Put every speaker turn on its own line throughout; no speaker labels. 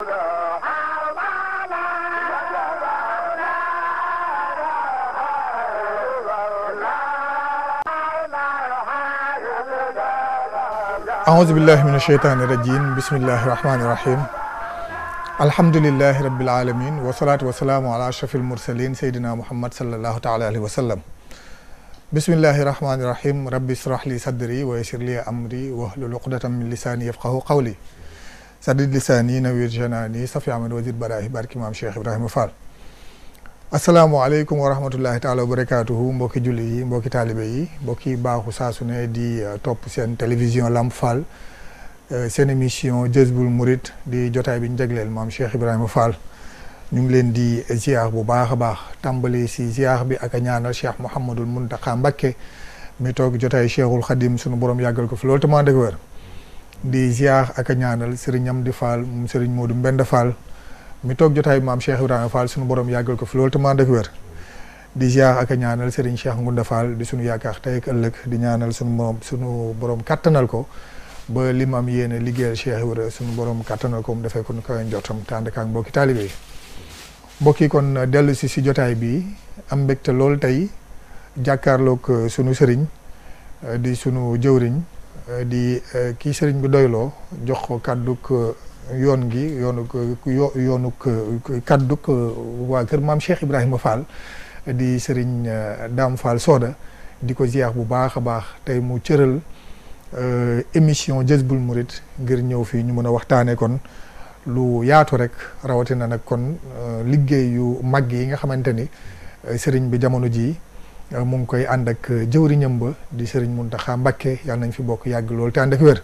أعوذ بالله من الشيطان الرجيم بسم الله الرحمن الرحيم الحمد لله رب العالمين والصلاة والسلام على أشرف المرسلين سيدنا محمد صلى الله تعالى عليه وسلم بسم الله الرحمن الرحيم ربي اشرح لي صدري ويسر لي أمري واحلل عقدة من لساني يفقه قولي سعد اللساني نوير جناني صفي عمل وزير براه بارك امام شيخ ابراهيم فال السلام عليكم ورحمه الله تعالى وبركاته مبوكي جولي مبوكي طالبي مبوكي باخو ساسونه دي آه، توب سين تلفزيون لام فال آه، سين ايميشن جيزبول موريت دي جوتاي بي نديغلال مام شيخ ابراهيم فال نيم لين دي زياخ بو باخ باخ تامبالي سي زياخ بي اكا نيانال شيخ محمد المنتقى مبكي مي توك جوتاي شيخ الخديم سونو بروم ياغال كو فلول تماندك وير di ziar ak a ñaanal Serigne Amdi Fall moom moo du Mbenda Fall mu toog jotaay maam Cheikh Ibrahima Fall sunu borom yàggal ko fi loolu te maan ak wér di ziar ak ñaanal Serigne Cheikh Ngunda di sunu yaakaar tey ak di ñaanal sunu borom sunu borom kattanal ko ba li mu am yéene liggéeyal Cheikh Ibrahima sunu borom kattanal ko mu defee kon nu ko jotam te ànd ak mbokki taalibe yi kon dellu si si jotaay bi am mbégte lool tey jàkkaarlook sunu sëriñ di sunu jëwriñ. Euh, di euh, kii sëriñ bi doyloo jox ko kàdduk euh, yoon gi yoonuk yoonuk kàdduk waa kër maam Cheikh Ibrahima Fall di sëriñ Dame Fall Soda di ko ziyaar bu baax a baax tey mu cëral émission Jazboul Mouride ngir ñëw fii ñu mën a waxtaanee kon lu yaatu rek rawatina nag kon liggéey yu mag yi nga xamante ni sëriñ bi jamono jii. mu ngi koy ànd ak jëwriñam ba di Serigne Mountakha Mbacké yàlla nañ fi bokk yàgg lool te ànd ak wér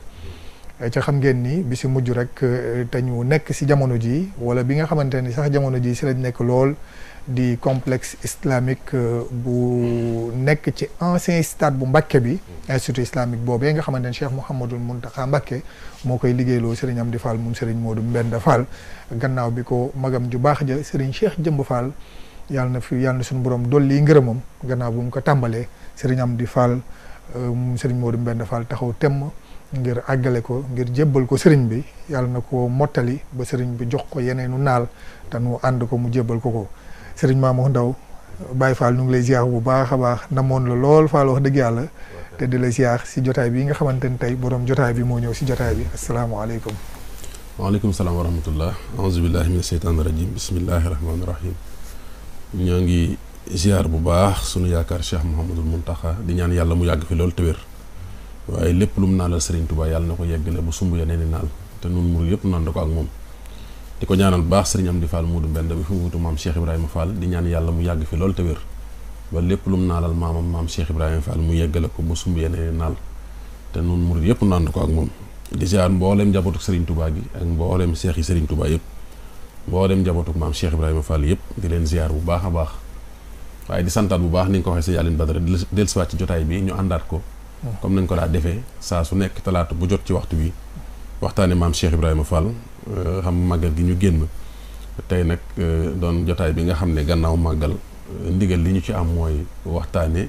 eh, ca xam ngeen ni bi si mujj rek eh, te nekk si jamono ji wala bi nga xamante ni sax jamono ji si lañ nekk lool di complexe islamique eh, bu nekk ci ancien stade bu Mbacké bi institut islamique boobee nga xamante ni Cheikh Mouhamadul Mountakha Mbacké moo koy liggéeyloo Serigne Amdi Fall moom Serigne Modou Mbenda Fall gannaaw bi ko magam ju baax ja Serigne Cheikh Jëmb Fall yàlla na fi yàlla na suñu borom dolli ngërëmam gannaaw bu mu ko tàmbalee sëriñ Amdi Fall euh, mu sëriñ Modou Mbend taxaw temm ngir àggale ko ngir jébbal ko sëriñ bi yàlla na ko mottali ba sëriñ bi jox ko yeneenu naal te nu ànd ko mu jébbal ko ko sëriñ Mamadou Ndaw Baye faal ñu ngi lay ziar bu baax a baax moon la lool Fall wax dëgg yàlla te di la ziar si jotaay bi nga xamante ni tey borom jotaay bi moo ñëw si jotaay bi asalaamaaleykum
waaleykum salaam wa rahmatullah aouzu billahi min asheytaan irajim bismillahi rahmaani rahim ñoo ngi ziar bu baax sunu yaakaar Cheikh Mouhamadul Mountakha di ñaan yàlla mu yàgg fi loolu te waaye lépp lu mu naalal Serigne Touba yàlla na ko yeggale bu sumb yeneen i naal te nun mur yëpp naan ko ak moom di ko ñaanal baax Serigne Amdi Fall Moodu Mbend bi fi mu wutu maam Cheikh Ibrahima Fall di ñaan yàlla mu yàgg fi loolu te wér lépp lu mu naalal maamam maam Cheikh Ibrahima mu yeggale ko bu sumb yeneen i naal te nun mur yëpp naan ko ak moom di ziar mboolem njabootu Serigne tubaa gi ak mboolem seex yi Serigne Touba yëpp boo dem njabootuk maam Cheikh Ibrahima Fall yëpp di leen ziar bu baax a baax waaye di santaat bu baax ni nga ko waxee sëñ Alioune Badara dellusiwaat ci jotaay bi ñu àndaat ko hmm. comme nañ ko daa defee saa su nekk talaata bu jot ci waxtu bi waxtaane maam Cheikh Ibrahima Fall euh, xam màggal gi ñu génn tey nag euh, doon jotaay bi nga xam ne gannaaw màggal euh, ndigal li ñu ci am mooy waxtaane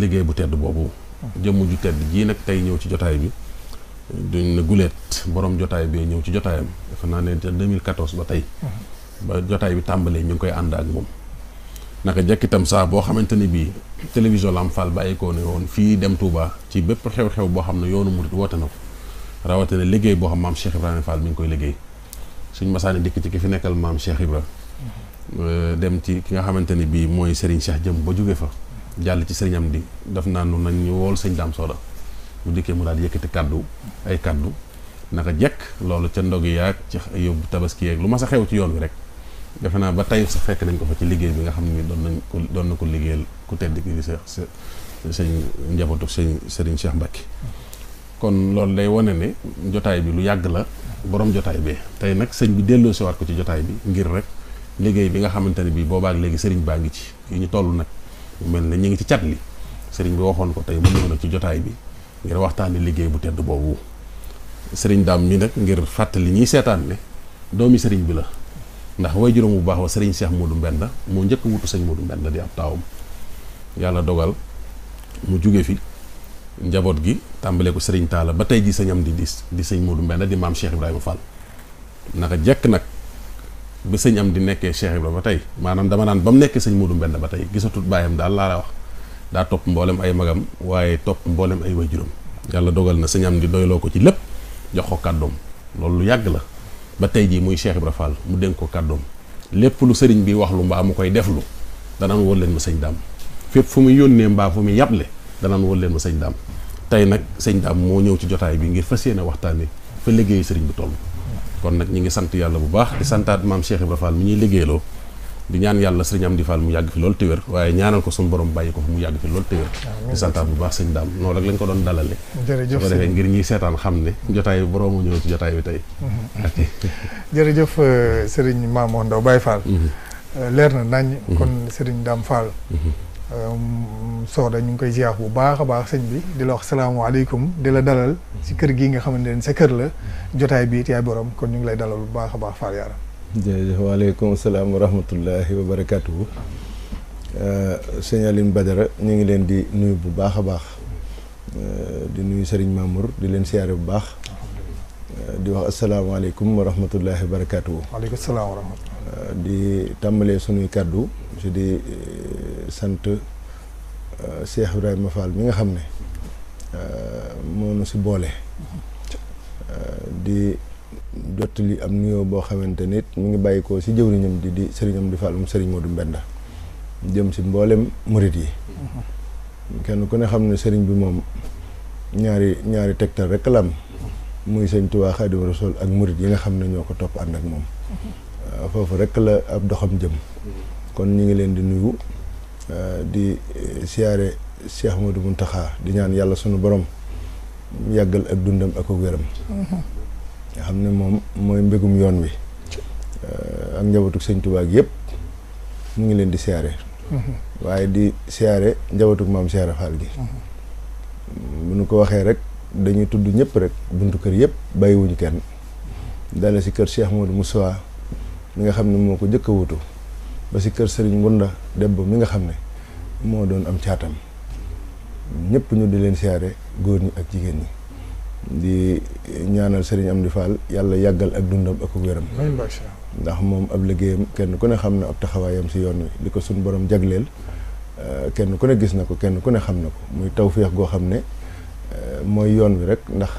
liggéey bu tedd boobu hmm. jëmm ju tedd jii nag tey ñëw ci jotaay bi duñ na guleet boroom jotaay bi ñëw ci jotaayam defe naa ne 2014 ba tey. ba jotaay bi tàmbalee ñu ngi koy ànd ak moom. naka njëkk saa boo xamante ni bii télévision am Fall bàyyi ko ne woon fii dem Touba ci bépp xew-xew boo xam ne yoonu murit woote na ko rawatina liggéey boo xam maam Cheikh Ibrahima Fall mi ngi koy liggéey suñ masaani dikk ki fi nekkal maam Cheikh Ibra euh, dem ci ki nga xamante ni bii mooy Serigne Cheikh jëm ba jóge fa. jàll ci sëriñam di daf naa nu nañ ñu wool sëñ Dame Soda. bu dikkee mu daal yëkkati kàddu ay kaddu naka jekk loolu ca ndog yaag ci yóbbu tabaski yeeg lu ma sa xew ci yoon wi rek defe naa ba tey sax fekk nañ ko fa ci liggéey bi nga xam ni doon nañ ko doon na ko liggéeyal ku tedd ki sëñ njabootu sëñ sëriñ Cheikh Mbacke kon loolu day wane ne jotaay bi lu yàgg la borom jotaay bi tey nag sëñ bi delloo si waat ko ci jotaay bi ngir rek liggéey bi nga xamante ne bii boobaak léegi sëriñ baa ngi ci yi ñu toll nag mel ne ñu ngi ci cat li sëriñ bi waxoon ko tey mu ci jotaay bi ngir waxtaani liggey bu tedd bobu serigne dam mi nak ngir fatali ñiy seetaan ne doomi serigne bi la ndax way juróom bu baax wa serigne Cheikh Modou Mbenda mo ñeek wutu serigne Modou Mbenda di yalla dogal mu jóge fi njabot gi tàmbale ko serigne tala ba tay ji señam di dis di serigne Modou Mbenda di mam Cheikh Ibrahima Fall naka jek nak bi sëñ am di nekké Cheikh Ibrahima tay manam dama nan bam nekké nekkee Modou Mbenda ba la wax daa topp mboolem ay magam waaye topp mboolem ay waajuram yàlla dogal na sëñ di doyloo ko ci lépp jox ko kàddoom loolu lu yàgg la ba tey jii muy Cheikh Ibra mu dénk ko kàddoom lépp lu sëriñ bi wax lu mbaa mu koy deflu danaan wóor leen ma sëñ daam fépp fu muy yónnee mbaa fu muy yàble danaan wóor leen ma sëñ daam tey nag sëñ daam moo ñëw ci jotaay bi ngir fas yéene waxtaanee fa liggéeyu sëriñ bu toll kon nag ñu ngi sant yàlla bu baax di santaat maam Cheikh Ibra Fall mi ñuy di ñaan serigne am di Fall mu yagg fi lol te wér waaye ñaanal ko sun borom baye ko mu yagg fi lol te wér di santam bu baax serigne dam noonu rek lañ ko doon dalale jërëjëf su ngir ñi sétan xam jotay borom mu ñëw ci jotay bi tay mhm.
jërëjëf euh, serigne mamo Ndaw Baye Fall mhm. euh, leer na nañ mhm. kon serigne dam Fall euh, da ñu koy ziar bu baax baax sëñ bi di la wax alaykum di la dalal si kër gi nga xamante sa kër la jotay bi tay borom kon ñu ngi lay dalal bu baax baax Fall
Yaaram jërëjëf waaleykum salaam wa rahmatullahi wa barakaatuhu euh, sëñ Alioune Badara ñu ngi leen di nuyu bu baax a baax euh, di nuyu Serigne Mamour di leen siyaare bu baax euh, di wax asalaamaaleykum wa rahmatullahi wa barakaatuhu waaleykum salaam di tàmbalee sunuy kàddu ci di sant Cheikh Ibrahima Fall mi nga xam ne moo nu si boole mhm. di jotali am nuyo bo xamantene mi ngi bayiko ko si di di sëriñam di fallum sëriñ Modou Mbenda dem ci mbollem murit yi kenn ku ne xamne ne bi mom ñaari ñaari tektal rek lam muy sëñ touba khadim rasoul ak murit yi nga xamne ñoko top and ak mom fofu rek la ab doxam jëm kon ñi ngi leen di nuyu euh, di euh, siaré Cheikh Modou di ñaan yalla suñu borom yagal ak dundam ak wëram nga mom moy mbegum mooy mbégum yoon wi eh, ak njabootu seigne touba gi yëpp mu ngi len di siyaare mm-hmm. waye di siyaare njabootu mam siyaare Faal gi mm-hmm. bu nu ko waxé rek dañuy tudd ñëpp rek buntu kër bayyi wuñu kenn dale si kër Cheikh mohamed Moussa mi nga xam moko moo wutu ba ci kër Serigne Ngunda Debbo mi nga xam mo doon am ciatam ñëpp ñu di len siyaare goor ñi ak jigéen ñi di ñaanal Serigne Amdi Fall yàlla yàggal ak dundam ak wéram ndax moom ab liggéeyam kenn ku ne xam na ab taxawaayam si yoon wi li ko suñ borom jagleel euh, kenn ku ne gis na ko kenn ku ne xam na ko muy tawféex goo xam ne euh, mooy yoon wi rek ndax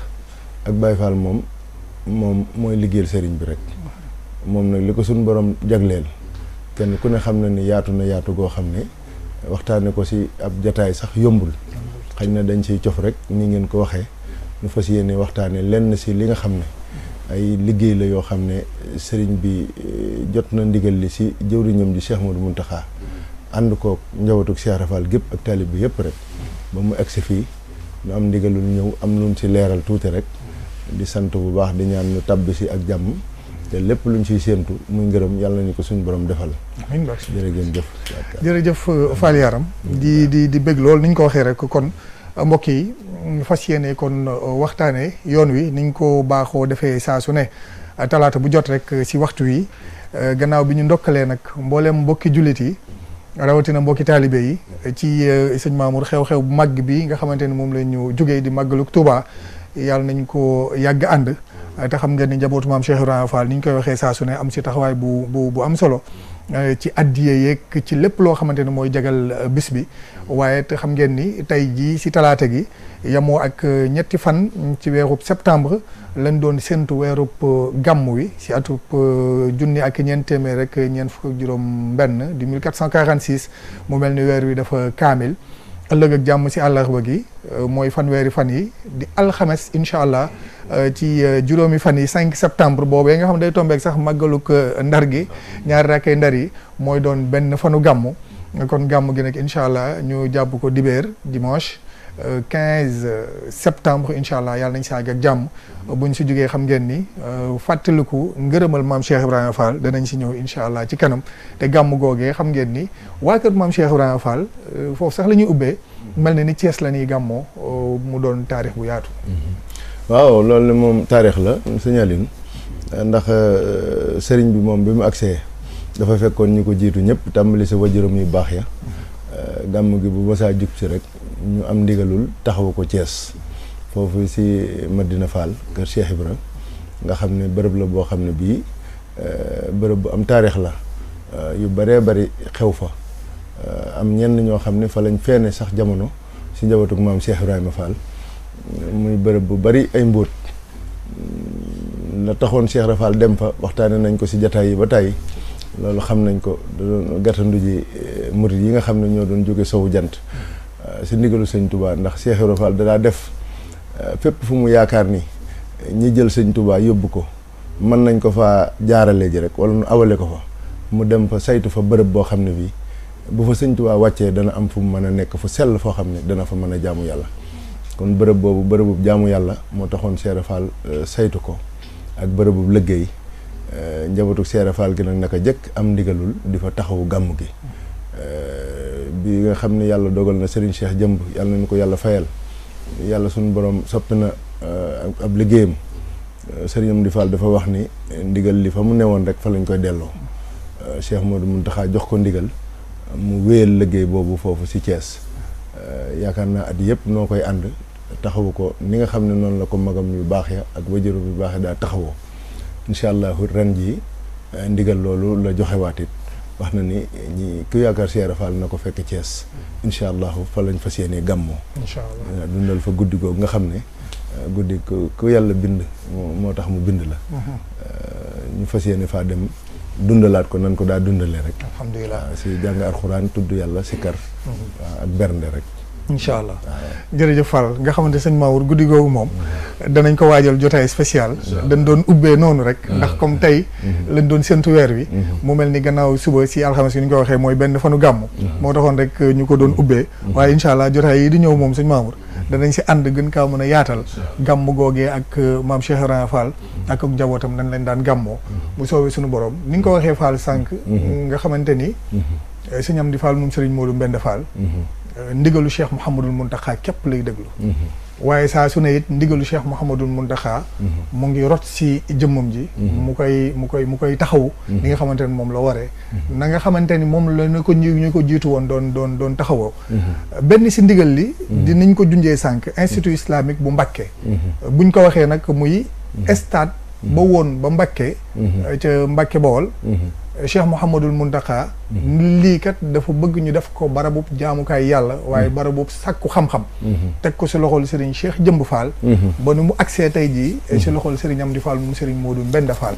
ak Baye Fall moom moom mooy liggéeyal sëriñ bi rek moom nag li ko suñ borom jagleel kenn ku ne xam na ni yaatu na yaatu goo xam ne waxtaane ko si ab jataay sax yombul xañ na dañ siy cof rek ni ngeen ko waxee ñu fasiyene waxtane waxtaane lenn si li nga xamne ay liggey la yo xamne serigne bi eh, jot ndigal li si jëwriñam ji Cheikh Modou Mountakha and ko njabootuk Cheikh Rafal gep ak talib bi rek ba mu ex fi ñu am ndigalul ñew am luñ si leral tuuti rek di sante bu baax di ñaan ñu tab si ak jamm te lepp luñ ci sentu muy ngeerum yalla nañu ko suñu borom defal amiin def
jere jef Fall Yaram di di di beg lol niñ ko waxe rek kon mbokk yi fas yéene kon euh, waxtaanee yoon wi niñ ko baaxoo defee saa su ne talaata bu jot rek si waxtu wi euh, gannaaw bi ñu ndokkalee nag mboolem mbokki jullit yi rawatina mbokki taalibe yi ci euh, sëñ Mamour xew-xew bu màgg bi nga xamante ni moom la ñu jugee di màggalu Touba yàlla nañ ko yàgg ànd te xam ngeen ni njabootu maam Cheikh Ibrahima Fall ni koy waxee saa su ne am si taxawaay bu bu bu am solo. Euh, ci addiye yeeg ci lépp loo xamante ne mooy jagal euh, bis bi waaye te xam ngeen ni tey jii si talaata gi yamoo ak euh, ñetti fan ci weerub septembre lañ doon séntu weerub gàmm wi si atub junni ak ñeent téeméer rek ñeent fukk ak juróom benn di 1446 mu mel ni weer wi dafa kaamil ëllëg ak jàmm si àllarba gi euh, mooy fanweeri fan yi di alxames incha allah euh, ci euh, juróomi fan yi 5 septembre boobee nga xam day tombeek sax màggaluk ndar gi ñaari rakkee ndar yi mooy doon benn fanu gàmm kon gàmm gi nag incha allah ñu jàpp ko dibéer dimanche. 15 euh, septembre incha allah yàlla nañ si àgg ak jàmm mhm. bu ñu si jógee xam ngeen ni euh, fàttaliku ngërëmal maam Cheikh Ibrahima Fall danañ si ñëw incha allah ci kanam te gàmm googee xam ngeen ni waa kër maam Cheikh Ibrahima Fall euh, foofu sax la ñuy ubbee mhm. mel na ni Thiès la ñuy gàmmoo mu doon taarix bu yaatu.
Mhm. waaw loolu moom taarix la sëñ ndax sëriñ bi moom bi mu agsee dafa fekkoon ñu ko jiitu ñëpp tàmbali sa wajuram yu baax ya gàmm gi bu masaa jub si rek ñu am ndigalul taxawu ko Thiès foofu si Madina Fall kër Cheikh ibrahim nga xamne beurep la bo xamne bi euh beurep bu am tarikh la euh, yu bare bari xew fa euh, am ñen ño xamne fa lañ fene sax jamono ci jabatu mam Cheikh ibrahim Fall muy beurep bu bari ay mbot mm, la taxone Cheikh Ibra dem fa waxtane nañ ko si jotaay yi ba tay lolu xam nañ ko da doon gàttandu ji euh, murit yi nga xamne ño doon joge sowu jant si ndigalu sëñ Touba ndax Cheikh Ibra danaa def euh, fépp fu mu yaakaar ni ñi jël sëñ Touba yóbbu ko mën nañ ko fa jaarale ji rek wala nu awale ko fa mu dem fa saytu fa bërëb boo xam ne bii bu fa sëñ Touba wàccee dana am fu mu mën a nekk fu sell foo xam ne dana fa mën a jaamu yàlla kon bërëb boobu bërëbu jaamu yàlla moo taxoon Cheikh euh, saytu ko ak bërëbu liggéey euh, njabootu Cheikh Ibra Fall gi nag naka jëkk am ndigalul di fa taxawu gàmm gi bi nga xam ne yàlla dogal na Serigne Cheikh jëmb yàlla nañu ko yàlla fayal yàlla suñu borom soppi na uh, ab liggéeyam uh, Serigne Amdi Fall dafa wax ni ndigal li fa mu newoon rek fa lañ koy delloo uh, Cheikh Modou Mountakha jox ko ndigal mu wéyal liggéey boobu foofu si Thiès yaakaar naa at yëpp noo koy ànd taxawu ko ni nga xam ne noonu la ko magam yu baax ya ak wajëru yu baax ya daa taxawoo incha allah ren jii ndigal loolu la joxewaat it wax na ni ñi ku yaakaar Cheikh Fall na ko fekk cees incha allahu fa lañ fas yéenee gàmmoo. incha allah euh, dundal fa guddi googu nga xam ne euh, guddi ko ku yàlla bind moo tax mu bind la. Mhm. Euh, ñu fas yéene faa dem dundalaat ko nan ko daa dundalee rek. alhamdulilah si jàng alxuraan tudd yàlla si kar. Mhm. ak bernde rek.
inshallah jere jërëjëf fal nga seigne mawour goudi guddi mom dañ nañ ko wajjal jotay spécial dañ doon ubbee non rek mm-hmm. ndax comme tay mm-hmm. lañ doon sentu weer wi mm-hmm. mu melni gannaaw suba si alhamis ñu ko waxee moy benn fanu gam mo taxoon rek ñu ko doon ubbee waye inshallah jotay yi di mom seigne mawour dañ nañ ci and gën ka mëna yaatal gam gogé ak euh, mam Cheikh Ibra fal ak ak jabotam nañ leen daan bu soowé suñu borom ni ko waxee fal sank nga xamante ni euh, sëñ Amdi Fall moom Sëriñ Modou Euh, ndigalu cheikh Mouhamadul Mountakha képp lay déglu. Mm-hmm. waaye saa su ne it ndigalu cheikh Mouhamadul Mountakha. Mm-hmm. mu ngi rot si jëmmam ji. Mm-hmm. mu koy mu koy mu koy taxawu. li nga xamante ni moom la waree. na nga xamante ni moom la ñu ko ñu ko jiitu woon doon doon doon taxawoo. benn si ndigal li. dinañ ko junjee sànq institut islamique bu Mbakke. buñ ko waxee nag muy. stade ba woon ba Mbakke. ca Mbakke Bawol. Cheikh Mouhamadul Muntaka lii kat dafa bëgg ñu def ko barabub jaamukaay yàlla waaye mm-hmm. barabub sàkku xam-xam mm-hmm. teg ko si loxol Serigne Cheikh Jëmb faal mm-hmm. ba nu mu agsee tey jii si loxol Serigne Amdi mu moom moo Modou Mbenda Fall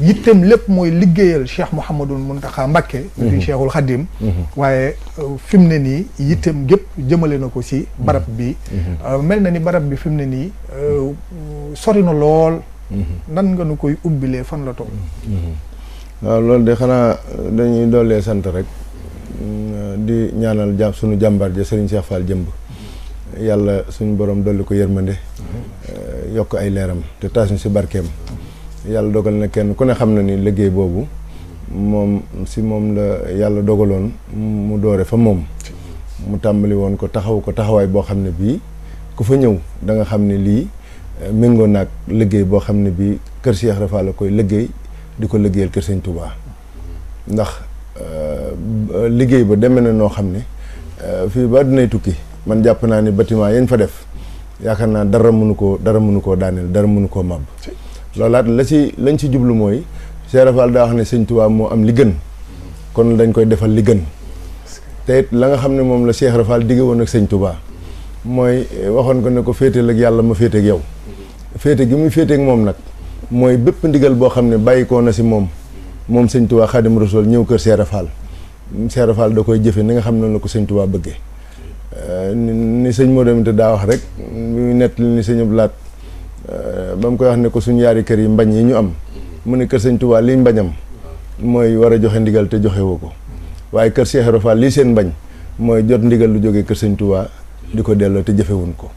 yittem lépp mooy liggéeyal Cheikh Mouhamadul Muntaka Mbacké di Cheikhul Khadim waaye euh, fi mu ne nii yittem gépp jëmale na ko si barab bi euh, mel na ni barab bi fi mu ne nii euh, sori na lool nan nga nu koy ubbilee fan la tool
waaw loolu de xanaa dañuy dollee sant rek mm, di ñaanal jàmm suñu jàmbar ja sëriñ Cheikh Fall jëmb yàlla suñu borom dolli ko yërmande eh, yokk ay leeram te taas ñu si barkeem yàlla dogal na kenn ku ne xam na ni liggéey boobu moom si moom la yàlla dogaloon mu doore fa moom mu tàmbali woon ko taxaw ko taxawaay boo xam ne bii ku fa ñëw danga xam ne lii eh, méngoo naag liggéey boo xam ne bii kër Cheikh Rafa la koy liggéey di ko liggéeyal kër sëñ Touba ndax euh, liggéey ba demee na noo xam ne euh, fii ba dinay tukki man jàpp naa ni batiment yañ fa def yaakaar naa dara mënu koo dara mënu koo daaneel dara mënu koo màbb loolaat la si lañ ci jublu mooy Cheikh Rafal daa wax ne sëñ tubaa moo am li kon dañ koy defal li gën te la nga xam ne moom la Cheikh Rafal digge woon ak sëñ mooy waxoon ko ne ko féeteel ak yàlla ma féete ak yow féete gi muy féete moom nag moy bëpp ndigal bo xam ne na ci mom mom seigne touba khadim rasoul ñew kër cheikh rafal cheikh rafal da koy jëfé ni nga xam lako seigne touba sëñ Tuubaa ni seigne modem te da wax rek muy net ni seigne blat ba koy wax ne ko suñu yari kër yi mbañ yi ñu am mu ne kër seigne touba liñ mbañam moy wara joxe ndigal te joxe woko waye kër seen mbañ moy jot ndigal lu jógee kër seigne touba diko delo te jëfé ko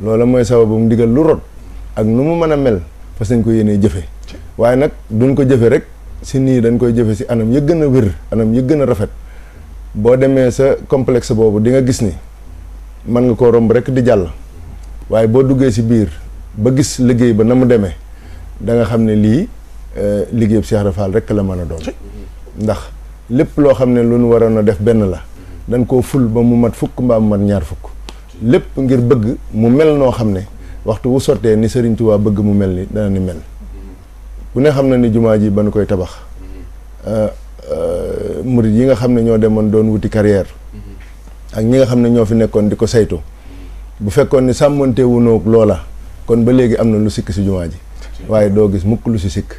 moy sababu ndigal lu rot ak numu mel fas nañ ko yéenee jëfe waaye nag duñ ko jëfé rek si ni dañ koy jëfé si anam ya gëna wër anam ya gëna rafet bo démé sa complexe bobu di nga gis ni man nga ko romb rek di jall waaye bo duggé ci biir ba gis liggéey ba namu démé da nga xamné li euh, Cheikh Rafal rek la mëna doon ndax lepp lo xamné luñu lu def ben la dañ ko ful ba mu mat fukk mbaa mu mat ñaar fukk lepp ngir bëgg mu mel no xamné waxtu wu sottee ni Serigne Touba bëgg mu melni ni dana ni mel ku mm-hmm. ne xamna ni juma ji ban koy tabax mourid mm-hmm. uh, uh, yi nga xamne ño demone doon wuti carrière mm-hmm. ak ñi nga xamne ño fi nekkon diko saytu bu fekkon ni wu nok lola kon ba légui amna lu sik ci juma ji waye do gis mukk lu si sik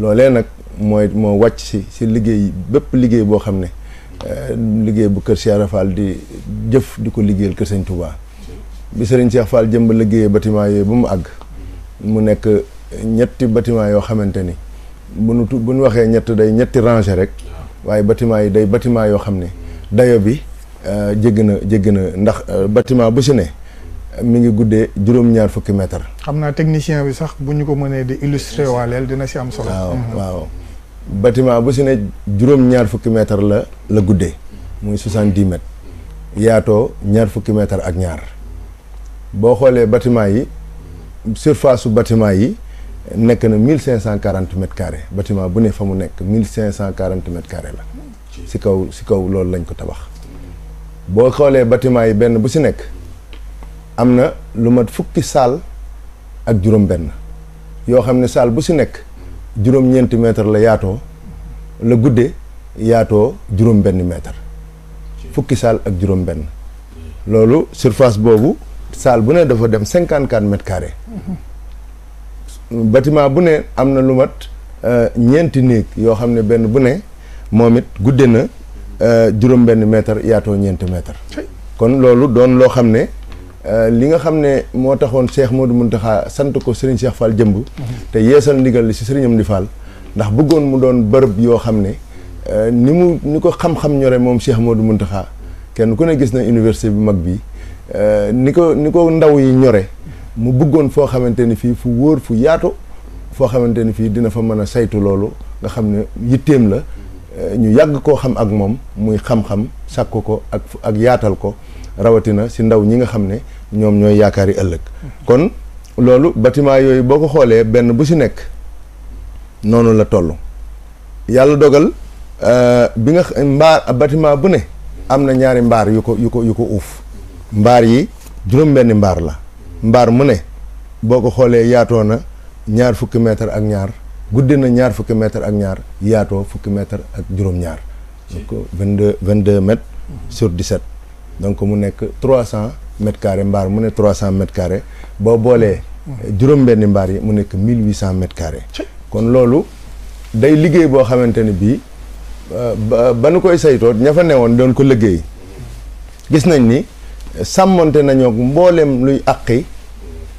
lolé nak moy mo wacc si ci liggéey bëpp liggéey bo xamne ne uh, liggéey bu kër Cheikh rafal di jëf di liggéeyal kër serigne Touba bi Serigne Cheikh Fall jëmb liggéeyee bâtiment yi bu mu ag mu nekk ñetti bâtiment yo xamanteni bu nu bu nu waxee ñett day ñetti rangé rek waye bâtiment yi day bâtiment yo xam dayo bi euh na jégg ndax euh, bâtiment bu ci né mi ngi guddé juroom ñaar fukki mètre.
xamna technicien bi sax bu ko di illustrer walel dina ci am solo. waaw mhm.
waaw bâtiment bu ci né juroom ñaar fukki mètre la la nyar muy agnyar. mètres ñaar fukki mètre ak ñaar. boo xoolee bâtiment yi surface su bâtiment yi nekk na mille cinq cent quarante mètres carrés bâtiment bu ne fa mu nekk mille cinq cent quarante mètres la si kaw si kaw loolu lañ ko tabax boo xoolee bâtiment yi benn bu si nekk am na lu mat fukki salle ak juróom-benn yoo xam ne salle bu si nekk juróom-ñeenti mètre la yaatoo la guddee yaatoo juróom-benn mètre fukki salle ak juróom-benn loolu surface boobu. salle bu ne dafa dem cinquante quatre mètres carrés bu ne am na lu mat euh, ñeenti néeg yoo xam ne benn bu ne moom it guddee na euh, juróom-benn mètre yaatoo ñeenti mètre kon loolu doon loo xam ne euh, li nga xam ne moo taxoon Cheikh Modou Mountakha sant ko Serigne Cheikh Fall jëmb te yeesal ndigal li si sëriñam di Fall ndax bëggoon mu doon bërëb yoo xam ne ni mu ni ko xam-xam ñore moom Cheikh Modou Mountakha kenn ku ne gis na université bi mag bi Euh, ni ko ni ko ndaw yi ñore mu bëggoon foo xamante ni fii fu wóor fu yaatu foo xamante ni fii dina fa mën a saytu loolu nga xam ne yitteem la euh, ñu yàgg koo xam ak moom muy xam-xam sàkk ko ak ak yaatal ko rawatina si ndaw ñi nga xam ne ñoom ñooy yaakaari ëllëg kon loolu bâtiment yooyu boo ko xoolee benn bu si nekk noonu la toll yàlla dogal euh, bi nga mbaa bâtiment bu ne am na ñaari mbaar yu ko yu ko yu ko uuf mbaar yi juróom-benni mbaar la mbaar mu ne boo ko xoolee yaatoo na ñaar fukki mètre ak ñaar guddi na ñaar fukki mètre ak ñaar yaatoo fukki mètre ak juróom-ñaar donc vingt deux vingt sur dix sept mu nekk trois cent mètres carrés mbaar mu ne trois cent mètres carrés boo boolee juróom-benni mbaar yi mu nekk mille huit cent mètres carrés kon loolu day liggéey boo xamante ni bii euh, ba nu koy saytoo ña fa newoon doon ko liggéey gis nañ ni sàmmonte nañoo mbooleem luy àqi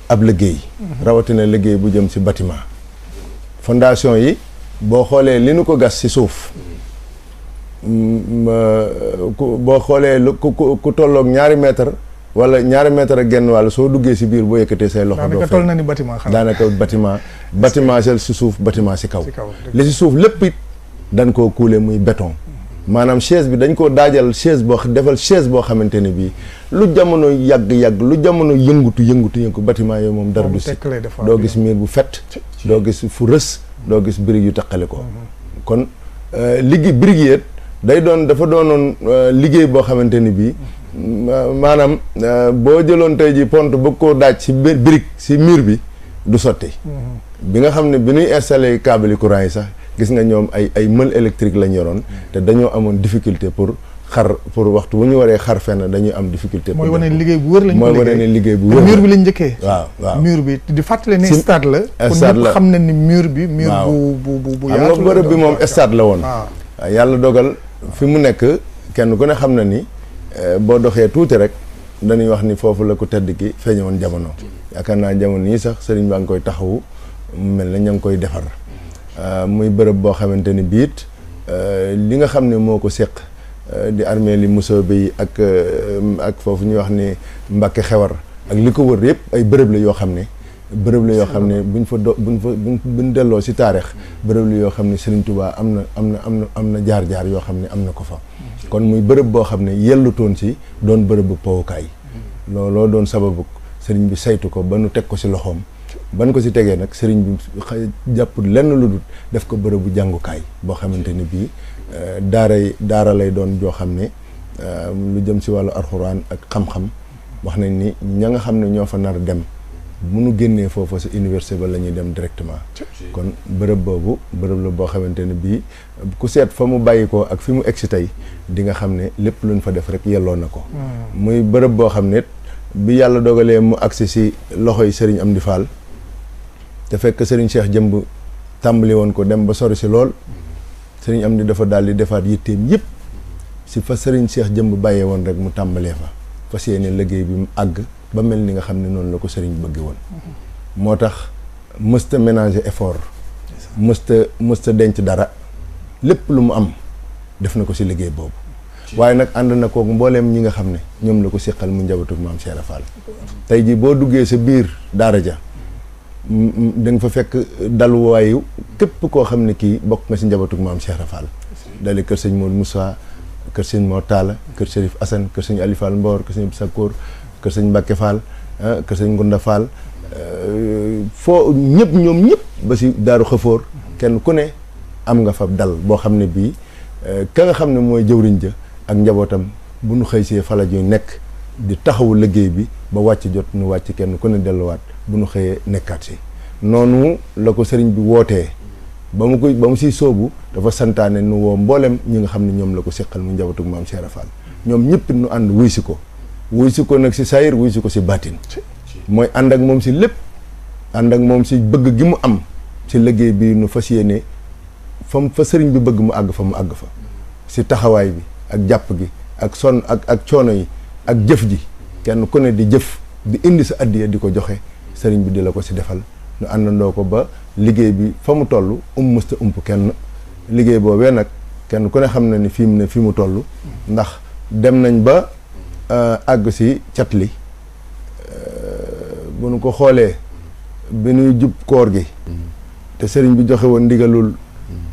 ab liggéey rawatina liggéey bu jëm si bâtiment fondation yi boo xoolee li nu ko gas si suuf mm, euh, boo xoolee lu ku ku ku tolloog ñaari mètre wala ñaari mètre ak genn wàll soo duggee si biir boo yëkkatee say loxo doo toll na ni bâtiment xanaa daanaka bâtiment bâtiment ci suuf bâtiment ci kaw li ci suuf lépp it dañ koo kuule muy beton maanaam chaise bi dañ koo daajal chaise boo defal chaise boo xamante ne bii lu jamono yàgg-yàgg lu jamono yëngutu yëngutu yëngu bâtiment yooyu moom dara du si doo gis miir bu fet doo gis fu rës doo gis briques yu taqale ko mhm. kon euh, liggéey briques yéet day doon dafa doonoon euh, liggéey boo xamante ni bii maanaam euh, boo jëloon tey ji pont bëgg koo daaj si brique si miir bi du sotti mhm. bi nga xam ne bi ñuy installé câble courant yi sax gis nga ñoom ay ay mël électrique lañ yoroon te dañoo amoon difficulté pour xar pour waxtu bu ñu waree xar fenn dañuy am difficulté. mooy wanee liggéey bu wër lañ ko liggéey mooy wane ne liggéey bu wër njëkkee. waaw waaw bi
di fàttali ne stade la. stade la xam na ni mur bi. mur bu bu bu bu yaatu bi moom stade
la woon. waaw yàlla dogal fi mu nekk kenn ku ne xam na ni eh, boo doxee tuuti rek dañuy wax ni foofu la ko tedd ki feeñewoon jamono. yaakaar naa jamono yi sax sëriñ baa ngi koy taxawu mu mel ne ña ngi koy defar. Euh, muy bërëb boo xamante ni biit euh, li nga xam ne moo ko séq euh, di armée li Musoobe yi ak ak foofu ñuy wax ni Mbàkke xewar ak li ko wër yëpp ay bërëb la yoo xam ne bërëb la yoo xam ne buñ fa do buñ fa buñ delloo si taarix bërëb la yoo xam ne Serigne tubaa am na am na am na am na jaar-jaar yoo xam ne am na ko fa kon muy bërëb boo xam ne yellutoon si doon bërëbu bu powukaay looloo doon sababu sëriñ bi saytu ko ba nu teg ko si loxoom ban ko ci tege nak serigne bi japp len lu def ko bëre bu jangu kay bo xamanteni bi euh, daara daara lay doon jo xamne euh, lu jëm ci walu alquran ak xam xam wax nañ ni ña nga xamne ño fa nar dem munu genné fofu ci université ba lañuy dem directement kon bëreub bobu bëreub lu bo xamanteni bi ku set fa mu bayiko ak fi mu exi tay di nga xamne lepp luñ fa def rek yello nako hmm. muy bo xamne bi yalla dogalé mu accès ci loxoy serigne amdi fall te fekk Serigne Cheikh jëmb tàmbali woon ko dem ba sori si lool am Amdi dafa daal di defaat yitteem yëpp si fa Serigne Cheikh jëmb bàyyee woon rek mu tàmbalee fa fas yéene liggéey bi mu àgg ba mel ni nga xam ne noonu la ko Serigne bëgge woon. moo tax mësta ménager effort. mësta mësta denc dara lépp lu mu am def na ko si liggéey boobu. waaye nag ànd na kook mbooleem ñi nga xam ne ñoom la ko seqal mu njabootu maam Cheikh Fall. tey jii boo duggee sa biir daara ja Deng fa fekk dalu wayu kep ko xamni ki bok na ci njabatuk maam Cheikh Rafal dalé keur seigne Modou Moussa keur seigne Mor keur kër Chérif Assane kër sëñ Ali Fall Mbor keur seigne sakour keur seigne Mbacke Fall ah, keur seigne Ngunda Fall euh, fo ñep ñom ñep ba ci daru xefor kenn ku ne am nga fa dal bo xamni bi euh, ka nga xamni moy jeuwriñ ja ak njabotam bu nu xëy fala juy nek di taxawu liggey bi ba wacc jot nu wacc kenn ku ne wat bu nu xëyee nekkaat nonu noonu la bi wote ba mu koy ba mu siy soobu dafa santane nu wo mbollem ñi nga xamni ñom lako sekkal mu njabatu mam Cheikh Rafal ñom ñepp nu and wuy si ko ci ko sayir wuy ci ko si and ak mom ci lepp and ak mom ci bëgg gi mu am si liggey bi nu fasiyene fam fa serigne bi bëgg mu ag fa mu ag fa si taxaway bi ak japp gi ak son ak ak choono yi ak jëf ji kenn ku ne di jëf di indi sa addiya di ko joxe sëriñ bi di la ko si defal ñu àndandoo ko ba liggéey bi fa mu toll um mësta ump kenn liggéey boobee nag kenn ku ne xam na ni fii mu ne fii mu toll ndax dem nañ ba euh, àgg si cat li euh, bu nu ko xoolee bi nuy jub koor gi te sëriñ bi joxe ndigalul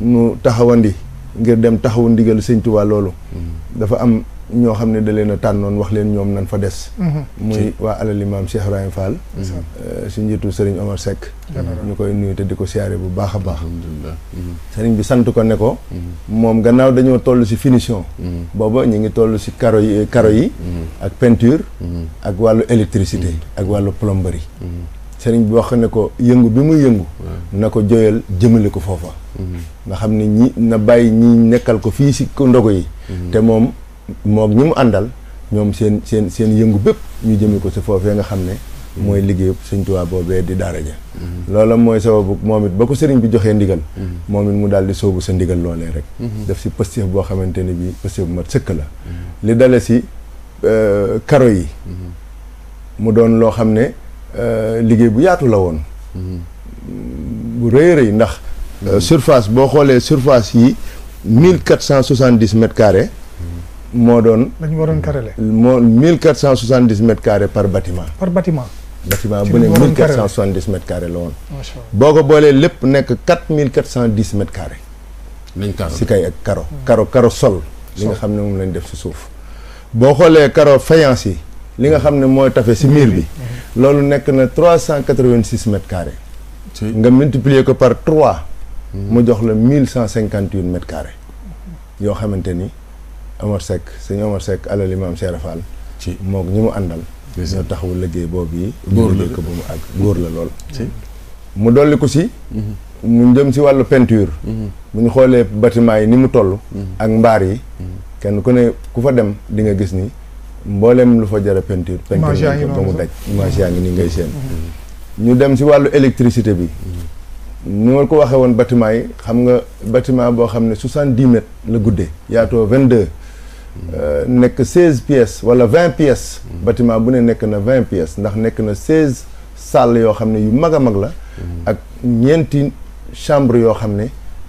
nu taxawandi ngir dem taxawu ndigal sëñ Tuubaa loolu mm. dafa am ñoo xam ne da leen a tànnoon wax leen ñoom nan fa des mhm. muy waa alali maam Cheikh Ibrahima Fall euh, si njiitu sëriñ Omar Seck ñu koy nuyu te di ko siyaare bu baax a baax mhm. sëriñ bi sant ko ne ko mhm. moom gannaaw dañoo toll si finition booba ñu ngi toll si karo yi karo yi ak peinture ak wàllu électricité ak wàllu plomberie sëriñ bi wax ne ko yëngu bi muy yëngu na ko joyal jëmale ko foofa nga xam ne ñi na bàyyi ñi nekkal ko fii si ndogo yi te moom moom ñi mu àndal ñoom seen seen seen yëngu bépp ñu jëmee ko si foofee nga xam ne mooy mm-hmm. liggéey sëñ Tuubaa boobee di daara ja mm-hmm. loola mooy sababu moom it ba ko sëriñ bi joxee ndigal mm-hmm. moom it mu daal di sóobu sa ndigal loolee rek def si pëstif boo xamante ni bi pëstif bu mat sëkk la li dale si euh, karo yi mu doon loo xam ne euh, liggéey bu yaatu la woon mm, bu rëy rëy ndax euh, surface boo xoolee surface yi mille quatre cent soixante-dix mètres carrés modon doon.
dañ moo doon carrelé.
moo 1470 m2 par bâtiment. par bâtiment. bâtiment bu ne 1470 m2 la woon.
macha
allah
boo ko boolee 4410 m2 nañ tan si kay ak karo. Hmm. karo karo sol. li nga xamné mom lañ def ci souf bo xolé karo faïence yi. li nga xamné moy tafé ci mur bi. Hmm. Hmm. loolu nek na 386 m2 nga multiplier ko par 3. mu jox la 1151 m2 yo xamanteni Omar Seck sëñ Omar Seck alal imaam Cheikh Fall ci moo ñi mu àndal ñoo taxawu liggéey boobu yi góor la ko ba mu àgg góor la lool mu dolli ko si mm-hmm. mu jëm si wàllu peinture mm-hmm. bu ñu xoolee bâtiment yi ni mu toll mm-hmm. ak mbaar yi kenn ku ne ku fa dem di nga gis ni mboolem lu fa jara peinture peinture ba mu daj image yaa ngi nii ngay seen ñu dem si wàllu électricité bi ni ma ko waxee woon bâtiment yi xam nga bâtiment boo xam ne soixante-dix mètres la guddee yaatoo vingt-deux Euh, nek 16 pièces wala 20 pièces. bâtiment bu na pièces ndax na 16 salles yo xamné yu maga mag la. ak chambre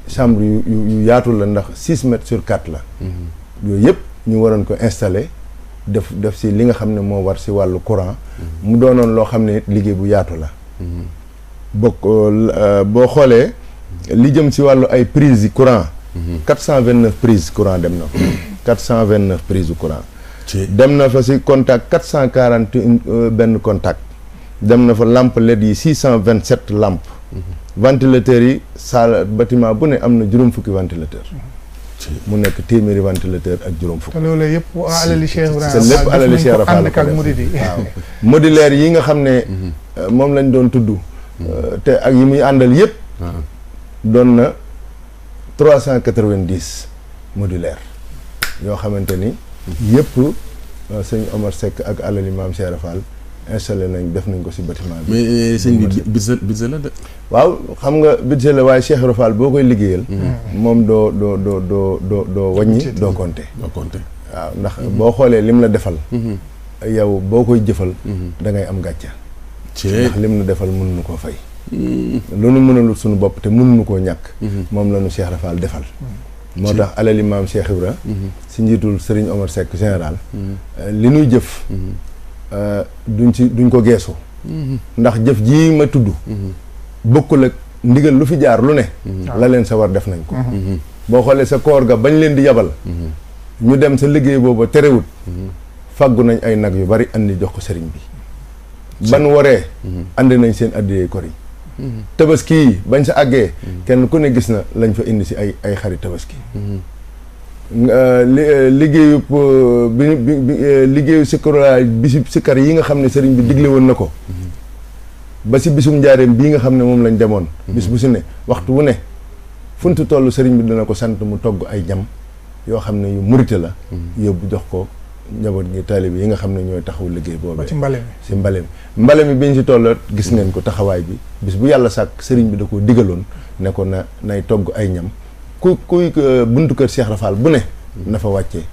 chambre yu yu la mètres sur 4 la. yooyu yep ñu ko installer def def ci li nga xamné mo war installé walu courant. mu doonoon lo bu la. Euh, prises courant. 429 prises courant dem quatre cent vingt neuf prise courant dem na fa si contact quatre cent quarante euh, benn contact dem na fa lampe led yi six cent vingt sept lampe mhm. ventilateurs yi saal bâtiment bu ne am na juróom fukki ventilateur mu nekk téeméeri ventilateur ak juróom fukk. te
yëpp alali Cheikh Ibrahima lépp alali Cheikh
yi nga xam ne mhm. euh, moom lañ doon tudd mhm. euh, te ak yi muy àndal yëpp ah. doon na trois cent quatre vingt yoo xamante ni yëpp euh, sëñ Omar Seck ak alali maam Cheikh Fall installé nañ def nañ ko si bâtiment bi. mais euh, sëñ bi budget budget la de. waaw xam nga budget la waaye Cheikh Fall boo koy liggéeyal. Mm-hmm. moom doo doo doo doo doo doo wàññi doo compté. doo compté waaw ndax mm-hmm. boo xoolee li lim la defal. Mm-hmm. yow boo koy jëfal. da ngay am gàcce. ndax lim la defal mënuñu koo fay. lu nu mënalul suñu bopp te mënuñu koo ñàkk. moom la nu Cheikh Fall defal. moo tax alal imaam Cheikh Ibra mhm. si njiitul Serigne Omar Seck général mhm. euh, li nuy jëf mhm. euh, duñ ci duñ ko geesu ndax jëf ji ma tudd bokkul ak ndigal lu fi jaar lu ne la leen sa war def nañ ko boo xoolee sa koor ga bañ leen di yabal ñu dem sa liggéey boobu terewut fàggu nañ ay nag yu bari andi jox ko sëriñ bi ban waree andi nañ seen addiyee kor yi tabaski bañ sa àggee kenn ku ne gis na lañ fa indi si ay ay xari tabaski liggéeyu bi liggéeyu sikkar bisi sikkar yi nga xam ne sëriñ bi digle woon na ko ba si bisum njaareem bii nga xam ne moom lañ demoon bis bu si ne waxtu wu ne funtu toll sëriñ bi dana ko sant mu togg ay jam yoo xam ne yu murite la yóbbu jox ko njaboot gi taalib yi nga xam ne ñooy taxaw liggéey boobee. ci mbale mi ci mbale mi mbale mi biñ ci tolloot gis ngeen ko taxawaay bi bis bu yàlla sàkk sëriñ bi da koo diggaloon ne ko na nay togg ay ñam ku kuy euh, buntu kër Cheikh Rafal bu ne na fa wàccee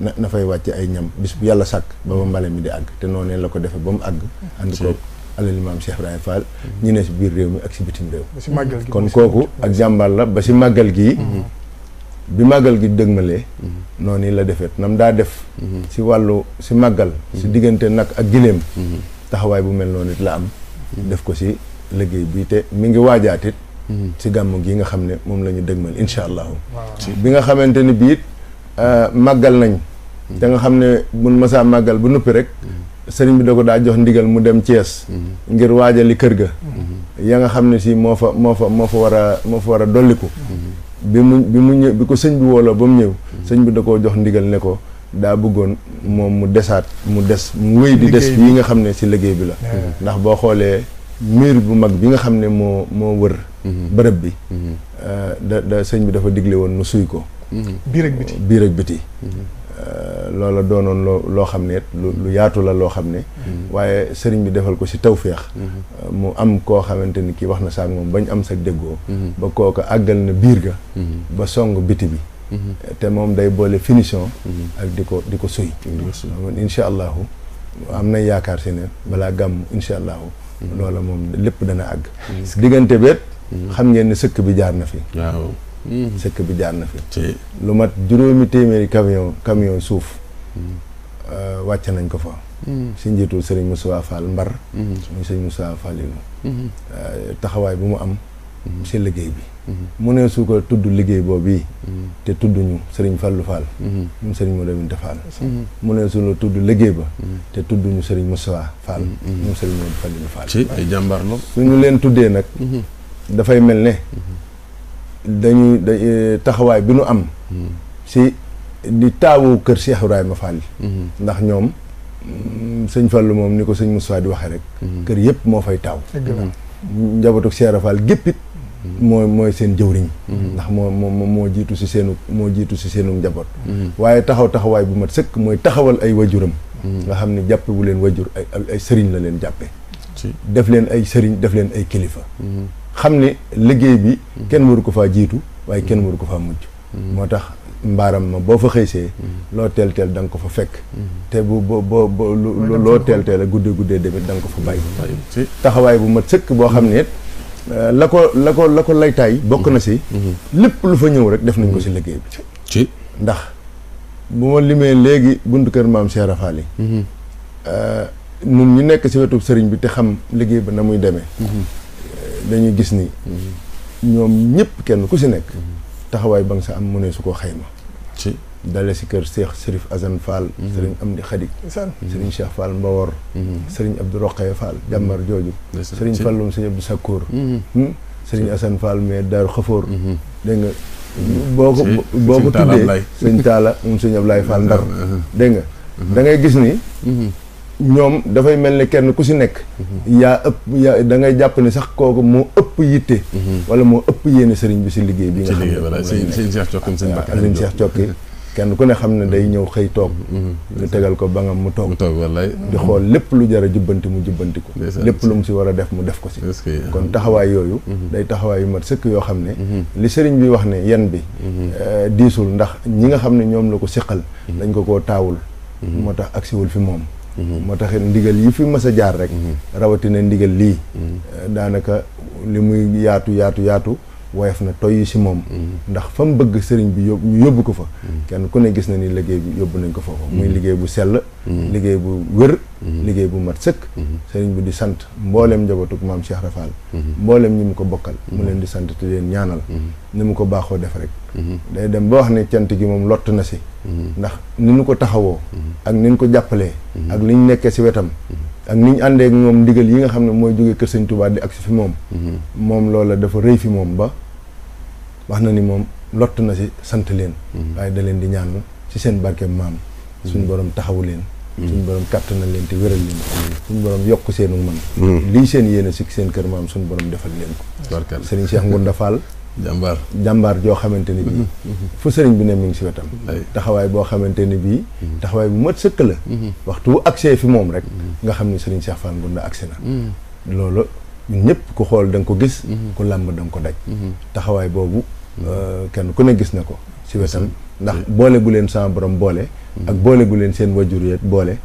na na fay wàcce ay ñam bis bu yàlla sàkk ba ba mbale mi di àgg te noonu la ko defee ba mu àgg ànd ko alal imaam Cheikh Ibrahima Fall ñu ne si biir réew mi ak si bitim réew kon kooku ak jàmbaar la ba si màggal gii mm-hmm. bi màggal gi dëgmalee noonu la defet nam daa def si wàllu si màggal si diggante nag ak giléem taxawaay bu mel noonu it la am def ko si liggéey bi te mi ngi waajaatit si gàmm gi nga xam ne moom la ñu dëgmal incha allahu bi nga xamante ni biit euh, màggal nañ te nga xam ne mun saa màggal bu nuppi rek sëriñ bi da ko daa jox ndigal mu dem cees ngir waajali kër ga ya nga xam ne si moo fa moo fa moo fa war a moo fa war a dolliku bi mu bi mu ñëw bi ko sëñ bi wooloo ba mu ñëw sëñ bi da koo jox ndigal ne ko daa bëggoon moom mu desaat mu des mu wéy di des yi nga xam ne si liggéey bi la ndax boo xoolee miir bu mag bi nga xam ne moo moo wër mhm. bërëb bi mhm. euh, da sëñ bi dafa digle woon nu suy ko biir mhm. biir ak biti Euh, loola doonoon loo loo xam ne lu yaatu la loo xam ne mm-hmm. waaye sëriñ bi defal ko si tawféex mm-hmm. euh, mu am koo xamante ni kii wax na saak moom bañ am sa déggoo mm-hmm. ba kooka àggal na biir ga ba song biti bi te moom day boole finition ak di ko di ko suy incha allahu am na yaakaar si ne balaa gàmm incha allahu loola moom lépp dana àgg diggante beet xam ngeen ne sëkk bi jaar na fi sëkk bi jaan na fi. lu mat juróomi téeméeri camion camion suuf. Euh, wàcc nañ ko fa. Mm-hmm. si njiitul sëriñ Moussa Fall Mbar. Mm-hmm. muy sëriñ Moussa Fall mm-hmm. euh, taxawaay bu mu am. si liggéey bi. mu ne su tudd liggéey boobu te tudd ñu sëriñ Fallou Fall. ñun sëriñ mu ne su la tudd liggéey ba. te tudd ñu sëriñ Moussa Fall. ñun sëriñ Modou Fallou Fall. ci su ñu leen tuddee nag. dafay mel ne. dañuy dañuy eh, taxawaay bi nu am. si di taawu kër Cheikh Ibrahima Fall. Mm-hmm. ndax ñoom mm, sëñ Fallu moom ni ko sëñ Moussa di waxee rek. Mm-hmm. kër yëpp moo fay taaw. Mm-hmm. njabootu Cheikh Ibrahima géppit mooy mooy seen jëwriñ. ndax moo moo moo jiitu si seenu moo jiitu si seenu njaboot. waaye taxaw taxawaay bu mat sëkk mooy taxawal ay wajuram. nga xam ne jàppe bu leen wajur ay ay sëriñ la leen jàppe def leen ay sëriñ def leen ay kilifa. xam ne liggéey bi kenn waru ko faa jiitu waaye kenn waru ko faa mujj mm-hmm. moo tax mbaaram ma boo fa xëysee mm-hmm. loo teel teel da ko fa fekk mm-hmm. te bu bo boo loo teel teel a guddee guddee demit da nga ko fa bàyyi taxawaay bu ma sëkk boo xam ne euh, la ko la ko la ko laytaay bokk na si lépp lu fa ñëw rek def nañ ko si liggéey bi ci ndax bu ma limee léegi buntu kër maam Cheikh Rafaali nun euh, ñu nekk si wetu sëriñ bi te xam liggéey ba na muy demee dañuy gis ni ñoom ñëpp kenn ku si nekk mhm. taxawaay ba nga sa am mu ne su ko xayma ci dale si kër Cheikh Serif Azan Fall mhm. sëriñ Amdi Xadi sëriñ Cheikh Fall Mbawor mhm. sëriñ Abdou Roqee Fall jàmbar jooju sëriñ Fallum sëriñ Abdou Sakkoor hmm? sëriñ Asan Fall mais Daaru Xafoor dégg nga boo ko boo ko tuddee sëñ Taala moom sëñ Ablaye Fall Ndar dégg nga da ngay gis ni ñoom dafay mel ni kenn ku si nekk mhm. yaa ëpp yaa da ngay jàpp ni sax kooku moo ëpp yitte mhm. wala moo ëpp yéene sëriñ bi si liggéey bi nga xam ne sëriñ
Cheikh Thioky sëriñ Cheikh
Thioky kenn ku ne xam ne day ñëw xëy toog mhm. tegal ko ba nga mu toog wallaay di xool lépp lu jar a jubbanti mu jubbanti ko lépp lu si war def mu def ko si kon taxawaay yooyu taxawaay yu mat sëkk yoo xam ne li sëriñ bi wax ne yenn bi euh, diisul ndax ñi nga xam ne ñoom la ko siqal dañ ko koo taawul moo tax agsiwul fi moom Mhm. moo tax ndigal yi fi mas a jaar rek mhm. rawatina ndigal lii mhm. eh, daanaka li muy yaatu yaatu yaatu woyof na toyy si moom mm-hmm. ndax fa mu bëgg sëriñ bi yób yóbbu ko fa mm-hmm. kenn ku ne gis na ni liggéey bu yóbbu nañ ko foofa muy mm-hmm. liggéey bu sell liggéey bu wër liggéey bu mat sëkk sëriñ bi di sant mbooleem am maam Cheikh Rafal mbooleem ñi mu ko bokkal mu leen di sant te leen ñaanal ni mu ko baaxoo def rek day dem ba wax ne cant gi moom lott na si ndax ni ñu ko taxawoo ak ni ñu ko jàppalee ak li ñu nekkee si wetam ak ni ñu àndee ak moom ndigal yi nga xam ne mooy jógee kër sañ Touba di agsi fi moom. Mhm. moom loola dafa rëy fi moom ba wax na ni moom lott na si sant leen. Mhm. waaye da leen di ñaanal ci seen barkeem maam. Mhm. suñu borom taxawu leen. suñu borom kàttanal leen te wéral leen suñ borom yokk seenu man lii seen yéene si seen kër maam suñu borom defal leen ko. barkeel Serigne Cheikh Ngounda Fall. jàmbaar jàmbaar joo xamante ni bii. Mm-hmm. Mm-hmm. fu sëriñ bi ne mi ngi si wetam. taxawaay boo xamante ni bii. Mm-hmm. taxawaay bu mat sëkk la. waxtu bu fi moom rek. nga xam ni sëriñ Cheikh Fall Ngounda accès na. loolu ñun ñëpp ku xool da ko gis. ku làmb da nga ko daj. taxawaay boobu euh, kenn ku ne gis na ko si wetam. ndax boole gu leen sama borom boole. ak boole gu leen seen wajur yet boole.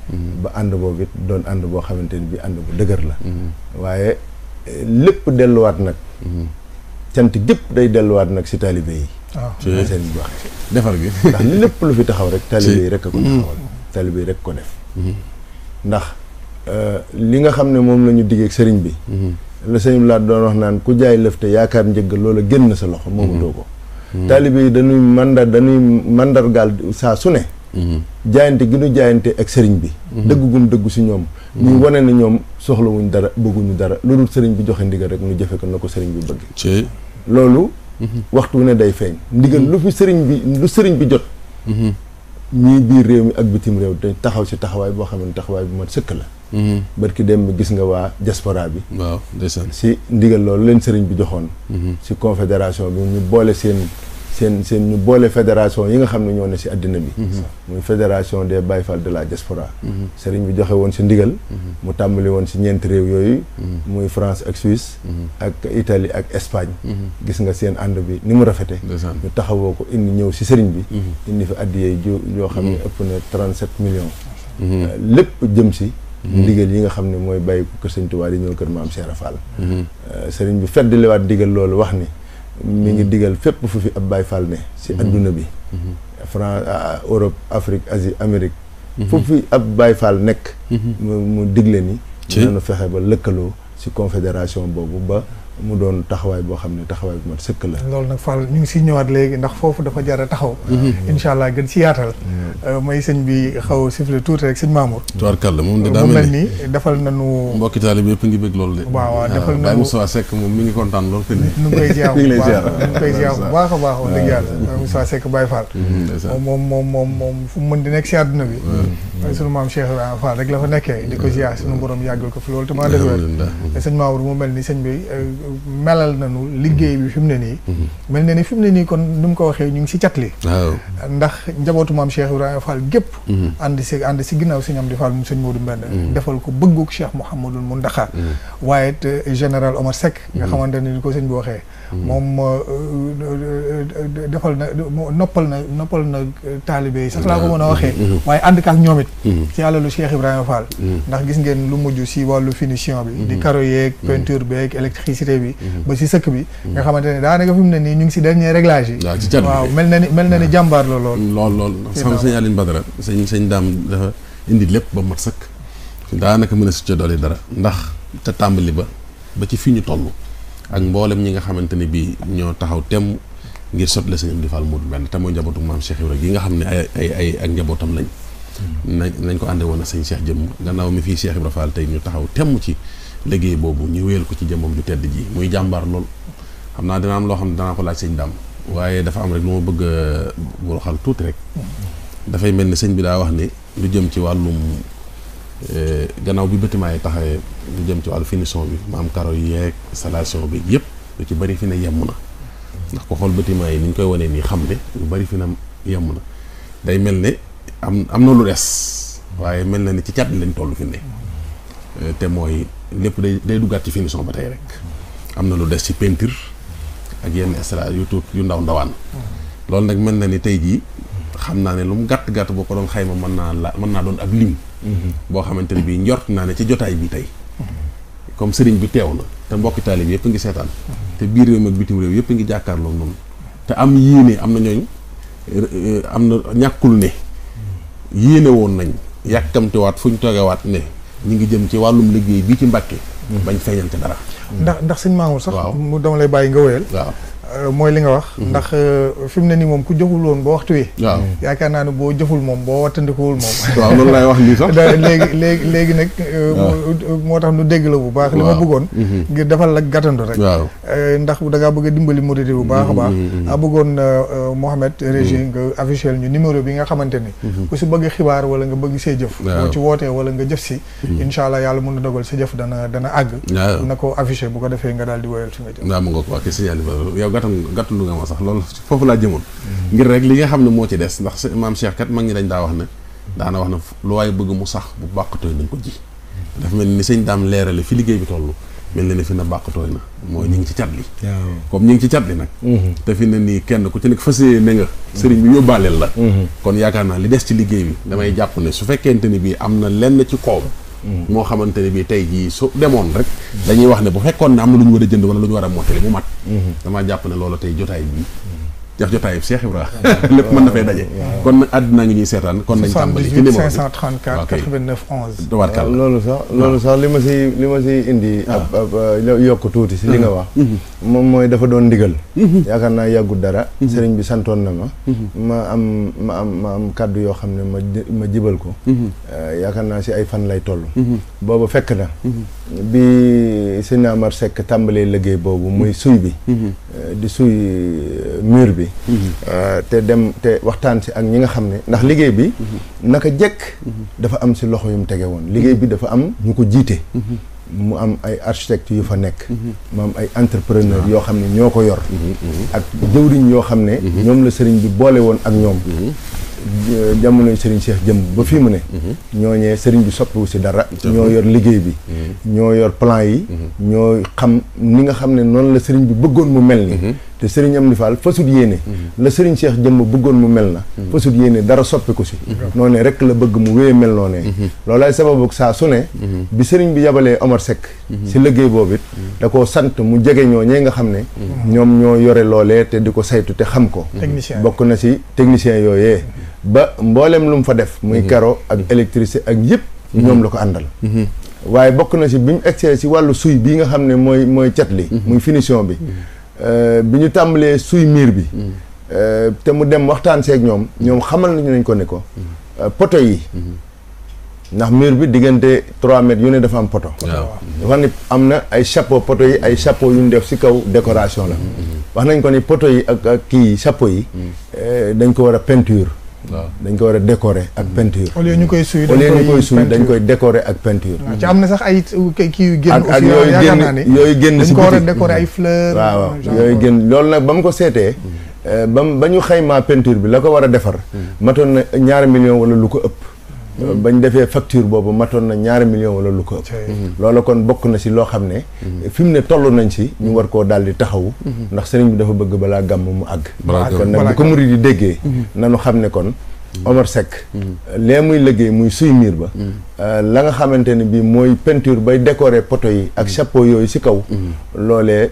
ba ànd boobu it doon ànd boo xamante ni bii ànd bu dëgër la. waaye euh, lépp delluwaat nag. cant gépp day delluwaat nag si taalibe yi. waaw ah. seen i wax defar bi lépp lu fi taxaw rek. taalibe yi rek a ko mm. taxawal. taalibe yi rek ko def. Mm-hmm. ndax euh, li nga xam ne moom lañu ñu diggee ak sëriñ bi. Mm-hmm. la sëriñ laat doon wax naan ku jaay lëfte yaakaar njëgg loola génn sa loxo. Mm-hmm. moomatoo ko. taalibe yi dañuy mandar dañuy mandargaal saa su ne. jaayante gi nu jaayante ak sëriñ bi. dëgg gum dëggu si ñoom. ñuy wane na ñoom soxlawuñ dara bëgguñu dara lu dul sëriñ bi joxe ndigal rek ñu jëfe ko na ko sëriñ bi bëgg. loolu mhm. waxtu wu ne day feeñ ndigal mhm. lu fi sëriñ bi lu sëriñ bi jot mhm. ñii biir réew mi ak bitim réew dañ taxaw si taxawaay boo xam ne taxawaay bu mat sëkk la ki dem gis nga waa diaspora bi waaw ndeysaan si ndigal loolu leen sëriñ bi joxoon si confédération bi ñu boole seen seen seen ñu boole fédération yi nga xam ne ñoo ne si àddina bi mhm. muy fédération des Baye Fall de la diaspora mhm. seriñ bi joxe woon si ndigal mhm. mu tàmbali woon si ñeenti réew yooyu muy France ak Suisse ak Italie ak Espagne gis nga seen ànd bi ni mu rafete ñu taxawoo ko indi ñëw si sëriñ bi indi fi àddiyee ju yoo xam ne ëpp na trente-sept million euh, lépp jëm si ndigal yi nga xam ne mooy bàyyi ko kër sëñ Tuubaa di ñëw kër maam Cheikh Fall euh, sëriñ bi feddaliwaat ndigal loolu wax ni mi ngi hmm. digal fépp fu fi ab Baay Faal ne si hmm. adduna bi hmm. France Europe Afrique Asie Amérique fu fi ab Baay Faal nekk mu digle ni nanu fexe ba lëkkaloo si confédération boobu ba mu doon taxawaay boo xam ne taxawaay bu mat sëkk la.
loolu nag Fall ñu ngi si ñëwaat léegi ndax foofu dafa jar a taxaw. Mm-hmm. incha allah gën si yaatal. Mm-hmm. Euh, may sëñ bi xaw a sifflé tuuti rek sëñ Mamour.
tubaarkàlla moom de euh, daa mel ni
defal nañu. mbokki taalibe yëpp
ngi bëgg loolu de. waaw waaw defal nañu Moussa Seck kontaan lool fi ne. ñu dëgg yàlla.
Moussa Seck Baye Fall. Mm-hmm, moom moom moom moom fu mu di nekk si àdduna bi. sunu maam Cheikh Ibrahima Fall rek la nekkee di ko ziar sunu yàggal ko fi loolu te maa dëgg mu mel ni sëñ bi euh, melal nañu liggéey bi fi mu ne nii. Mm-hmm. mel na ni fi mu ne nii kon nu mu ko waxee ñu ngi si catli ndax njabootu maam Cheikh Ibrahima Fall gépp mm-hmm. ànd si ànd si ginnaaw si ñam di Fall mu sëñ Modou Mbène mm-hmm. defal ko bëgguk Cheikh Mouhamadul Mountakha waaye it eh, général Omar Seck nga xamante ni ko seen bi waxee moom euh, euh, defal na noppal na noppal na taalibe yi sax laa ko mën a waxee mm-hmm. Mm-hmm. waaye ànd ak ñoom it mm-hmm. ci àlalu Cheikh Ibrahima Fall ndax gis ngeen lu mujj si wàllu finition bi di caro yeeg peinture beeg électricité bi ba si sëkk bi nga xamante ne daanaka fi mu ne nii ñu ngi si dernier réglage yi waaw
mel na ni mel na ni jàmbaar la lool lool lool sama sëñ Aline Badara sëñ sañ daam dafa indi lépp ba mat sëkk daanaka mën a si ca dolli dara ndax ca tàmbali ba ba ci fi ñu toll ak mboolem ñi nga xamante ne bii ñoo taxaw temm ngir sotle sëñ Amdi Fall Modou Mbend te mooy njabootu maam Cheikh Ibra gi nga xam ne ay ay ay ak njabootam lañ. Mm-hmm. nañ nañ ko ànde woon ak sëñ Cheikh jëmm gannaaw mi fii Cheikh Ibra Fall tey ñu taxaw temm ci liggéey boobu ñu wéyal ko ci jëmmam ju tedd ji muy jàmbaar lool. xam naa dina am loo xam ne danaa ko laaj sëñ Dam waaye dafa am rek lu ma bëgg a bu tuuti rek.
Mm-hmm.
dafay mel ni sëñ bi daa wax ne lu jëm ci wàllum Eh, gannaaw bi bâtiment yi taxawee lu jëm ci wàllu finition bi maam karo yeeg installation bi yëpp lu ci bari fi na yemm na ndax ko xool bâtiment yi ni ñu koy wanee nii xam ne lu bari fi na yemm na day mel ne am am na lu des waaye mel na ni ci cat lañ toll fi ne eh, te mooy lépp day day duggaat ci finition ba tey rek am na lu des ci peinture ak yenn extra yu tuut yu ndaw ndawaan loolu nag mel na ni tey jii xam naa ne lu mu gàtt gàtt boo ko doon xayma mën naa la mën naa doon ab lim boo xamante ne bii njort naa ne ci jotaay bi tey comme sëriñ bi teew na te mbokki taalib yëpp ngi seetaan te biir réew mi ak bitim réew yëpp ngi jàkkaarloo noonu te am yéene am na eh, am na ñàkkul ne yéene woon nañ yàkkamtewaat fu ñu toogewaat ne ñu ngi jëm ci wàllum liggéey bii ci Mbàkke mm-hmm. bañ feeñante dara
ndax ndax sëñ Mamour sax mu dama bàyyi nga wéyal waaw Euh, mooy li nga wax. Mhm. ndax euh, fi mu ne nii moom ku jëful woon ba waxtu wi. waaw mhm. yaakaar naa ne boo jëful moom boo wattandikuwul moom. waaw loolu laay wax nii sax. léegi léegi léegi nag. Euh, moo tax nu dégg la bu baax. li ma bëggoon. Mhm. ngir defal la gàttandu rek. ndax da ngaa bëgg a dimbali murid bu baax a baax. a bëggoon Mouhamed Régis nga officiel ñu numéro bi nga xamante ni. ku si bëgg xibaar wala nga bëgg see jëf. boo ci wootee wala nga jëf si. incha allah yàlla mën na dogal sa jëf dana dana àgg. na ko affiché bu ko defee nga daal di woyal
fi nga jëf. gàttandu gàttandu nga ma sax loolu foofu laa jëmoon ngir rek li nga xam ne moo ci des ndax maam Cheikh kat mag ñi dañ daa wax ne daana wax ne lu waaye bëgg mu sax bu bàqatooy nañ ko ji dafa mel ni sëñ daam leerale fi liggéey bi toll mel na ni fi na bàqatooy na mooy ñu ngi ci cat li comme ñu ngi ci cat li nag mhm. te fi ne nii kenn ku ci nekk fas yéene nga sëriñ bi yóbbaaleel la mhm. kon yaakaar naa li des ci liggéey bi damay jàpp ne su fekkente ni bii am na lenn ci koob moo xamante ne bii tey jii su demoon rek dañuy wax ne bu fekkoon ne am na lu ñu war a jënd wala lu ñu war a mottali mu mat mm-hmm. damaa jàpp ne loolu tey jotaay bi def jotaayu Cheikh Ibra lépp mën na fay daje kon nag àddina ngi ñuy seetaan kon nañ tàmbali ci numéro
534 89 11
tabaarkalla loolu sax loolu sax li ma si li ma si indi ah. ab ab yokk tuuti si li nga mm-hmm. wax mm-hmm. moom mooy dafa doon ndigal mm-hmm. yaakaar naa yàggu dara sëriñ bi santoon na ma ma am ma am ma am kàddu yoo xam ne ma ma jibal ko euh, yaakaar naa si ay fan lay toll booba fekk na bi sëñ Amar Seck tàmbalee liggéey boobu muy suy bi euh, di suy euh, mur bi Euh, te dem te waxtaan si ak ñi nga xam ne ndax liggéey bi naka jekk dafa am si loxo yu mu tege woon liggéey bi dafa am ñu ko jiite mu am ay architecte yu fa nekk mu am ay entrepreneur yoo xam ne ñoo ko yor yoo xam ne ñoom la sëriñ bi boole woon ak ñoom jamonoy sëriñ Cheikh jëm ba fii mu ne ñooñee sëriñ bi soppiwu si dara ñoo yor liggéey bi mm-hmm. ñoo yor plan yi ñoo xam ni nga xam ne noonu la sëriñ bi bëggoon mu mel ni te Serigne Amdi Fall fasut yéene mhm. la Serigne Cheikh jëmm bëggoon mu mel na mhm. fasut yéene dara soppiku si mhm. noonu rek la bëgg mu wéyee mel noo ne loolaay sababu saa su ne bi sëriñ bi yabalee Omar Seck si liggéey boobu it da koo sant mu jege ñoo ñee nga xam ne ñoom ñoo yore loolee te di ko saytu te xam ko bokk na si technicien yooyee ba mboolem lu mu fa def muy karo ak électricité ak yëpp ñoom la ko àndal waaye bokk na si bi mu egsee si wàllu suy bi nga xam ne mooy mooy cat li muy finition bi Euh, bi ñu tàmbalee suy miir bi. Mm. Euh, te mu dem waxtaan seeg ñoom ñoom xamal nañu nañ ko ne ko. Mm. Euh, poto yi. Mm-hmm. ndax mur bi diggante trois mètres yu ne dafa am poto dafa ne am na ay chapeau poto yi ay chapeau yu ñu def si kaw décoration la mm-hmm. wax nañ ko ni poto yi ak ak kii chapeau yi mm. dañ ko war a peinture waaw dañ ko war a décoré ak peinture. au lieu ñu koy suy dañ koy décorer ak peinture. ci am
na sax ay kii yu
génn. ak yooyu génn yooyu génn si biti ko war a décorer ay fleurs. waaw yooyu génn loolu nag ba mu ko seetee. Eh, ba mu ba ñu xaymaa peinture bi la ko war a defar. Hmm. matoon na ñaari million wala lu ko ëpp. Euh, bañ defee facture boobu matoon na ñaari million wala lu ko ëpp mhm. loola kon bokk na si loo xam ne mhm. fi mu ne toll nañ si ñu mhm. war koo daal di taxawu ndax sëriñ bi dafa bëgg balaa gàmm mu àgg kon nag bu ko murid yi na nanu xam ne kon Omar Seck euh, lee muy liggéey muy suy miir ba euh, la nga xamante ne bii mooy peinture bay décorer poto yi ak chapeau yooyu si kaw loolee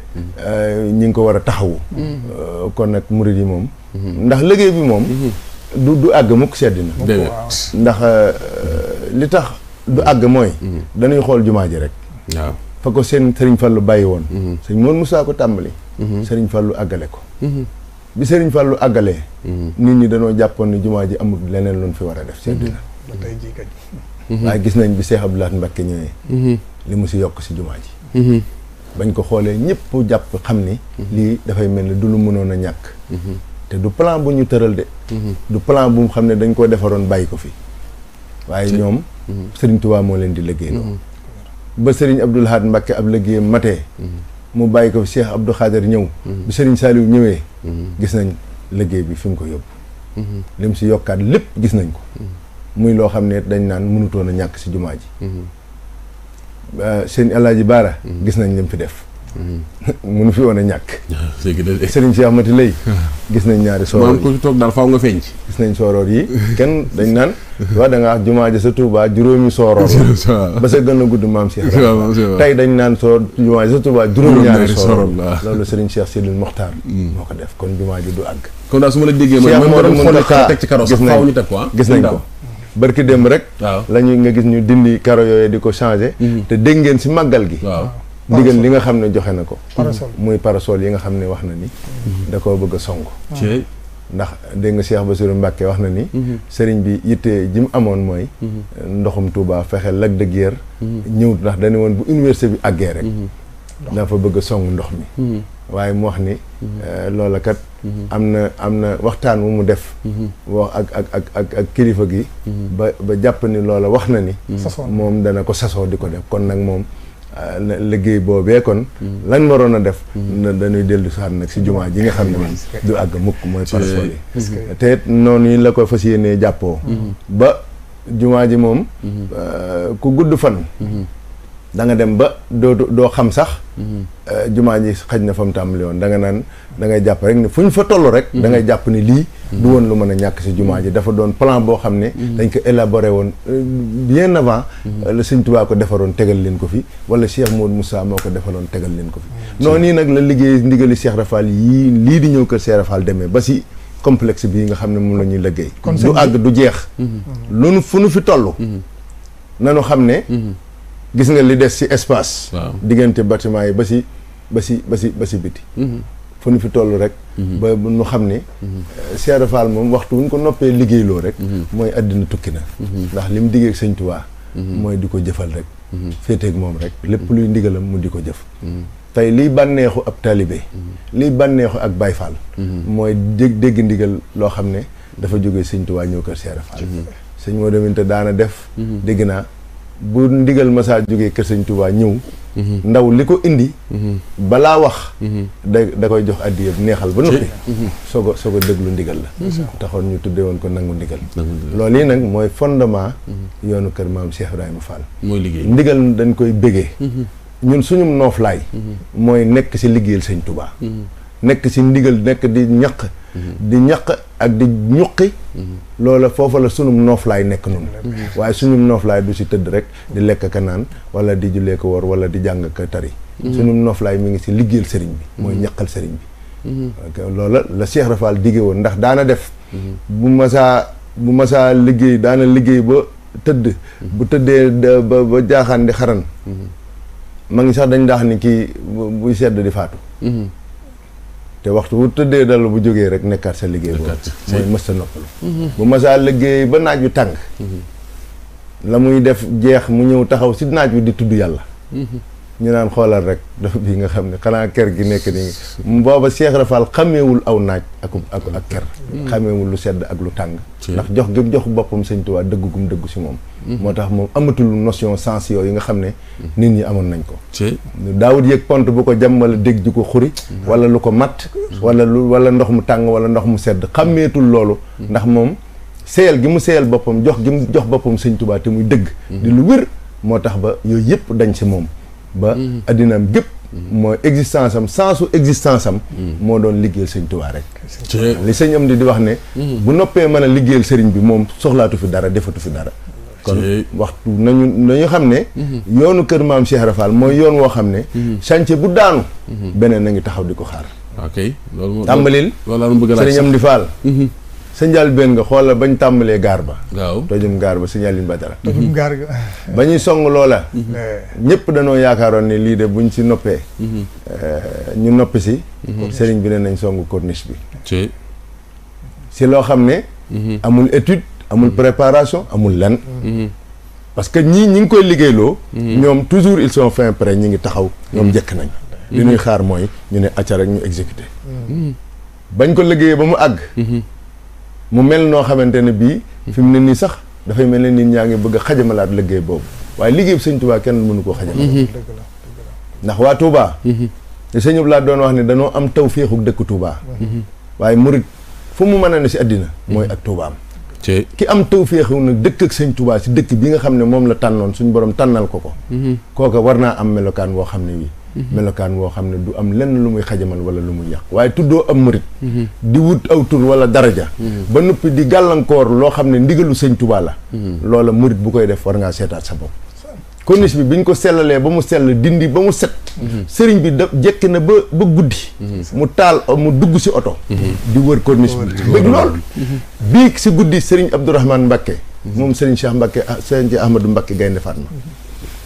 ñi ngi ko war a taxawu kon nag murid yi moom ndax liggéey bi moom du du àgg mukk sedd na ndax euh, li tax du àgg mooy mm-hmm. danuy xool jumaa ji rek waaw fa ko seen sëriñ Fallou bàyyi woon mm-hmm. sëñ moon musaa ko tàmbali mm-hmm. sëriñ Fallou àggale ko bi sëriñ Fallou àggale nit ñi dañoo jàppoon ni jumaa ji amul leneen lu ñu fi war a def sedd
na
waaye gis nañ bi Cheikh Abdoulaye Mbacké ñëwee li mu si yokk si jumaa ji bañ ko xoolee ñëpp jàpp xam ni lii dafay mel ni du lu mënoon a ñàkk te du plan bu ñu teural de. Mhm. du plan bu mu xam dañ ko defaroon bayiko fi. waye ñom mhm. Serigne Touba mo leen di no mhm. ba Serigne Abdoul Ahad Mbacké ab liggéeyam maté mu bayiko fi Cheikh Abdou Khader ñew bi Serigne saliw ñewé gis nañ liggéey bi fim ko yob lim si yokkat lepp gis nañ ko. muy lo xam dañ nan mënu to na si ci jumaaji euh serigne Hadji bara gis nañ lim fi def. mënu fi woon ñak sëriñ léegi de lay. Ah. gis nañ ñaari soor man ko
ci tok dal faaw nga
feeñ gis nañ sooror yi ken dañ nan wa da nga jumaa ja sa Touba juróomi sooror ba sa gëna gudd maam cheikh tay dañ nan so jumaa ja sa Touba juróomi ñaari sooror lolu sëriñ Cheikh Sidil Mokhtar. Hmm. moko def kon jumaa ji du ag
kon da suma la déggé mooy man ma doon xool teg ci karo sax faaw ñu tek ko ah. gis nañ ko.
barki dem rek. waaw nga gis ñu dindi karo yooyu di ko changé. Hmm. te dégg ci magal gi. waaw ndigal li nga xam ne joxe na ko muy parasol yi nga xam ne wax na ni mhm. da koo bëgg a song ah. ndax dégg nga Cheikh Bassirou Mbacke wax na ni mhm. sëriñ bi yitte ji mu amoon mooy mhm. ndoxum Touba fexe Lac de Guiers ñëw ndax dañu woon bu université bi àggee rek dafa bëgg a song ndox mi waaye mu wax ni eh, loola kat am na am na waxtaan wu mu def wax ak ak ak ak ak kilifa gi ba ba jàpp ni loola wax na ni moom dana ko sasoo di ko def kon nag moom Euh, liggéey boobee kon. Hmm. lañ waroon a def. Hmm. dañuy dellu si nag si jumaa ji nga xam ne man hmm. du àgg mukk mooy parasol yi. te it noonu la ko fas yéenee jàppoo. ba jumaa ji moom. Euh, ku gudd fanu da nga dem ba doo doo xam sax. Mhm. Euh, jumaa ji xaj na fa mu tàmbali woon da nga naan dangay jàpp rek ne fu ñu fa toll rek. da ngay mhm. jàpp ni lii. Mhm. du woon lu mën a ñàkk si jumaa ji dafa doon plan boo xam ne. dañ ko élaboré woon euh, bien avant. Euh, la sëñ ko defaroon tegal leen ko fi wala Cheikh Modou Moussa moo ko defaloon tegal leen ko fi. noonu nii nag la liggéey ndigali Cheikh Rafal yii lii di ñëw kër Cheikh Rafal demee ba si. complexe bii nga xam ne moom la ñuy liggéey. du àgg du jeex. lu nu fi toll. nanu xam ne. gis nga li des ci espace. diggante batiment yi ba si ba si ba si ba si biti. Mhm. fu ñu fi toll rek. Mhm. ba nu xam ni. Mhm. Cheikh Fall moom waxtu wu ko noppee liggéeyloo rek. mooy àddina tukki na. ndax li mu diggee ak sëñ mooy di ko jëfal rek. féeteeg moom rek lépp luy ndigalam mu di ko jëf. tey liy bànneexu ab taalibe. liy bànneexu ak Baay Faal. mooy dégg dégg loo xam ne dafa jógee sëñ Tuubaa ñëw kër Cheikh Fall. sëñ moo deminte daana def. dégg naa. bu ndigal masaa jógee kër sëñ Touba ñëw ndaw li ko indi balaa wax da da koy jox addi yëpp neexal ba noppi soo ko soo ko déglu ndigal la taxoon ñu tuddee woon ko nangu ndigal loolu yi nag mooy fondement mhm. yoonu kër maam Cheikh Ibrahima Fall
mooy liggéey ndigal
dañ koy bégee mhm. ñun suñu nooflaay mhm. mooy nekk si liggéeyal sëñ Touba nekk si ndigal nekk di ñaq mm-hmm. di ñaq ak di ñuqi mm-hmm. loola foofa la sunum nooflaay nekk nun mm-hmm. waaye sunum nooflaay du si tëdd rek di lekk ka naan wala di jullee ko woor wala di jàng ka tari sunum nooflaay mi ngi si liggéeyal sëriñ bi mooy ñaqal sëriñ bi loola la Cheikh Rafal digge woon ndax daana def bu masaa bu masaa liggéey daana liggéey ba tëdd bu tëddee ba ba jaaxaan di xaran ma sax dañ daax ni kii buy sedd di faatu te waxtu wu tëddee dal bu jógee rek nekkaat sa liggéey boobu mooy mës sa
noppalu
bu masaa liggéey ba naaj wi tàng mhm. la muy def jeex mu ñëw taxaw si naaj wi di tudd yàlla mhm. ñu naan xoolal rek dox bii nga xam ne xanaa kër gi nekk nii booba Cheikh Rafal xameewul aw naaj ak um, ak ak ker mm. xameewul lu sedd ak lu tàng ndax jox gi jox boppam sëñ Tuubaa dëggugum si moom mm. moo tax moom amatul notion sens yooyu nga xam ne mm. nit ñi amoon nañ ko daawut yëg pont bu ko jam dégg ju ko xuri wala lu ko matt wala lu wala ndox mu tàng wala ndox mu sedd xameetul loolu ndax moom seyal gi mu seyal boppam jox gi jox boppam sëñ Tuubaa te muy dëgg di lu wér moo tax ba yooyu yëpp dañ si moom ba addinaam gépp mooy existence am sensu existence am moo doon liggéeyal sëñ Tuubaa rek li sëñ am di di wax ne mm-hmm. bu noppee mën a liggéeyal sëriñ bi moom soxlaatu fi dara defatu fi dara kon waxtu nañu nañu xam ne mm-hmm. yoonu kër maam Cheikh Rafal mooy yoon woo xam ne mm-hmm. chantier bu daanu beneen a ngi taxaw di ko xaar
ok loolu tàmbalil sëriñ am di Faal
sa njëlbéen nga xoolal bañ tàmbalee gaar ba waaw tojum gaar ba signalin ba dara tojum gaar ba ba ñuy song loola eh. ñëpp danoo yaakaaroon ne lii de buñ si noppee mhm. eh, ñu noppi si mhm. sëriñ bi ne nañ song corniche bi si loo xam ne mhm. amul étude amul préparation amul lan parce que ñii ñi ngi koy liggéeyloo ñoom toujours ils son fin prêts ñu ngi taxaw ñoom njëkk nañ li ñuy xaar mooy ñu ne acca rek ñu exécuté bañ ko liggéeyee ba mu àgg mu mel noo xamante ne bii fi mu ne nii sax dafay mel ne nit ñaa ngi bëgg a xajamalaat liggéey boobu waaye liggéey bi sëñ Touba kenn mënu koo xajamalaat mhm. ndax waa Touba mhm. te sëñ laa doon wax ne dañoo am taw féexu dëkk Touba mhm. waaye murit fu mu mën a ne si àddina mooy ak Touba ki am taw féexu nag dëkk ak sëñ tubaa si dëkk bi nga xam ne moom la tànnoon suñ borom tànnal ko ko kooka war naa am melokaan woo xam ne wii Mhm. melokaan woo xam ne du am lenn lu muy xajamal wala lu muy yàq waaye tuddoo am murit mhm. di wut aw tur wala daraja mhm. ba noppi di gàllankoor loo xam ne ndigalu sëñ Tuubaa la loola murit bu koy def war ngaa seetaat sa bopp corniche bi biñ ko sellalee ba mu sell dindi ba mu set sëriñ bi da jekk na ba ba guddi mu taal mu dugg si oto di wër corniche bi bëgg lool biig si guddi sëriñ Abdourahmane Mbacké moom sëriñ Cheikh Mbacké ah, sëriñ Ahmadou Mbacké Gaynde Fatma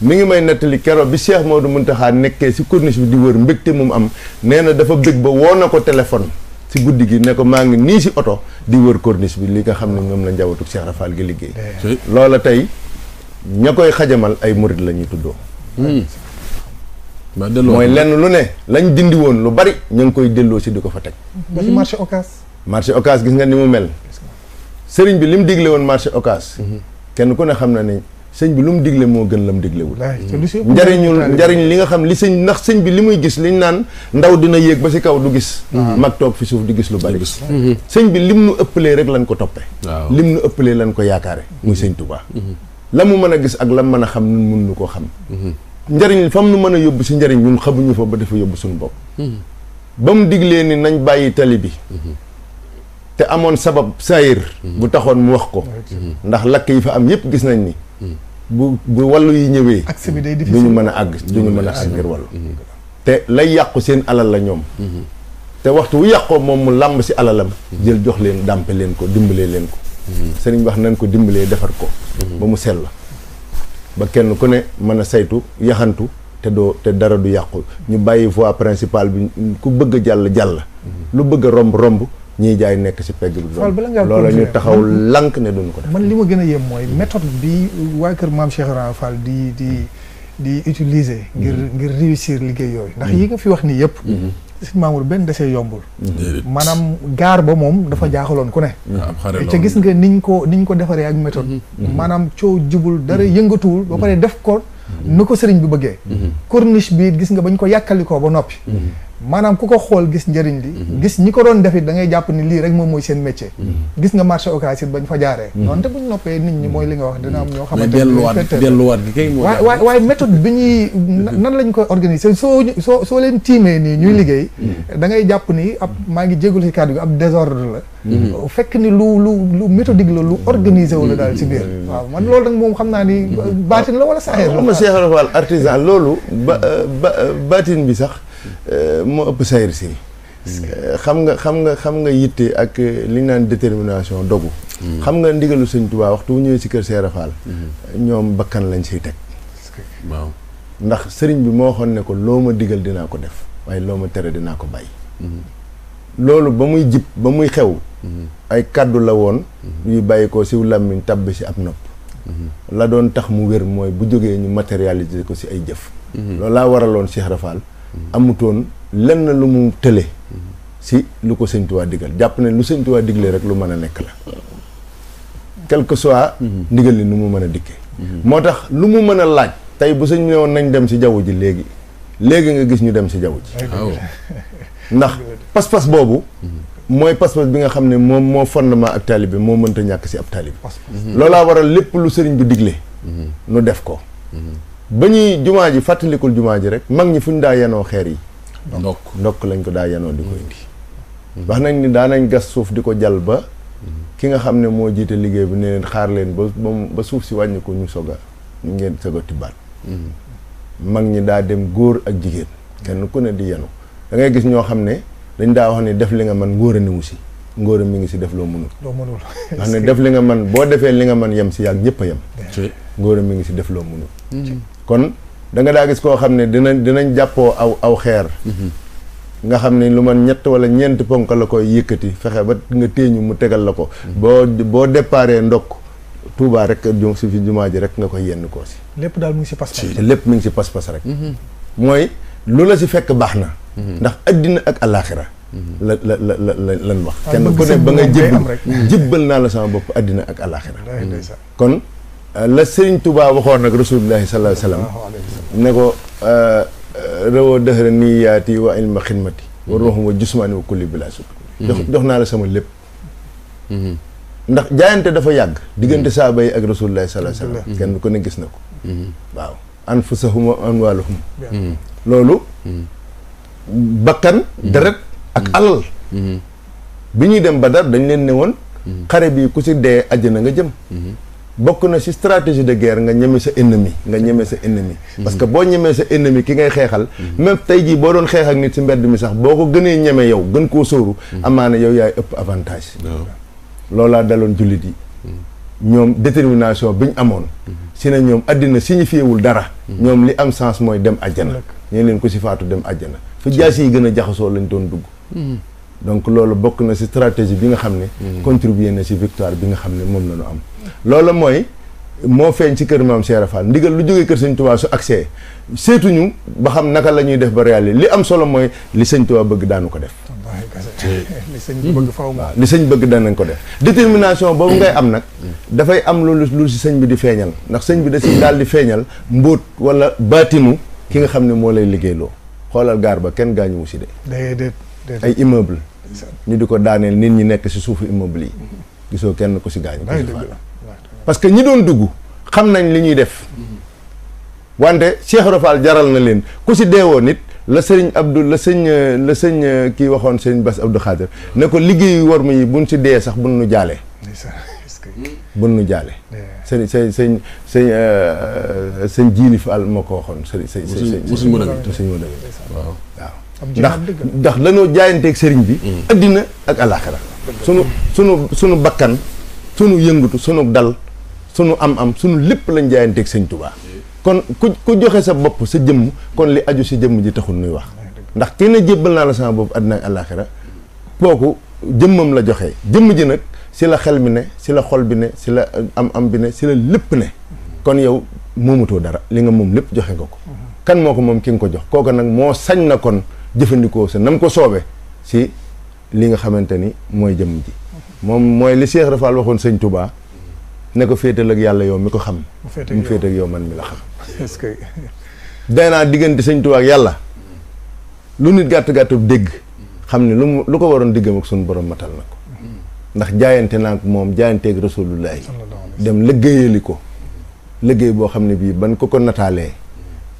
mi ngi may nettali keroog bi Cheikh Modou Mountakha nekkee si corniche bi di wër mbégte mu am nee na dafa bég ba woo na ko téléphone si guddi gi ne ko maa ngi nii si oto di wër corniche bi li nga xam ne ñoom la njabootu Cheikh Rafal gi liggéey. loola tey ña koy xajamal ay murit lañuy ñuy tuddoo. Hmm. mooy lenn lu ne lañ dindi woon lu bari ñu ngi koy delloo si di ko fa teg.
ba ci marché Ocass.
marché Ocass gis nga ni mu mel. sëriñ bi li mu digle woon marché Ocass. Hmm. kenn ku ne xam na ni. sëñ bi lu mu digle moo gën lam diglé wul njariñul njariñ li nga xam li sëñ ndax sëñ bi limuy gis liñ naan ndaw dina yegg ba ci kaw du gis mak tok fi suuf di gis lu bari sëñ bi lim nu rek lañ ko topé limnu nu ëppalee lañ ko yaakaaré muy sëñ touba lamu mëna gis ak lam mëna xam nun ko xam fam nu mëna yobbu ci ñun xamuñu fa ba dafa yobbu suñu bop bam diglé ni nañ bayyi tali te amone sabab sair bu taxone mu wax ko ndax lakk fa am yépp gis nañ ni bu bu wàllu yi ñëwee. accès bi day difficile du ñu mën a àgg du ñu mën a àgg ngir wàllu. Mhm. te lay yàqu seen alal la ñoom. Mhm. te waxtu wu yàqoo moom mu làmb si alalam. Mhm. jël jox leen dàmpe leen ko dimbalee leen ko. sëriñ wax nañ ko dimbalee defar ko. ba mu sell ba kenn ku ne mën a saytu yaxantu te doo te dara du yàqu ñu bàyyi voie principale bi ku bëgg a jàll jàll. lu bëgg a romb romb. ñiy jaay nekk ci pegg bi. fal bala ngaa loola ñu taxaw lank ne duñ ko
man li ma gën a yem mooy méthode bi waa kër maam Cheikh Ibra Fall di di di utiliser. ngir mhm. ngir réussir liggéey yooyu. ndax mhm. yi nga fi wax nii yëpp. Mhm. si maamul benn desee yombul. maanaam gaar ba moom dafa jaaxaloon ku ne. ca ah, gis nga niñ ko niñ ko defaree ak méthode. maanaam coow jubul dara yëngatuwul. ba pare def ko nu ko sëriñ bi bëggee. corniche bii gis nga bañ ko yàkkalikoo ba noppi. maanaam ku ko xool gis njëriñ li mhm. gis ñi ko doon def it da ngay jàpp ni lii rek moom mooy seen métier mhm. gis nga marché occasion bañ fa jaaree mhm. donte buñ noppee nit ñi mooy li nga wax dina am ñoo xamante ne
delluwaat gi kay waay waay
waaye méthode bi ñuy nan lañ koy organiser soo soo soo leen tiimee nii ñuy liggéey da ngay jàpp ni ab maa ngi jégalu si kàddu gi ab désordre la fekk ni lu lu lu méthodique la lu organisé wu la daal si biir waaw man loolu nag moom xam naa ni baatin la wala saxeer la ma
seexal wàll artisan loolu ba ba baatin bi sax Euh, moo ëpp sayir si xam nga xam nga xam nga yitte ak li ñu naan détermination dogu xam nga ndigalu sëñ Tuubaa waxtu wu ñëwee si kër Seera ñoom bakkan lañ siy teg waaw ndax sëriñ bi moo waxoon ne ko loo ma digal dinaa ko def waaye loo ma tere dinaa ko bàyyi loolu ba muy jib ba muy xew ay kàddu la woon yuy bàyyi ko siw làmmiñ tàbb si ab nopp la doon tax mu wér mooy bu jógee ñu matérialiser ko si ay jëf mhm. loolu laa waraloon Cheikh Rafal amutoon lenn lu mu tële si lu ko sëñ Tuubaa digal jàpp ne lu sëñ Tuubaa digle rek lu mën a nekk la quel que soit ndigal li nu mu mën a dikkee moo tax lu mu mën a laaj tey bu sëñ ne woon nañ dem si jaww ji léegi léegi nga gis ñu dem si jaww ji ndax pas-pas boobu mooy pas-pas bi nga xam ne moom moo fondement ak taalibe moo mënta ñàkk si ab taalibe loolaa waral lépp lu sëriñ bi digle nu def ko ba ñuy jumaa ji fàttalikul jumaa ji rek mag ñi fu ñu daa yenoo xeer yi ndokk ndokk lañ ko daa yenoo di ko indi mm-hmm. wax nañ ni daanañ gas suuf di ko jal ba mm-hmm. ki nga xam ne moo jiite liggéey bi ne leen xaar leen ba ba suuf si wàññi ko ñu soga ñu ngeen soga tibbaat mm-hmm. mag ñi daa dem góor ak jigéen kenn ku ne di yenu da ngay gis ñoo xam ne dañ daa wax ne def li nga man ngóor a niwu si ngóor a mi ngi si def loo mënul loo mënul wax ne def li nga man boo defee li nga man yem si yàgg ñëpp yem ngóor mi ngi si def loo mënul kon da nga daa gis koo xam ne dinañ dinañ jàppoo aw aw xeer mhm. nga xam ne lu man ñett wala ñeenti ponk la koy yëkkati fexe ba nga téeñu mu tegal la ko mhm. boo boo déparee ndokk Touba rek jum si fi jumaa ji rek nga koy yenn koo si lépp daal mu ngi si pas-pas lépp mu ngi si pas-pas rek mhm. mooy lu la si fekk baax na ndax addina ak alaxira la la la la lan wax kenn ku ne ba nga jébbal jébbal naa la sama bopp àddina ak alaxira kon la Serigne Touba waxoon nag rasulullahi sallallahu ne ko euh, euh, rewoo dëxëra nii yaati wa ilma xidmati war waxuma jusmaani wa kulli bila mhm. jox jox naa la sama lépp mhm. ndax jaayante dafa yàgg diggante mhm. saaba yi ak rasulullahi sallallahu alayhi wa sallam kenn ku ne gis na ko waaw anfusahum wa amwaaluhum loolu bakkan deret ak alal bi ñuy dem Badar dañ leen ne woon xare bi ku ci dee àjjana nga jëm bokk na si stratégie de guerre nga ñeme sa ennemi nga ñeme sa ennemi parce que boo ñemee sa ennemi ki ngay xeexal même tey jii boo doon xeex ak nit ci mbedd mi sax boo ko gënee ñeme yow gën koo sóoru amaana yow yaay ëpp avantage loolaa daloon jullit yi ñoom détermination bi ñu amoon si na ñoom àddina signifié wul dara ñoom li am sens mooy dem àjjana ñeen leen ko si faatu dem àjjana fi jaas yi gën a jaxasoo lañ doon dugg hmm. donc loolu bokk na si stratégie bi nga xam ne. Hmm. contribuer na ci victoire bi nga xam ne moom la ñu am. loolu mooy moo feeñ ci kër maam Cheikh Fall ndigal lu jógee kër Sëñ Tuubaa su accès seetuñu ba xam naka la ñuy def ba réaliser li am solo mooy li Sëñ Tuubaa bëgg daanu ko def. li sëñ bëgg faaw ma li sëñ bëgg danañ ko def détermination boobu ngay am nag dafay am loolu lu si sëñ bi di feeñal ndax sëñ bi da si daal di feeñal mbóot wala baatinu ki nga xam ne moo lay liggéeyloo xoolal gaar ba kenn gaañuwu si ay immeuble ñu di ko daaneel nit ñi nekk si suufu immeuble yi gisoo kenn ku si gaañ parce que ñi doon dugg xam nañ li ñuy def wante Cheikh Rafal jaral na leen ku si deewoo nit la sëñ Abdou la sëñ la sëñ kii waxoon sëñ Bass Abdou Khadir ne ko liggéeyu war mu yi buñ si dee sax buñ nu jaalee bu nu jaale sëñ sëñ sëñ sëñ euh, sëñ jiini Fall moo ko waxoon sëñ sëñ sëñ sëñ sëñ waaw waaw ndax ndax lanoo jaayanteeg sëriñ bi mm. addina ak alaxira sunu sunu sunu bakkan sunu yëngatu sunu dal sunu am am sunu lépp lañ jaayanteeg sëñ Tuubaa kon ku ku joxe sa bopp sa jëmm kon li aju si jëmm ji taxul nuy wax ndax kenn jébbal naa la sama bopp àddina ak alaxira kooku jëmmam la joxe jëmm ji nag si la xel mi ne si la xol bi ne si la euh, am am bi ne si la lépp ne kon yow moomatoo dara li nga moom lépp joxe nga ko mm-hmm. kan moo ko moom ki nga ko jox kooku nag moo sañ na kon jëfandikoo sa nam ko soobee si li nga xamante ni mooy jëmm ji. moom mooy li Cheikh Rafal waxoon sëñ Touba ne ko féetal ak yàlla yow mi ko xam. mu féetal yow man mi la xam.
est-ce
naa diggante sëñ Touba ak yàlla lu nit gàtt gàttu dégg xam ne lu lu ko waroon diggam ak suñu borom matal na ko. ndax jaayante naa moom jaayanteeg rasulullah yi dem liggéeyali ko liggéey boo xam ne bii ban ko ko nataalee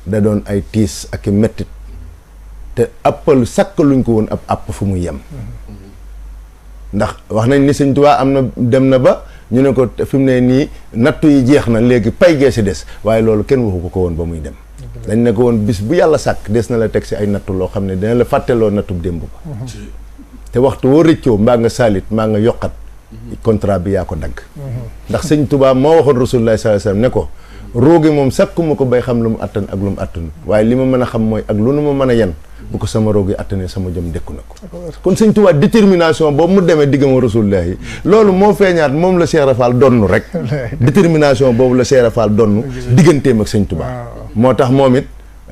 da doon ay tiis ak i mettit te appal sakk luñ ko woon ab app fu muy yem ndax wax nañ ni sëñ Tuubaa am na dem na ba ñu ne ko fi mu ne nii nattu yi jeex na léegi pay gee si des waaye loolu kenn waxu ko ko woon ba muy dem dañ ne ko woon bis bu yàlla sàkk des na la teg si ay nattu loo xam ne dina la fàtteloo nattub démb ba te waxtu woo rëccoo mbaa nga saalit mbaa nga yokkat contrat bi yaa ko dagg ndax sëñ Tuubaa moo waxoon rasulullah sallallahu alayhi wasallam ne ko roogi moom sakkuma ko bay xam lu mu attan ak lu mu attanu waaye li ma mën a xam mooy ak lu nu ma mën a yan bu ko sama roogi attanee sama jëm dékku na ko kon sëñ Tuubaa détermination boobu mu demee ma rasulullah yi loolu moo feeñaat moom la Cheikh Rafal donnu rek détermination boobu la Cheikh Rafal donnu digganteem ak sëñ Tuubaa moo tax moom it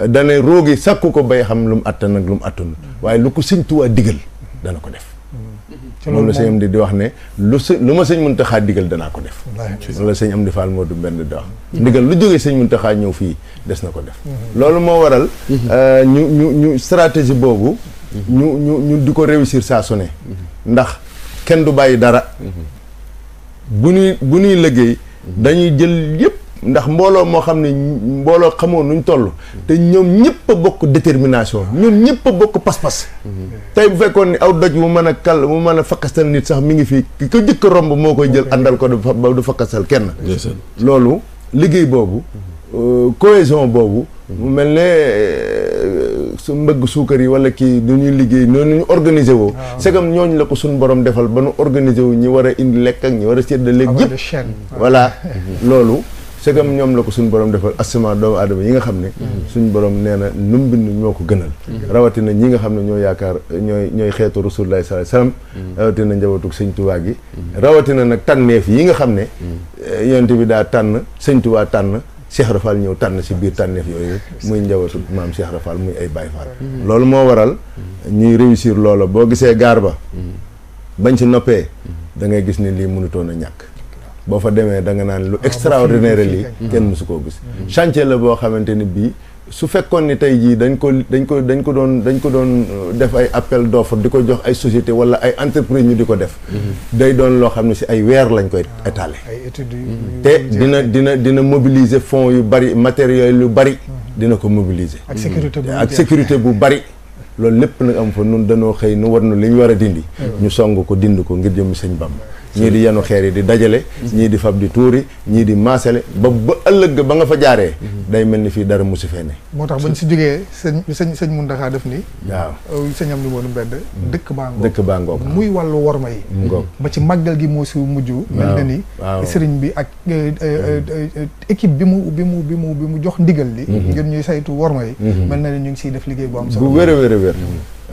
dane roogi sakku ko bay xam lu mu attan ak lu mu attanu waaye lu ko sëñ Tuubaa digal dana ko def moom la sëñ am di di wax ne lu lu ma sëñ Muntaxa digal danaa ko def loolu la sëñ Amdi Fall moo du benn di wax mm-hmm. ndigal lu jógee sëñ Muntaxa ñëw fii des na ko def mm-hmm. loolu moo waral mm-hmm. euh, ñu ñu ñu stratégie boobu ñu ñu ñu di ko réussir saa su ndax kenn du bàyyi dara bu ñuy bu ñuy liggéey dañuy jël yépp ndax mbooloo moo xam ne mbooloo xamoo ñu toll te ñoom ñëpp bokk détermination ñoom ñëpp a bokk pas-pas tey bu fekkoon ni aw doj mu mën a kal mu mën a fakkastal nit sax mi ngi fii ki ko jëkk romb moo koy jël àndal ko du fakkastal kenn loolu liggéey boobu euh, cohésion boobu mu mel ne euh, su mbëgg suukar yi wala kii du ñuy liggéey noonu ñu organisé ah. segam ñooñu la ko suñ borom defal ba nu organisé wu ñi war a indi lekk ak ñi war a séddale yëpp voilà loolu segam ñoom la ko suñu borom defal asiment doomu aadama yi nga xam ne suñu borom nee na nu mu ñoo ko gënal rawatina ñi nga xam ne ñoo yaakaar ñooy ñooy xeetu rasulullahi sallallahu alayhi wasallam rawatina njabootu sëñ Tuubaa gi rawatina nag tànneef yi nga xam ne eh, yonent bi daa tànn sëñ Tuubaa tànn Cheikh Rafal ñëw tànn si biir tànneef yooyu muy njabootu maam Cheikh Rafal muy ay Baye Fall loolu moo waral ñuy réussir loola boo gisee gaar ba bañ si noppee da ngay gis ne lii mënutoon a ñàkk boo fa demee da nga naan lu extraordinaire lii kenn mësu koo gis chantier la boo xamante ni bii su fekkoon ni tey jii dañ ko dañ ko dañ ko doon dañ ko doon euh, def ay appel d'offre di ko jox ay société wala ay entreprise ñu di ko def mm-hmm. day doon loo xam ne si ay weer lañ koy ah, étaler
mm-hmm.
te dina dina dina mobiliser fonds yu bari matériel yu bari mm-hmm. dina ko mobiliser ak sécurité bu bari loolu lépp nag am fa nun danoo xëy nu war nu li ñu war a dindi ñu song ko dind ko ngir jëm sëñ Bamba ñii di yenu xeer yi di dajale ñii di fab di tuuri ñii di maasale ba ba ëllëg ba nga fa jaaree day mel ni fii dara musu fee ne
moo tax bañ si jógee sëñ sëñ sëñ Muntaxa def ni waaw sëñ am ni moonu mbedd mm. dëkk baa ngoog dëkk muy wàllu worma yi ba ci màggal gi moo si mujj mel na ni sëriñ bi ak eh, eh, eh, mm-hmm. équipe bi mu bi mu bi mu bi mu jox ndigal li mm-hmm. ngir ñuy saytu worma yi mm-hmm. mel na ni ñu ngi si def liggéey boo am solo bu wér a
wér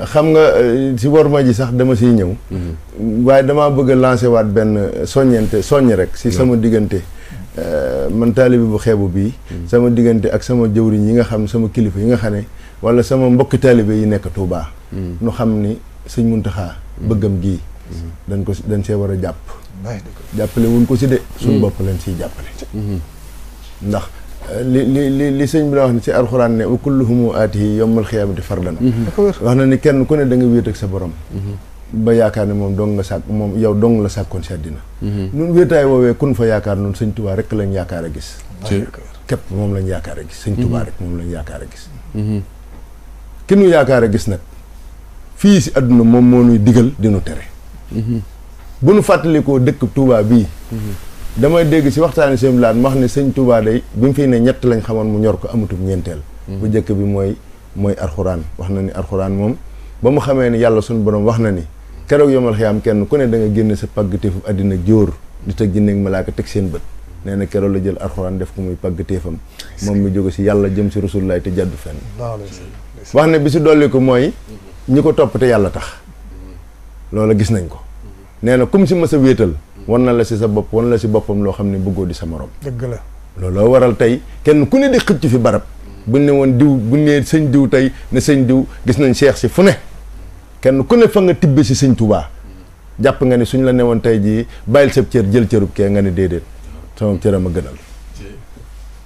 xam nga si euh, worma ji sax dama ci ñew mhm. waye dama bëgg a waat ben euh, soññente rek si sama euh man talib bu xébu bi mhm. sama digënté ak sama jëwri yi nga xam sama kilifa yi nga xane wala sama mbokk taalibe yi nekk Touba ñu mhm. xam ni sëñ Muntaha bëggam gi dañ ko dañ ci wara japp jàpp wuñ ko si de suñ bop si ci jàppale ndax li li li sëñ bi la wax ne ci alxuraan ne wa kulluhum aatihi yawmal xiyaamati fardan wax na ni kenn ku ne da nga wéet ak sa borom mhm. ba yaakaar ne moom dong nga sàkk moom yow dong la sàkkoon si àddina mhm. nun wéetaay woowee kun fa yaakaar noonu sëñ tubaa rek lañ yaakaar a gis képp moom lañ yaakaar a gis sëñ tubaa mhm. rek moom lañ yaakaar a gis ki nu yaakaar a gis nag fii si àdduna moom moo nuy digal dina tere bu nu fàttalikoo dëkk tubaa bii damay dégg si waxtaani sëñ Bilane ma wax ne sëñ Touba day bi mu fiy ne ñett lañ xamoon mu ñor ko amatum ñeenteel. Mm-hmm. bu njëkk bi mooy mooy arxuraan wax na ni arxuraan moom ba mu xamee ni yàlla suñu borom wax na ni keroog yomal xiyaam kenn ku ne da nga génne sa pàggatéefu àddina jóor di teg jinne ak malaaka teg seen bët nee na keroog la jël arxuraan def ko muy pàggatéefam moom mu jóge si yàlla jëm si rasulullaay te jàddu fenn wax ne bi si dolli ko mooy ñi ko topp yàlla tax mm-hmm. loola gis nañ ko nee na comme si mës a wéetal won na la si sa bop won la si bopam lo xamni bugo di sa morom deug la lolo waral tay kenn ku ne di xëcc fi barab bu ne won diw bu ne sëñ diw tay ne sëñ diw gis nañ cheikh si fune kenn ku ne fa nga tibbe ci sëñ touba japp nga ni suñ la newon tay ji bayil sab cër jël cërub ke nga ni dedet sama a gënal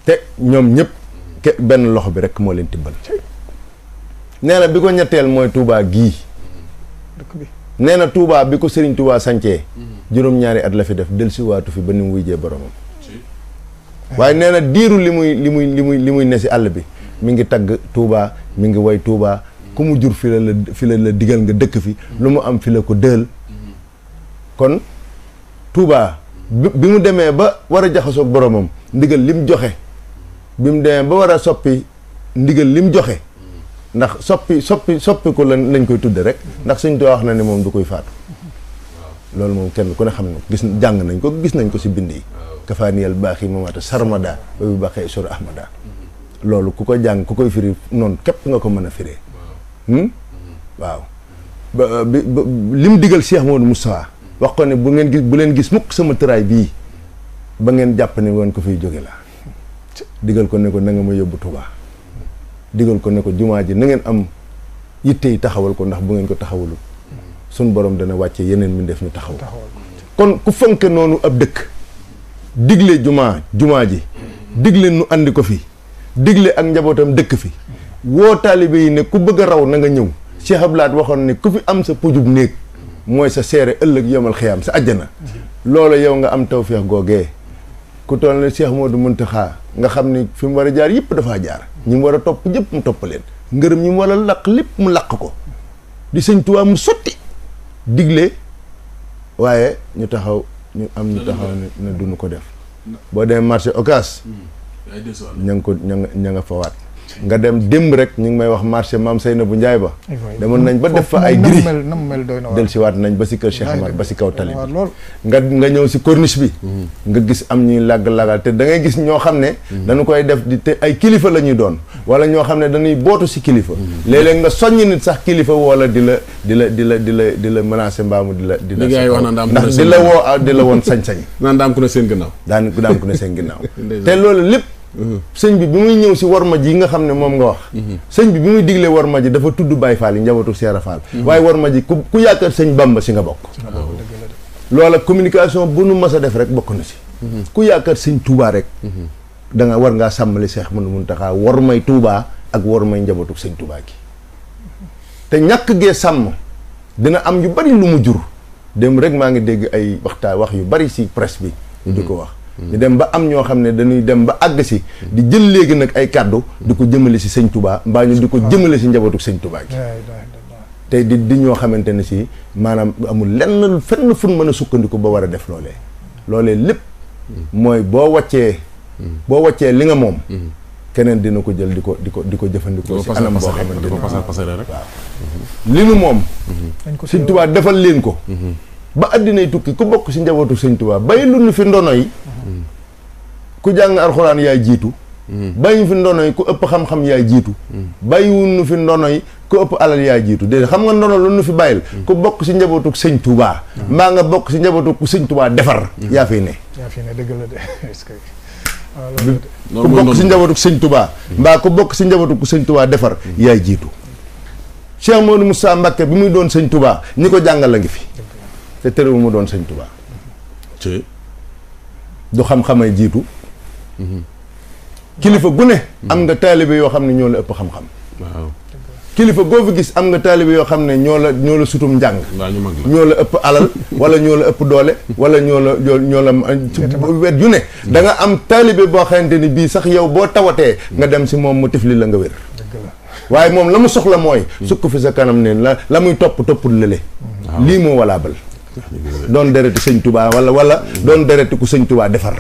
te ñom ñep ke loxo bi rek mo leen tibbal nee bi ko ñettel moy touba gi nee na Touba bi ko Serigne tuubaa sancee mhm. juróom-ñaari at la fi def dellusiwaatu fi ba ni mu wujjee boromam waaye nee na diiru li muy li muy li muy li muy ne si àll bi mi ngi tagg tuubaa mi ngi woy tuubaa ku mu jur fi la la la digal nga dëkk fi mhm. lu mu am fi la ko dël mhm. kon Touba bi mu demee ba war a jaxasoog boromam ndigal lim joxe bi mu demee ba war a soppi ndigal lim joxe ndax soppi soppi soppi ko lañ koy tudde rek ndax suñ ah wax na ni mom du koy faatu lool mom kenn ku ne xam na gis jang nañ ko gis nañ ko si bindi, yi kafaaniyal baax yi sarmada wa bi baaxee sur ahmada lool ku ko jang ku koy firi non kep nga ko meuna a hmm waaw lim digal Cheikh mohamed Moussa wax ko ne bu ngeen gis bu len gis mukk sama tray bi, ba ngeen japp ne won ko fiy joge la digal ko ne ko na nga ma yobbu tuba digal ko ne ko jumaa ji nangeen am yitte yi taxawal ko ndax bu ngeen ko taxawalul suñ borom dana wàcce yeneen mi def ñu taxaw kon ku fonke noonu ab dëkk digle jumaa jumaa ji digle nu andi ko fi digle ak njabootam dëkk fi woo taalibe yi ne ku bëgg a raw na nga ñëw Cheikh Ablaat waxoon ne ku fi am sa pujub néeg mooy sa seere ëllëg yomal xiyaam sa àjjana loolu yow nga am taw tawféex googee ku toll ne du Modou xaa nga xam ni fi mu war a jaar yëpp dafaa jaar ñi mu war a topp ñëpp mu topp leen ngërëm ñi mu war a laq lépp mu làq ko di sëñ Tuubaa mu sotti digle waaye ñu taxaw ñu am ñu taxaw ne duñu ko def boo demee marché Ocass
hmm.
ñu ngi ko ñu nga ña nga fawaat nga dem démb rek ñu ngi may wax marché maam Seynabou Ndiaye ba demoon nañ ba def fa ay gri del siwaat nañ ba si kër Cheikh Amar ba si kaw tali nga nga ñëw si corniche bi mhm. nga gis am ñuy lagg-laggal te da ngay gis ñoo xam ne mhm. dañu koy def di te ay kilifa la ñuy doon wala ñoo xam ne dañuy bootu si kilifa mhm. léeg-léeg nga soññ nit sax kilifa wala di la di la di la di la di la menacé mbaamu di la di la ndax di la woo di la woon sañ-sañ naan daam ku ne seen ginnaaw daan daam ku ne seen ginnaaw te loolu lépp Mhm. sëñ bi bi muy si warma ji nga xam ne moom nga wax mhm. bi bi digle warma ji dafa Dubai Baye Fall yi tu siara Fall mhm. Wai warma ji ku ku yaakaar Bamba si nga bokk loola communication bu bunu masa defrek def rek bokk na si ku yaakaar sëñ Touba rek da nga war ngaa seh Seex munta ka warma i tuba Touba ak warma may njabootu sëñ Touba gi te ñàkk gee sàmm dina am yu bari lu mu jur dem rek mangi ngi dégg ay waxtaan yu bari si presse bi ko wax ñu dem ba am ñoo xam ne dañuy dem ba àgg si di jël léegi nag ay kàddu di ko jëmale si sëñ tubaa mbaa ñu di ko jëmale si njabootu sëñ tubaa gi tey di di ñoo xamante ne si maanaam amul lenn fenn fun mën a sukkandiku ba war a def loolee loolee lépp mooy boo waccee boo waccee li nga moom keneen dina ko jël di ko di ko di ko jëfandikoo si anam boo xamante ne waaw li nu moom sëñ tubaa defal leen ko ba addinay tukki ku bokk ci njabootu seigne touba bay kujang ñu fi ndono yi ku jang alcorane yaay jitu hmm. bàyyi fi ndono yi ku upp xam-xam yaay jiitu hmm. bàyyiwuñu fi ndono yi ku upp alal yaay jitu de xam nga ndono lu fi bayil hmm. ku bokk ci njabootu seigne touba ma nga bokk ci njabootu ku seigne touba defar ya fi ne
ya fi ne deug la de
ah, ku bokk ci seigne touba ba ku ci ku seigne touba defar yaay jitu Cheikh Modou Moussa Mbacké bi muy doon seigne touba ko la ngi fi te terewul mu doon sëñ Tuubaa du xam ay jiitu mhm. kilifa gune mhm. am nga taalibe yoo xam ne ñoo la ëpp xam-xam kilifa goo fi gis am nga taalibe yoo xam ne ñoo la ñoo la sutum njàng ñoo la ëpp alal wala ñoo la ëpp doole wala ñoo la ñoo la wet yu ne mhm. da nga am taalibe boo xamante ni bii sax yow boo tawatee nga dem si moom mu tifli la nga wér waaye moom la mu soxla mooy sukk fi sa kanam ne la la muy topp toppul lële lii moo valable doon dereti sëñ tubaa wala wala doon dereti ku sëñ tubaa defar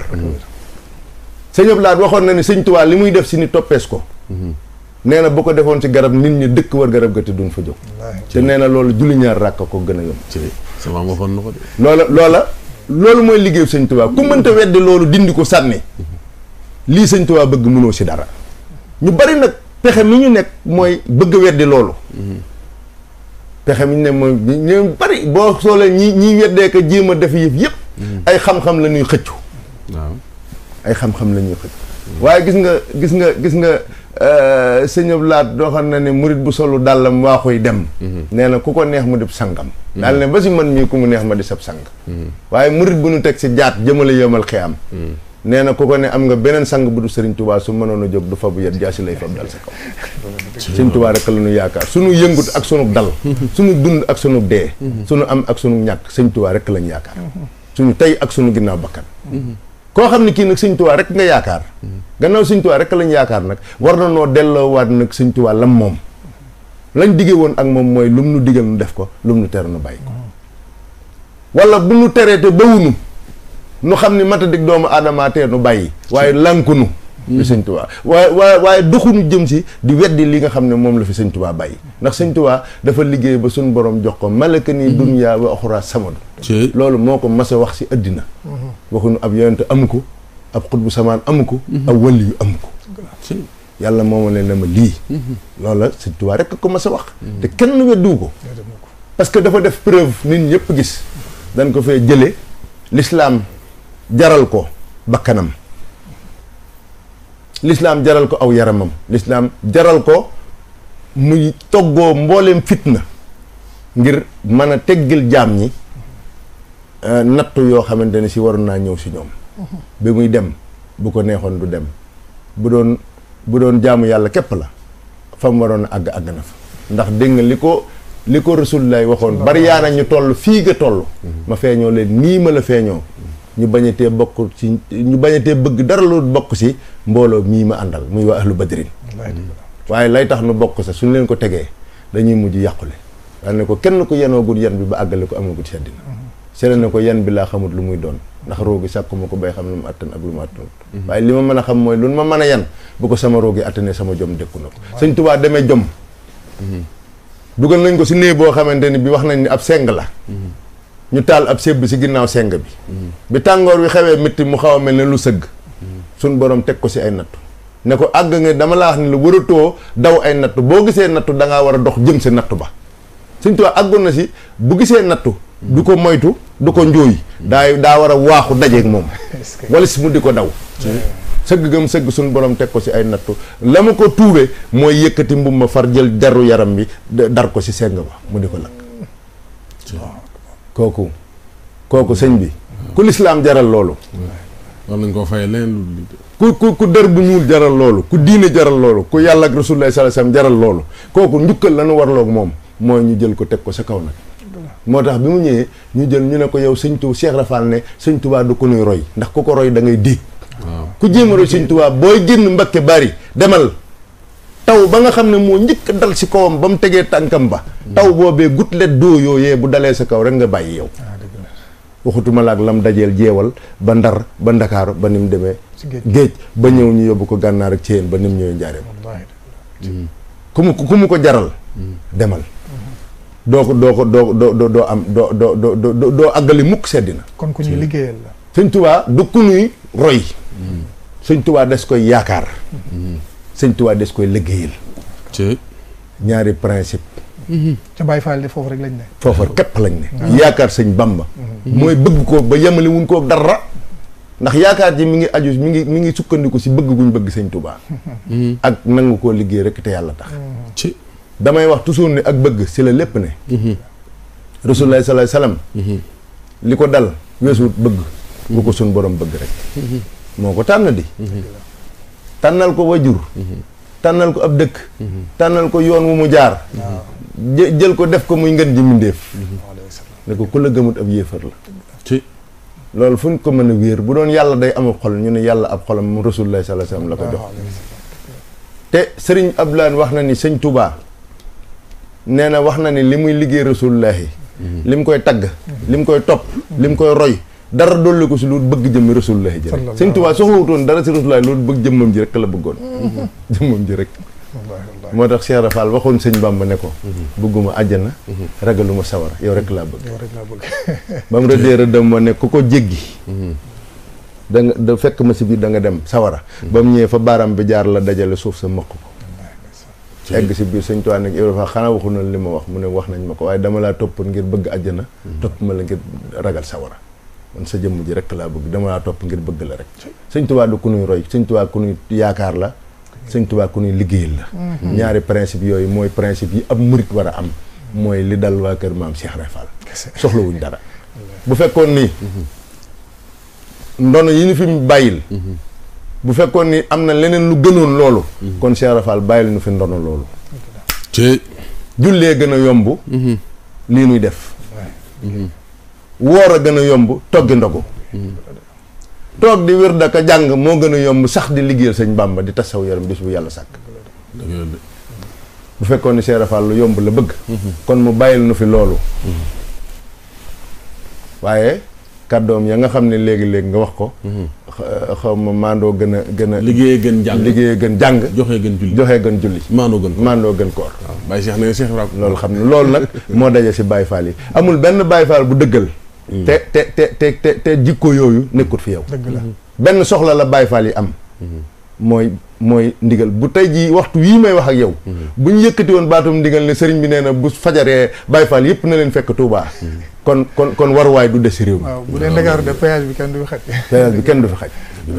sëñ Abdou waxoon na ni sëñ tubaa li muy def si ni toppees ko nee na bu ko defoon ci garab nit ñi dëkk war garab ga te duñ fa jóg te nee na loolu julli ñaar ràkk ko gën a yomb waxoon na ko loola loola loolu mooy liggéeyu sëñ tubaa ku mënta weddi loolu dindi ko sànni lii sëñ tubaa bëgg mënoo si dara ñu bari nag pexe mi ñu nekk mooy bëgg weddi loolu pexe mi ñu ne mooy bari boo soolee ñi ñi weddee ko jéem a def yëf yëpp. Mm. ay xam-xam la ñuy xëccu. waaw ay xam-xam la xëccu. Mm. waaye gis nga gis nga gis nga euh, sëñ laat doo xam ne ne murit bu solu dàllam waa koy dem. Mm-hmm. nee na ku ko neex mu def sangam. Mm-hmm. daal ne ba si man mii ku mu neex ma di sab sang. Mm-hmm. waaye murit bu ñu teg si jaat jëmale yëmal am nee ko ko ne am nga benen sang bu du Serigne Touba su mënoon a jóg du bu yet jassi lay fab dal sa kaw Serigne Touba rek la ñu yaakaar sunu yëngut ak suñu dal sunu dund ak suñu dee sunu am ak suñu ñak Serigne Touba rek lañ yaakar suñu tay ak sunu ginnaw bakkat ko xamni ki nak Serigne Touba rek nga yaakar gannaaw Serigne Touba rek lañ yaakar nak war na delo wat nak Serigne Touba lam mom lañ digge won ak mom moy lum nu digal nu def ko lum nu nu bay ko wala bu nu teree te bawunu nu xamni ni matadik doomu adama tee nu waye lanku nu fi seigne touba waye waye waaye jëm ci di weddi li nga xamni mom la fi seigne touba bayyi ndax seigne touba dafa liggey ba sun borom jox ko malakani mm-hmm. dunya wa akhra samad lolu moko massa wax si adina mm-hmm. waxuñu ab amku, amuko ab xutbu saman amuko mm-hmm. ab waliyu amuko yalla moma len na ma rek ko massa wax te kenn weddu ko parce que dafa def preuve nit ñepp gis dan ko fay jëlee l'islam jaral ko bakkanam lislaam jaral ko aw yaramam lislaam jaral ko muy toggoo mbooleem fitna ngir mën a teggil jaam ñi euh, nattu yoo xamante ni si waroon naa ñëw si ñoom bi muy dem bu ko neexoon du dem bu doon bu doon jaamu yàlla képp la fa mu waroon a àgg àgg na fa ndax dégg nga li ko li ko rasul lay waxoon bari yaa ñu toll fii nga toll ma feeñoo leen nii ma la feeñoo ñu bañatee bokku ci ñu bañatee bëgg dara lu bokk si mbooloo mi ma andal muy wa ahlu badrin waye lay tax nu bokku sa suñu leen ko téggé dañuy muju yaqulé dañ ne ko kenn ko yenoogul yeen bi ba àggale ko amagul si àddina sele ne ko yeen bi la xamut lu muy doon ndax roogi sakku ko bay xam lu mu atane ak lu mu attanut waye lima mëna xam moy lu ma mëna yeen bu ko sama roogi atane sama jom dëkku nako señ sëñ démé jom mm-hmm. dugal nañ ko si né bo xamanteni ni bi wax nañ ni ab seng la
mm-hmm
ñu taal ab sébb ci ginnaw seng bi bi tangor wi xewé metti mu xaw melni lu seug sun borom tek ko si ay natt ne ko ag nga dama la wax ni lu waratoo daw ay natt bo gisé natt da nga wara dox jëm ci natt ba suñ tuwaa agul na si bu gisé natt du ko moytu du ko njoy da da wara waxu dajé ak mom walis si mu diko daw seug gam seug sun borom tek ko ci ay natt ma touwé moy yëkëti mbum ma far jël yaram bi dar ko si seng ba mu diko lak kooku kooku sëñ bi ku lislaam jaral loolu war nañ koo fay leneen ku ku ku dër bu ñuul jaral loolu ku diine jaral loolu ku yàlla ak rasulullah sallallahu alayhi jaral loolu kooku njukkal la nu warloog moom mooy ñu jël ko teg ko sa kaw nag moo tax bi mu ñëwee ñu jël ñu ne ko yow sëñ tu Cheikh Rafal ne sëñ Tuubaa du ko nuy roy ndax ku ko roy da ngay déeg ku jéem roy sëñ Tuubaa booy génn Mbakke bari demal taw ba nga xamne mo ñëk dal si koom ba tégué tankam ba taw bobé gutlet do yoyé bu dalé sa kaw rek nga bayyi yow ah, waxutuma laak lam dajel jéewal ba ndar ba dakar ba nim démé demee ba ñëw ñu yobbu ko gannaar ak ceyeen ba nim mu ñaaré njaareem hmm. ku ko jaral hmm. demal hmm. doko doko do do doo doo doo am do do do do agali mukk sedina
kon ku ñuy liggéeyal
seigne touba du ku ñuy roy seigne touba des koy yaakar seigne touba des koy liggéeyal. ci ñaari principe.
Mhm. ci Baye Fall de fofu rek lañ ne.
fofu kep lañ ne. Mhm. yaakar seigne Bamba. moy mhm. bëgg ko ba yamali wuñ ko dara. ndax yaakar ji mi ngi aju mi ngi mi ngi sukkandiku si bëgg guñ bëgg sëñ Tuubaa. ak nang ko liggey rek te yalla tax. ci damay wax tousoon ne ak bëgg ci la lepp ne. Rasulullah sallallahu alayhi wasallam. Liko dal weesuut bëgg. bu ko sun borom bëgg rek. di. tànnal ko wajur tànnal ko ab dëkk tànnal ko yoon wu mu jaar jë jël ko def ko muy ngeen ji mindeef ne ko ku la gëmut ab yéefar la loolu fu ñu ko mën a wéer bu doon yàlla day amul xol ñu ne yàlla ab xolam mu rasulullah sallallahu alayhi la ko jox te sëriñ ab laa wax na ni sëñ Touba nee na wax na ni li muy liggéey rasulullah yi mm-hmm. li mu koy tagg li mu koy topp li mu koy roy dara dolli ko si lu bëgg jëm rasulullah ji señ sëñ Tuubaa soxlawutoon dara si rasulullah lu bëgg mom ji rek la bëggoon mm-hmm. jëmmam ji rek motax Cheikh Rafal waxon señ Bamba ne ko mm-hmm. bëgguma aljana mm-hmm. ragaluma sawara yow rek la bëgg yow
rek la bëgg bam mu
deere dem ma ne ko ko jéggi da nga fekk ma ci bi da nga dem sawara bam ñëw fa baram bi jaar la dajale suuf sa mako ko egg si biir sëñ Tuubaa nag Ibra Fall xanaa waxu na li wax mu ne wax nañ mako waye dama la top ngir bëgg aljana top ma la ngir ragal sawara man sa jëmm ji rekk laa bëgg dama laa topp ngir bëgg la rek sëñ tubaa du ku nuy roy sëñ tubaa ku nuy yaakaar la sëñ tubaa ku nuy liggéeyal la
mhm. ñaari
principe yooyu mooy principe yi ab murit war am mooy li dal waa kër maam Cheikh Rafal soxlawuñ dara bu fekkoon ni mhm. yi ñu fi bàyyil mhm. bu fekkoon ni am na leneen lu gënoon loolu kon Cheikh Rafal bàyyil ñu fi ndono loolu ci jullee gën a yomb lii nuy def Wara gëna yomb toggi ndogu hmm. tok di wér da ka jang mo gëna yomb sax di liggéey sëñ bamba di tassaw yaram bis bu sak. sàkk bu fekkone cheikh Fall lu yomb la bëgg hmm. kon mu bayil nu fi lolu hmm. waye kàddoom ya nga xamne ne léegi nga wax ko xaw ma gëna gëna liggéey gën jang manu. gën jang joxe gën julli joxe gën julli maandoo gën maandoo gën koor bay Cheikh na Cheikh Ibrahima lolu xamne lolu nak mo dajé ci bay Fall yi amul benn bay Fall bu deugal te te te te te te jikko yooyu nekkul fi yow. dëgg la benn soxla la Baye Fall yi am. mooy mooy ndigal bu tey jii waxtu wii may wax ak yow. bu ñu yëkkati woon baatum ndigal ne sëriñ bi nee na bu fajaree Baye Fall yëpp na leen fekk Touba. kon kon kon waruwaay du des si réew mi. bu dee Dakar de
bi kenn du
kenn du fi xaj. bi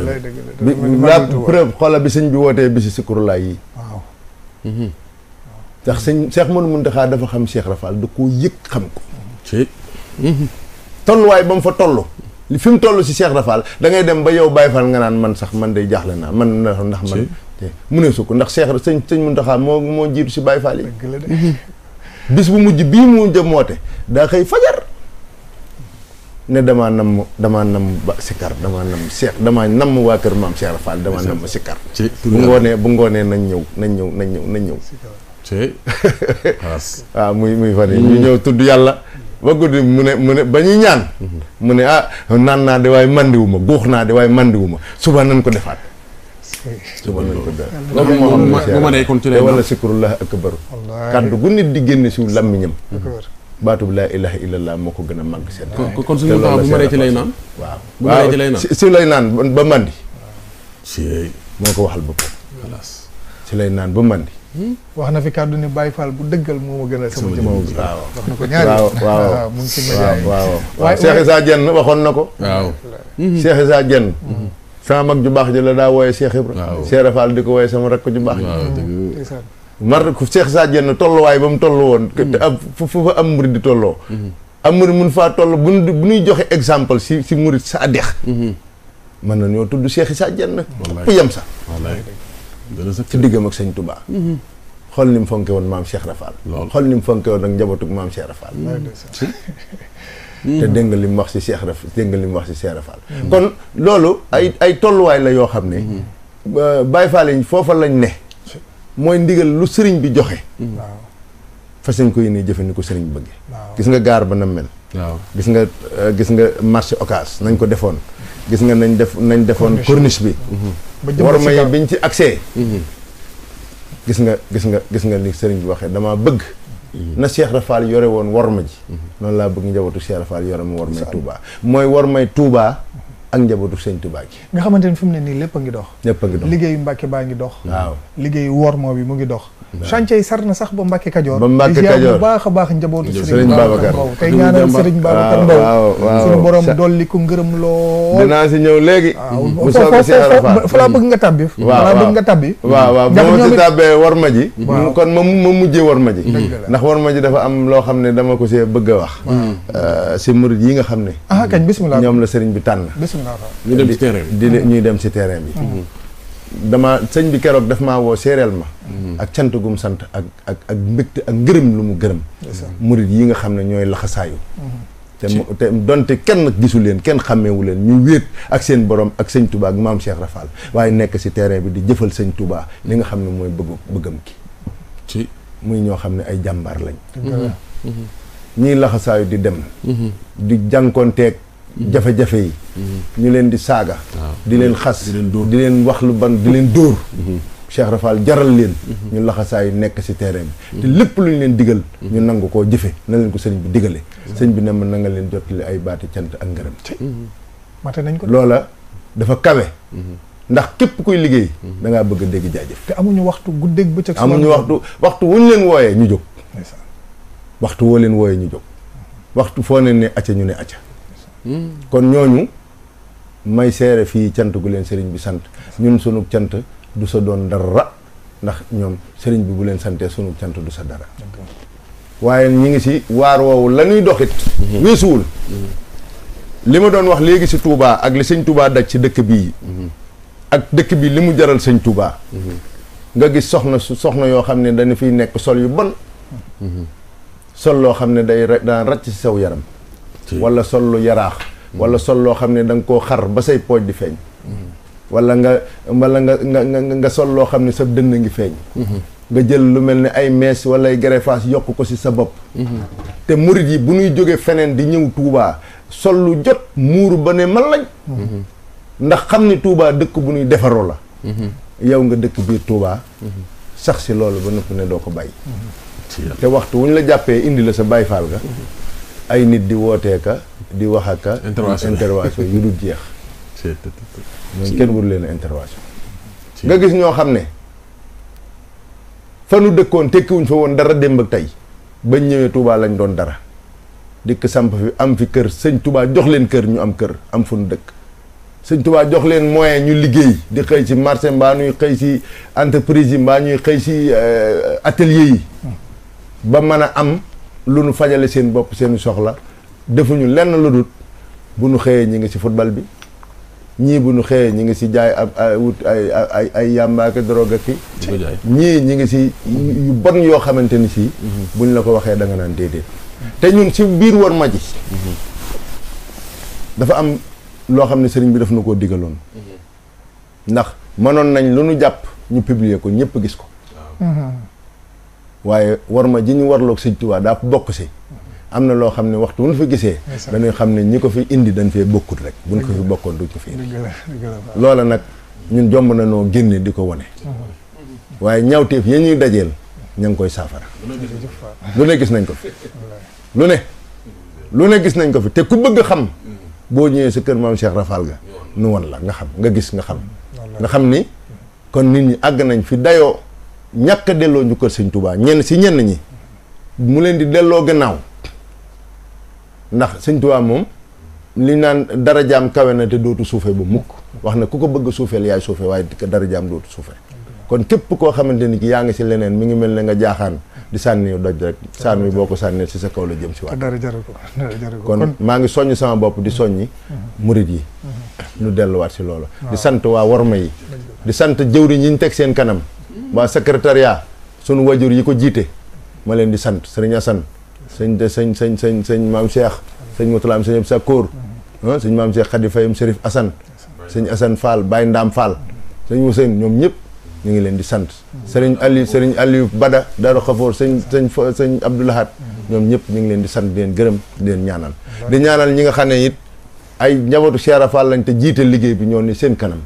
la bi sëñ bi wootee bi si Sikurulaay yi. waaw. Mhm. ndax sëñ Cheikh Mouhamadou Mountakha dafa xam Cheikh Rafal da koo yëg xam ko. tollu way bam fa tollu li fim tollu ci si Cheikh Rafal da ngay dem ba yow Baye fal nga nan man sax man day jaaxle man ndax man mu ne ndax Cheikh sëñ sëñ mo mo jitu si Baye fal bis bu mujj bi mu jëm woote daa fajar ne dama nam dama nam ba sikkar damaa nam Cheikh dama nam wa keur mam Cheikh Rafal nam namm sikkar bu ngone bu ngone nañ ñew nañ ñew nañ ñew nañ ci ah muy muy fane ñu ñew tuddu yalla ba guddi mu ne mu ne ba ñuy ñaan mu ne ah naan naa de waaye mandiwu ma guux naa de waaye mandiwu ma suba nañ ko defaat suba nañ ko defaat loolu moo xam ne ma day continuer wala sikrullah akbaru kàddu gu nit di génne si làmmiñam baatub laa ilaha illallah moo ko gën a màgg seen kon suñu taxaw bu mënee ci lay naan waaw bu mënee ci lay naan si lay naan ba mandi si moo ko waxal boppam si lay naan ba mandi
wax na fi kàddu ni Baye Fall bu dëggal moo ma sama jëmm ji waaw wax na ko ñaari waaw ah, mu ngi ci média yi waaw waaw
waxoon na ko waaw mhm. Cheikh Issa Dieng mhm. sama mag ju baax ji la daa wooye Cheikh Ibra Cheikh Fall di ko wooye sama rakk ju baax ji mhm. mar Cheikh Issa Dieng tolluwaay ba mu toll woon fu fa am murid di tolloo am mun faa toll bu ñuy joxe exemple si si murid sa addex mën na ñoo tudd seexi Issa Dieng fu sa ci diggam ak sëñ Touba. xool ni mu fonke woon maam Cheikh Rafal. xool ni mu fonke woon ak njabootug maam Cheikh Rafal. te dégg nga li mu wax si Cheikh Rafal dégg nga li mu wax si Cheikh Rafal. Mm-hmm. kon loolu ay ay tolluwaay la yoo xam ne. Mm-hmm. Baye Fall yi foofa lañ ne. mooy ndigal lu sëriñ bi joxe. Mm-hmm. waaw fas yéene ko yéene jëfe ni ko sëriñ bëgge gis nga gaar ba na mel. gis nga euh, gis nga marché occas nañ ko defoon. gis nga nañ def nañ defoon corniche bi. ba jëm war may biñ ci accès. Mhm. gis nga gis nga gis nga li sëriñ bi waxee damaa bëgg. Mhm. na Cheikh Rafaal yore woon worma ji. Mhm. noonu laa bëgg njabootu Cheikh Rafaal yore ma wormay Touba mooy wormay Touba ak njabootu sëñ Touba gi.
nga xamante ne fi mu ne nii lépp a ngi dox. lépp a ngi dox liggéeyu Mbàkke baa ngi dox. waaw liggéeyu worma bi mu ngi dox. chantier nah. sarna sax ba Mbacke kadior ba Mbacke kadior ba baax a baax njabootu Serigne babakar Mbow ñaanal Serigne babakar ndaw suñu borom dolli ko ngërëm
lool dinaa si ñëw léegi ah, mu soog si Arafat fa la bëgg
nga tabbi fa la bëgg nga tabbi waaw waaw bo ci tabbe
warma ji kon ma ma mujjé warma ji ndax warma ji dafa am lo xamne dama ko ci bëgg wax euh ci murid yi nga xamne ah kañ bismillah ñoom la Serigne bi tan bismillah ñu dem ci terrain bi di ñuy dem ci terrain bi mm-hmm. dama sëñ bi keroog daf ma woo séeréel ma mm-hmm. ak cant gum sant ak ak ak mbégte ak ngërëm lu mu gërëm murit yi nga xam ne ñooy laxasaayu
mm-hmm.
te donte kenn gisu leen kenn xàmmeewu leen ñu wéet ak seen borom ak sëñ Touba ak maam Cheikh Rafal waaye nekk si terrain bi di jëfal sëñ Touba li nga xam ne mooy bëgg bëggam ki muy ñoo xam ne ay jàmbaar lañ mm-hmm. ñiy laxasaayu di dem di jànkoonteeg jafe-jafe yi ñu leen di saaga di leen xas di leen wax lu ban di leen dóor mhm. Cheikh Rafal jaral leen mhm. ñu laxasaayu nekk ci terrain bi mhm. te lépp lu ñu leen digal ñu nangu ko jëfe na leen ko sëñ bi digale sëñ bi ne ma na nga leen jottali ay baati cant ak ngërëm
mate nañ ko loola
dafa kawe ndax képp kuy liggéey dangaa bëgg a dégg jaajëf
te amuñu waxtu guddeeg bëccëg amuñu waxtu
waxtu wuñ leen wooyee ñu jóg waxtu woo leen wooyee ñu jóg waxtu foo ne ne acca ñu ne acca kon ñooñu may seere fii cant gu leen sëriñ bi sant ñun sunu cant du sa doon dara ndax ñoom sëriñ bi bu leen santee sunu cant du sa dara waaye ñi ngi si waar woowu lañuy ñuy doxit mhm. weesuwul mhm. li ma doon wax léegi si Touba ak li sëñ Touba daj ci dëkk bii mhm. ak dëkk bi li mu jaral sëñ Touba nga gis soxna su soxna yoo xam ne dañu fiy nekk sol yu bon sol loo xam ne day daan ràcc si saw yaram wala sol lu yaraax wala sol loo xam ne da nga koo xar ba say pooj di feeñ wala nga wala nga nga nga sol loo xam ne sa dënn ngi feeñ nga jël lu mel ni ay mees wala ay greffage yokk ko si sa bopp te murit yi bu ñuy jóge feneen di ñëw Touba sol lu jot muur ba ne man lañ ndax xam ni tuubaa dëkk bu ñuy defaru la yow nga dëkk biir Touba sax si loolu ba nëpp ne doo ko bàyyi te waxtu wuñ la jàppee indi la sa Baay Faal ga ay nit di ka di wax aka intervention yu du jeex ñooñu kenn wul leen intervention nga gis xamne fa nu fanu tekki wuñ fa won dara démb ak tay ba ñewé Touba lañ doon dara dik samp fi am fi kër seigne Touba jox leen kër ñu am kër am fu nu dekk seigne Touba jox leen moyen ñu liggéey di xey ci marché mbaa ñuy xey ci entreprise ñuy xey ci euh, atelier yi ba mëna am lu nu fajale seen bopp seen soxla defuñu lenn lu dul bu nu xëyee ñu ngi ci football bi ñii bu nu xëyee ñu ngi ci jaay ab ay wut ay ay ay yàmbaake drogue ki ñii ñu ngi ci yu bon yoo xamante ni si mhm. buñ la ko waxee danga nga naan déedéet te ñun ci biir war ma ji mhm. dafa am loo xam ne sëriñ bi daf na ko digaloon
mhm.
ndax mënoon nañ lu nu jàpp ñu publier ko ñëpp gis ko waaye war ma ji ñu warloog sëñ Tuubaa daa bokk si am na loo xam ne waxtu bu fa gisee dañuy xam ne ñi ko fi indi dañ fee bokkut rek buñ ko fi bokkoon duñ ko fi indi loola nag ñun jomb na noo génne di ko wane mm-hmm. waaye ñaw ñawteef ya ñuy dajeel ña ngi koy saafara lu ne gis nañ ko fi lu ne lu ne gis nañ ko fi te ku bëgg xam boo ñëwee sa kër maam Cheikh Rafal ga nu won la nga xam nga gis nga xam nga xam ni kon nit ñi àgg nañ fi dayoo delo ñu ko seigne touba ñen si ñen ñi mu len di delo gannaaw ndax seigne touba mom li nan dara jam kawe na te dootu soufey bu mukk wax na ku bëgg a suufeel yaay suufe waaye dara jam dootu soufey kon képp ko xamanteni ni ki yaangi ci si leneen mi ngi melni nga jaaxaan di sànni doj rek saan boko sanni ci sa kaw la jëm ci waat dara jaru ko dara jaru ko kon ma ngi soñu sama bop di soñi murit yi mhm. ñu delluwaat si loolu di sante wa warma yi di sante jëwriñ yi ñu seen kanam ba secrétariat sunu wajur yiko jité ma len di sante serigne Assane serigne serigne serigne serigne serigne mam maam Cheikh sëñ Moutalaam serigne sakour mhm. hein serigne mam Cheikh Khady Fayam Serif Assane serigne Assane Fall Baye ndam Fall serigne Ousseynou ñom ñep ñi ngi len di sante serigne ali serigne Aliou Bada Darou Khafour serigne serigne sëñ Abdoulahat ñom ñep ñi ngi len di sante di leen gërëm di ñaanal di ñaanal ñi nga xane yit ay njabootu Cheikh Fall lañ te jité liggey bi ñoo ni seen kanam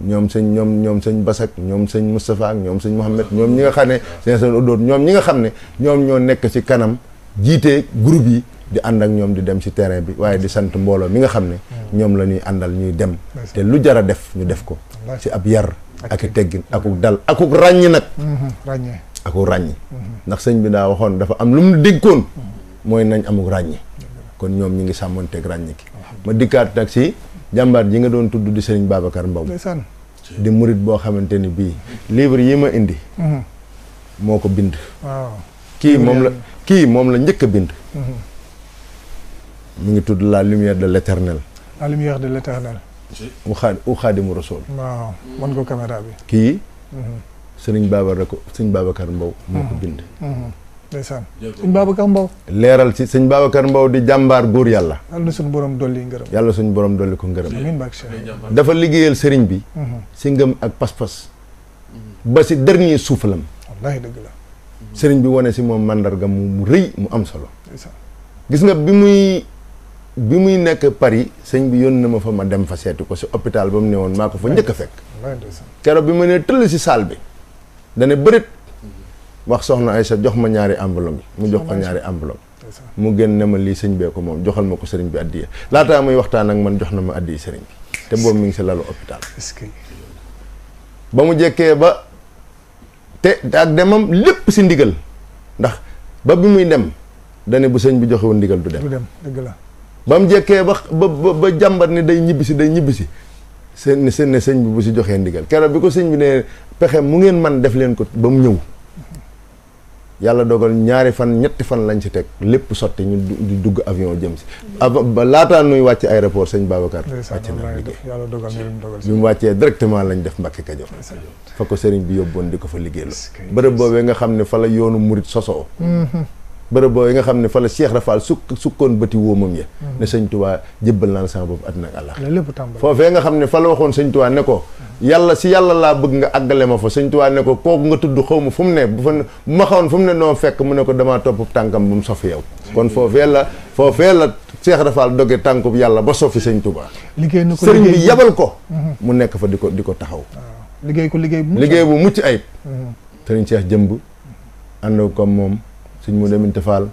ñoom sëñ ñoom ñoom sëñ Basak ñoom sëñ Moustapha ak ñoom sëñ Mouhamed ñoom ñi nga xam ne seen seen oddoot ñoom ñi nga xam ne ñoom ñoo nekk ci kanam jiite groupe yi di ànd ak ñoom di dem ci terrain bi waaye di sant mbooloo mi nga xam ne ñoom la ñuy àndal ñuy dem te lu jar a def ñu def ko ci ab yar ak teggin akuk dal akuk ràññi nag
mhm, ràññi
akuk mhm. ràññi ndax sëñ bi daa waxoon dafa am lu mu déggoon mhm. mooy nañ amuk ràññ kon ñoom ñi ngi sàmmoonteeg ràññ ki ma dikkaat nag si jàmbaar ji nga doon tudd di Serigne Babacar Mbow di murit boo xamante ni bii livre yi ma indi mhm. moo ko bind kii moom la kii moom la njëkk a bind mhm. mu ngi tudd la lumière de l'éternel
la lumière de l'éternel
rasool kii mhm. Serigne Babacar ko Serigne Babacar Mbow moo ko bind
ndeysaan sëñ Babacar Mbow
leeral ci sëñ Babacar Mbow di jàmbaar góor yàlla
yàlla na suñu borom dolli ngërëm yàlla
suñu borom dolli ko ngërëm amiin
baax dafa
liggéeyal sëriñ bi si mhm. ngëm ak pas-pas ba si dernier soufflam
wallaahi dëgg la
sëriñ bi wone si moom mandarga mu rëy mu am solo gis nga bi muy bi muy nekk Paris sëñ bi yónn na ma fa ma dem fa seeti ko si hôpital ba mu ne woon maa ko fa njëkk a fekk keroog bi ma ne tëll si saal bi dane bërit wax soxna aïssa jox ma ñaari enveloppe mu jox ko ñaari enveloppe mu gën ne ma li sëñ bee ko mom joxal mako ko bi addiya ta muy waxtaan ak man joxna ma addi sëriñ bi te boobu mi ngi ci lalu hôpital ba mu ba te ak demam lepp ci ndigal ndax ba bi muy dem dane bu sëñ bi joxewul ndigal du dem du dem dëgg la ba mu jekkee ba ba jambar ni day ñibisi day ñibisi seen seen bi bu ci joxee ndigal kéro bi ko sëñ bi ne pexé mu ngeen man def leen ko ba mu yàlla dogal ñaari fan ñetti fan lañ ci teg lépp sotti ñu di dugg avion jëm si. avant ba laataa nuy wàcce aéroport sëñ Babacar. wàcc
na yàlla dogal bi mu
wàccee directement lañu def Mbàkke Kajoor. fa ko sëriñ bi yóbboon di ko fa liggéeyal. bërëb boobee nga xam ne fa la yoonu murit sosoo. Mm-hmm. bërëb boobu nga xam ne fa la seex Rafal sukk sukkoon bëti wóomam ya mhm. ne sëñ Tuubaa jébbal naa la sama bopp àddina ak àllaaxira foofee nga xam ne fa la waxoon sëñ Tuubaa ne ko mhm. yàlla si yàlla laa bëgg nga àggale ma fa sëñ Tuubaa ne ko kooku nga tudd xaw ma fu mu ne bu fa ma xawoon fu mu ne noo fekk mu ne ko damaa topp tànkam bu mu sof yow kon foofee la foofee la Cheikh Rafal doge tànkub yàlla ba sofi sëñ Tuubaa
liggéey na ko sëriñ bi yabal ko mhm.
mu nekk fa di ko di ko taxaw
liggéey ko liggéey bu mucc ayib
sëriñ Cheikh jëmb ànd ko moom sëñ mu demin Fall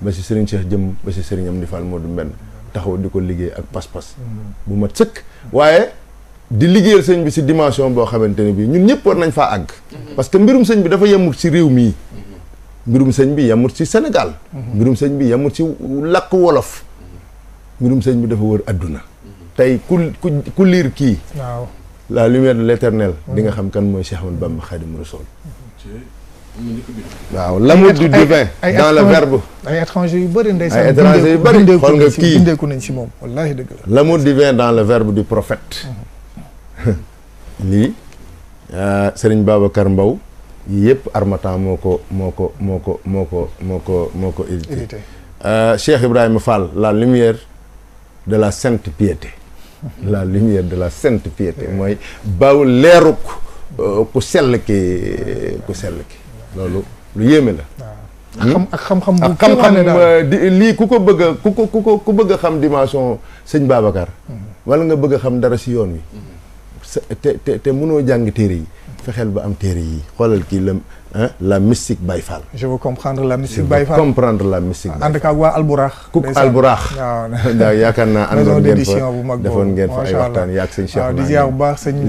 ba ci serigne Cheikh dem ba si sëriñ Amdi Fall Modou ben taxaw diko liggey ak pass pass bu ma ceuk waye di liggeyal sëñ bi ci dimension bo xamanteni bi ñun ñepp war nañ fa ag parce que mbirum sëñ bi dafa yemut ci rew mi mbirum sëñ bi yemut ci senegal mbirum sëñ bi yemut ci lak wolof mbirum sëñ bi dafa wër aduna tay ku ku liir kii la lumière de l'éternel di nga xam kan moy Cheikh Ahmadou Bamba Khadim rasoul
l'amour du divin dans le verbe. étranger étranger
l'amour divin dans le verbe du prophète. Mhm. Li, euh, Serigne Babacar Mbow. Yep, armata moko moko moko moko moko moko ko édité. Euh, Cheikh Ibrahim Fall la lumière de la sainte piété. Mhm. la lumière de la sainte piété Moi, baaw leeruk ku celle qui, ku sell loolu lu yéeme la. Ah. Hmm? xam ak xam-xam bu xam-xam euh, lii ku ko bëgg a ku ko ku ko ku bëgg a xam dimension sëñ Babacar. Hmm. wala nga bëgg xam dara si yoon wi. Hmm. te te te mënoo jàng téere yi. fexeel ba am téere yi xoolal kii la Hein, la mystique Baïfal. Je veux comprendre la mystique Baïfal. comprendre la mystique Baïfal.
En tout cas, waa Alburax.
Kouk Alburax. waaw yaakaar naa ngeen fa il y a Cheikh.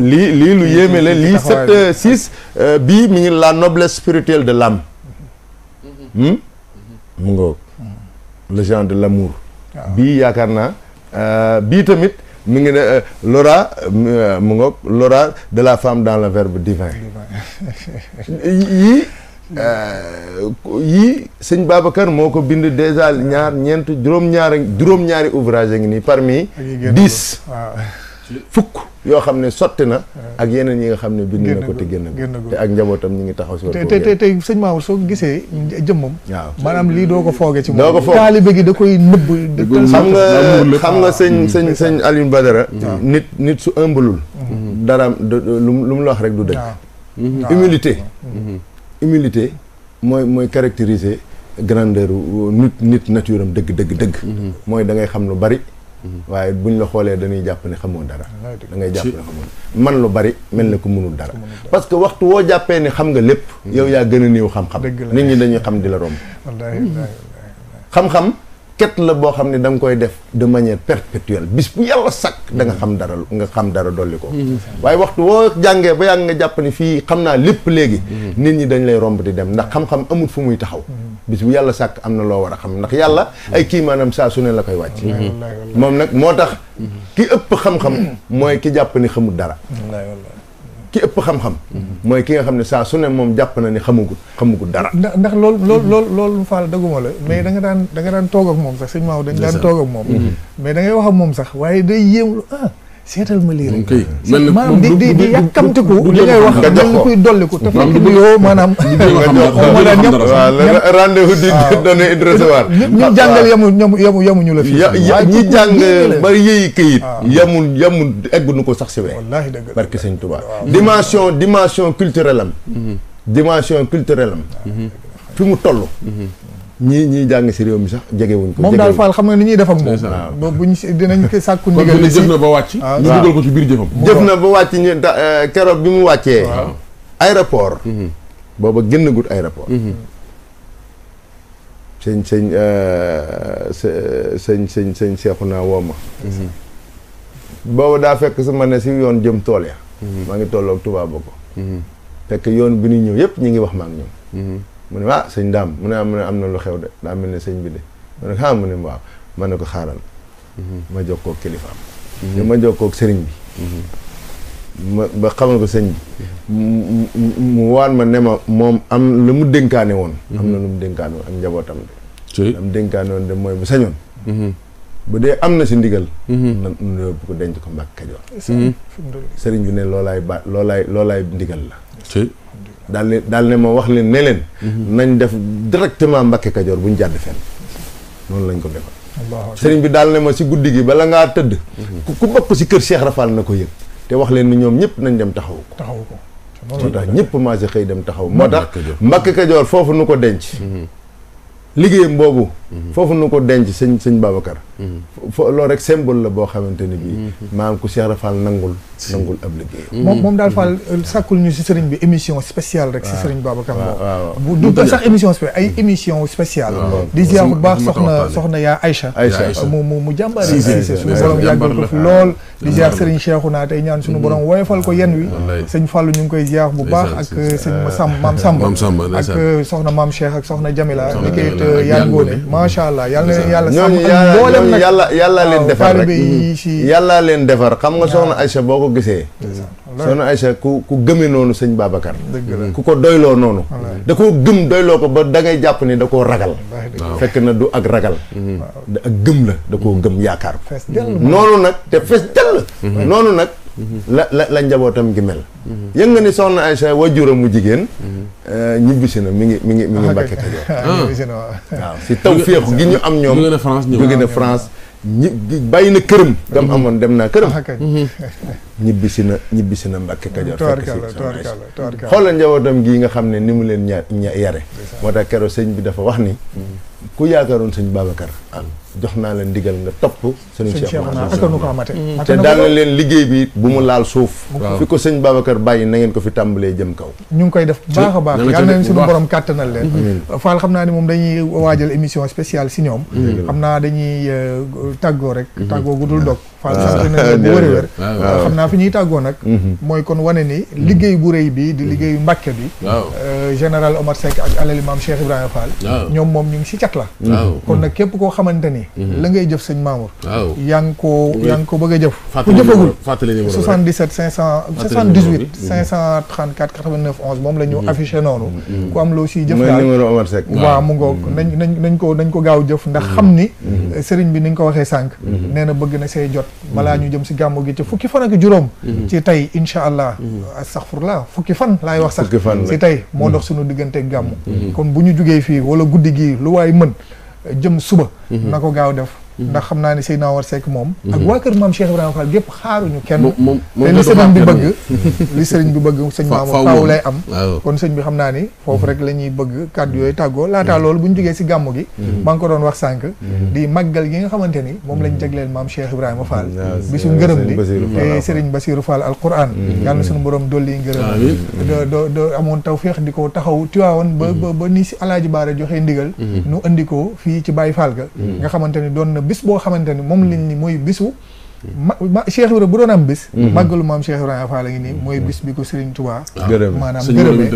li, li, la sept six. Euh, la noblesse spirituelle de l'âme. y mm-hmm. hmm? mungo, mm-hmm. le genre de l'amour. Ah. Bi, yaakaar euh, tamit. mi ngi ne euh, Laura euh, mu ngoog Laura de la femme dans le verbe divin yii euh, yii sëñ Babacar moo ko bind déjà ñaar ñeent juróom-ñaari juróom-ñaari ouvrage ngi nii parmi dix fukk yo xamne ne na ak yeneen yi nga xamne ne na ko te genn te ak njabotam ñi ngi taxaw ci te te
te sëñ Mamour so gisee jëmum
manam li do ko foggé ci mo talibé
gi da koy nëbb xam nga xam nga sëñ
sëñ Badara nit nit su humbleul dara lu mu wax rek du dëgg mhm. humilité mhm. humilité moy moy caractériser grandeur nit nit nature deug deug deug moy mhm. da ngay xam lu bari waaye buñ la xoolee dañuy jàpp ne xamoo dara da ngay jàpp ne xamoo man lu bari mel na ku mënul dara parce que waxtu woo jàppee ni xam nga lépp mm-hmm. yow yaa gën a néew xam-xam nit ñi dañuy xam di la romb xam-xam ket la boo xam ne da koy def de manière perpétuelle bis bu yàlla sakk da nga xam dara nga xam dara dolli ko mm-hmm. waaye waxtu woo jàngee ba yàgg nga jàpp ni fii xam naa lépp léegi mm-hmm. nit ñi dañ lay romb di dem ndax xam-xam amul fu muy taxaw mm-hmm. bis bu yàlla sàkk am na loo war a xam ndax yàlla ay kii maanaam saa su ne la koy wàcc moom nag moo tax ki ëpp xam-xam mooy ki jàpp ni xamul dara ki ëpp xam-xam mooy ki nga xam ne saa su ne moom jàpp na ni xamugul xamugul dara
ndax loolu loolu mm-hmm. loolu loolu faal daguma la mais mm-hmm. da nga daan da nga daan moom sax sëñ Maodo da nga daan toog moom mm-hmm. mais da wax ak moom sax waaye day yéem ah seetal ma lii rek. maanaam di di di yàkkamtiku. li ngay wax nga jox ko kuy dolli ko te fekk
maanaam. nga jox ko maanaam ñëpp waaw rendez-vous di donner et recevoir. ñu jàngal yamu yamu la fi. ya ñi jàng ba yëy këyit. Ah. yamul yamul egguñu ko sax si wér. wallaahi dëgg la barke sëñ Tuubaa. Ah. dimension dimension culturelle mm-hmm. dimension culturelle ah. fi mu toll. Mm-hmm. ñi ñi jang ci réew mi sax wuñ ko mom dal Fall xam nga ni ñuy defam bo
buñ dinañ ko sakku ndigal kon jëf na ba
wacc ah, ñu duggal ko ci biir jëfam jëf na ba wacc ñi eh, kéro bi mu wàccee aéroport mm-hmm. booba génn gut aéroport señ señ euh señ señ señ cheikhuna woo ma mm-hmm. booba daa fekk sama ma ne si yoon jëm tool ya mm-hmm. maa ngi tolloog tubaab ko fekk yoon bi ñu ñëw yépp ñi ngi wax ma ak ñoom mu ne ah, sëñ daam mu ne am na am na lu xew de daa mel ne sëñ bi de mu ne ah mu ne waaw ma ne ko xaaral. Mhm. ma jokkoo kilifaam. ñu mhm. ma jokkoo sëriñ bi. Mhm. ma ba xamal ko sëñ bi. mu waan ma ne ma moom am lu mu dénkaane woon. am na lu mu dénkaane woon ak njabootam de. am dénkaane woon de mooy bu sañoon. bu dee am na si ndigal. na yóbbu denc ko Mbàkke Kajoor. sëriñ ne loolaay ba loolaay loolaay ndigal la. daal ne daal ne ma wax leen ne leen. Mhm. nañ def directement Mbacke Kajoor bu ñu jàdd fenn noonu lañ ko
defal. sëriñ
bi daal ne ma si guddi gi bala ngaa tëdd. Mhm. ku bokk si kër Cheikh Rafal na ko yëg. te wax leen ni ñoom ñëpp nañ dem taxawu ko. ko moo tax ñëpp maa si xëy dem taxaw. moo tax Mbacke Kajoor foofu nu ko denc. Mhm. liggéeyam boobu. Mhm. foofu nu ko denc sëñ sëñ Babacar. Mhm. fo loolu rek symbole la boo xamante ni bii. maam mhm. ku seex Fall nangul. nangul ab liggéey. moom moom daal Fall
euh, sàkkul ñu si sëriñ bi émission spéciale rek. si sëriñ Babacar bu du émission spéciale ay émission spéciale. di ziar bu baax soxna soxna yaa Aïcha. Aïcha euh, mu mu mu jàmbaar yi. suñu borom yàggal ko fi lool. di ziar sëriñ Cheikhouna tey ñaan suñu borom woyofal ko yenn wi. sëñ Fall ñu ngi koy ziar bu baax ak euh, sëñ
Maam Samba. ak
soxna maam Cheikh ak soxna Jamila Yane Ngoné macha allah yàlla sàmm mboolem nag leen defar rek mm-hmm.
yàlla leen defar xam nga soxna Aïcha boo ko gisee soxna Aïcha ku ku gëme noonu sëñ Babacar mm-hmm. ku ko doyloo noonu da koo gëm doyloo ko ba da jàpp ni da koo ragal fekk na du ak ragal mm-hmm. ak gëm la da koo gëm yaakaar noonu nag te fees dell noonu nag la la la njabootam gi mel. yëg nga ni soxna Aïcha wajuram mu jigéen. Euh, ñibbisi na mi ngi mi ngi mi ngi ah, Mbàkke Kajoor. Ah,
ah. na waaw si tawféex gi ñu am ñoom. jóge na France ñëw jóge na France.
na këram. dam mhm. amoon dem naa këram. Mhm. ñibbisi na ñibbisi na Mbàkke Kajoor. fekk si soxna Aïcha xoolal njabootam gii nga xam ne ni mu leen ña yare moo tax keroog sëñ bi dafa wax ni. Mhm. ku yaakaaroon sëñ Babacar. jox naa la ndigal nga topp sëñ Cheikh Ahmad mm. te daal na leen liggéey bi bu mu laal suuf fi ko sëñ Babacar bàyyi na ngeen ko fi tàmbalee jëm kaw
ñu ngi koy def baax a baax yàlla na suñu borom kàttanal leen mm. uh, Fall xam naa ni moom dañuy waajal émission spéciale si ñoom mm. xam naa dañuy uh, tàggoo rek mm-hmm. tàggoo gu dul dog ah. Fall sant na ah. ah.
uh, xam naa fi
ñuy tàggoo nag mm-hmm. mooy kon wane ni mm-hmm. liggéey bu rëy bi di liggéeyu Mbàkke bi général Omar Seck ak alali maam Cheikh Ibrahima Fall ñoom moom ñu ngi si cat la kon nag képp koo xamante ni nii mm-hmm. la ngay jëf sëñ Mamour yaa ngi ko yaa ngi bëgg a jëf ku jëfagul 77 500 78 534 89 11 moom la ñu mm-hmm. affiché noonu mm-hmm. ku am loo siy jëf daal waaw nañ nañ nañ ko nañ ko gaaw jëf ndax xam ni sëriñ bi ni nga ko waxee sànq nee na bëgg na say jot balaa ñu jëm si gàmmu gi ci fukki fan ak juróom ci tey incha allah astaghfirullah fukki fan laay wax sax si tey moo dox suñu diggante gàmmu kon bu ñu jugee fii wala guddi gi lu waay mën jëm suba. ma mhm. ko gaaw def. Mm-hmm. ndax xam naa ne Seydina Omar Seck moom mm-hmm. ak waa kër maam Cheikh Ibrahima Fall gépp xaaruñu kenn te li sëriñ bi bëgg li sëriñ bi bëgg sëñ bi xam naa ni foofu rek mm-hmm. la ñuy bëgg kàddu yooyu tàggoo laataa loolu bu ñu jógee si gàmmu gi maa doon wax sànq di màggal gi nga xamante ni moom lañ jagleel maam Cheikh Ibrahima Fall bisu ngërëm li te sëriñ Basirou Fall al Quran yàlla suñu borom dolli ngërëm do do amoon tawféex di ko taxaw tiwaawoon ba ba ni si alaaji baara joxee ndigal nu indi ko fii ci Baye Fall ga nga xamante ni doon na bis boo xamante ni moom lañ ni mooy bisu ma ma Cheikh Ibrahima bu doon am bis. Mhm. màggalu maam Cheikh Ibrahima Fall ngi nii mooy mhm. bis bi ko Serigne Touba. Ah. gërëm maanaam gërëmee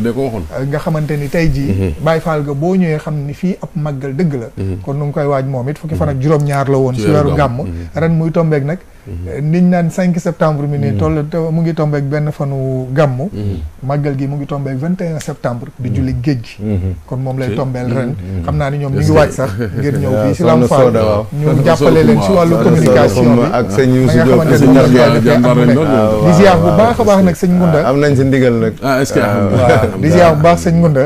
ah, nga xamante ni tey jii. Mhm. Baye Fall ga boo ñëwee xam ni fii ab màggal dëgg la. kon nu mu koy waaj moom it fukki fan ak juróom-ñaar la woon. ci weeru gàmm ren muy tombeek nag. Mm-hmm. niñ naan 5 septembre mi ni mm-hmm. toll mu ngi ak ben fanu gamu magal mm-hmm. gi mu ngi ak 21 septembre di julli géej kon mom lay tombeel ren xamna ni ñom ñi ngi wacc sax ngir ñew fi ci lam faal ñu jappalé len ci walu communication bi ak sëñ ci Diop sëñ Ngunda jàmbaar
lañ doon di ziar bu baax baax nak señ Ngunda am nañ ci ndigal nak ah est-ce que di ziar bu
baax señ Ngunda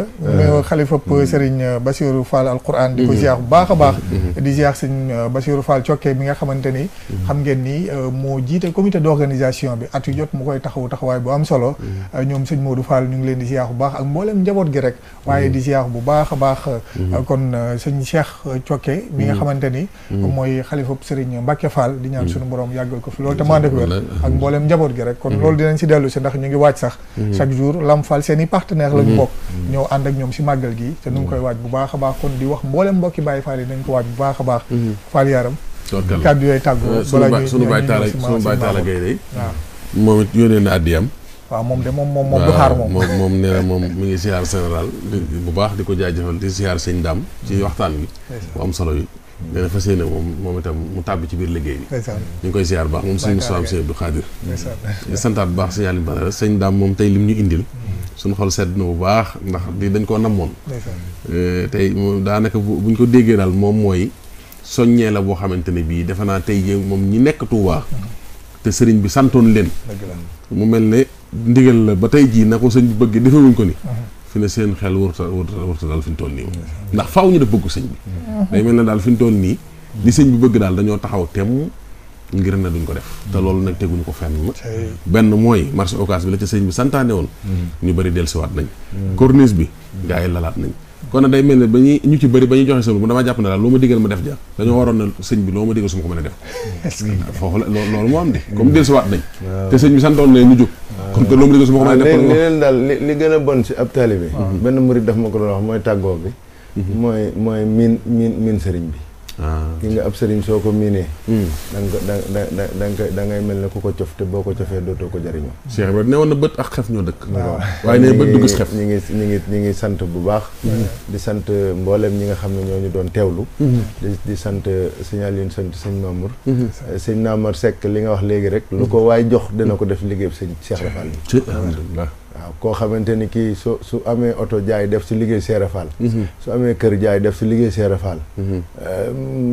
xalifa Serigne Bassirou Fall al Quran di ko ziar bu baax baax di ziar señ basirou Fall Cokke mi nga xamanteni xam ngeen ni Euh, mo jité comité d'organisation bi atu jot mu koy taxaw taxaway bu am solo mm. euh, ñom seigne Modou Fall ñu ngi leen di ziar bu baax ak njabot gi rek mm. waaye di ziar bu baax baax euh, mm. kon seigne Cheikh Thiocké mi nga xamanteni moy khalifa serigne Mbacke Fall di ñaan suñu borom yàggal ko fi lol te mande ko ak mboolem njabot gi rek kon di dinañ ci delu ci ndax ñu ngi wacc sax chaque jour Lam Fall seni pah partenaire lañ bok ñew and ak ñom ci magal gi te ñu ngi koy wacc bu baax baax kon di wax mboolem mbokki Baye Fall yi nañ ko wacc bu baax baax Fall yaram kàddu yooyu tàggoo euh, balaa ñuy sunu baay taala sunu baay taala gay day
moom it yónnee na àddiyam
waaw moom de moom moom moom moom
moom nee na moom mi ngi siyaar général baax di ko jaajëfal di siyaar sëñ daam ci waxtaan wi am solo yi nee mm. na yéene moom moom mu tàbbi ci biir liggéey bi ñu ngi koy siyaar baax moom sëñ Moussa sëñ Abdou Khadir di santaat bu baax si yàlla bara sëñ daam moom tey lim ñu indil mm. suñu xol sedd na bu baax ndax di dañ koo namoon euh, tey daanaka buñ ko déggee daal moom mooy soññee la boo xamante ne bii defe naa tey jii moom ñi nekk Touba. te sëriñ bi santoon leen. mu mel ne ndigal la ba tey jii na ko sëñ bi bëgg defewuñ ko ni. fi ne seen xel wërta wërta daal fi ñu toll nii ndax faaw ñu def bëgg sëñ bi. mel ne daal fi ñu toll nii. li sëñ bi bëgg daal dañoo taxaw temm ngir na duñ ko def. te loolu nag teguñ ko fenn. benn mooy marché occas bi la ca sëñ bi santaane woon. ñu bëri dellusiwaat nañ. corniche bi gaa yi lalaat nañ. kon nag day mel ne ba ñuy ñu ci bëri ba ñuy joxe sëñ dama jàpp ne daal loo ma digal ma def ja dañoo waroon na sëñ bi loo ma digal su ma ko mën a def ah, foofu la loolu moo am de comme dellusiwaat nañ te sëñ bi santoon na ñu jóg loo ma digal su ma ko mën def ah,
ah. ko doon mooy tàggoo bi mhm. mooy mooy miin miin miin sëriñ bi ki nga ab serigne soko miné miinee. da nga da da da ngay mel ne ku te boko ko doto ko jëriñoo.
Cheikh Ibrahima ne na beut ak xef ñoo dëkk. waaw né beut dugg xef. ñi
ngi ñi ngi ñi ngi sante bu baax. di sante mbollem ñi nga xam ñoo ñu doon tewlu hmm. di sante sant signal sante sant Mamour. Hmm. Eh, sëñ Naamar sek li nga wax légui rek. lu ko jox dina ko def liggéeyam sëñ Cheikh Rafal. alhamdullah waaw koo xamante ni kii su su amee oto jaay def si liggéey Seere Faal mhm. su amee kër jaay def si liggéey Seere Faal mhm.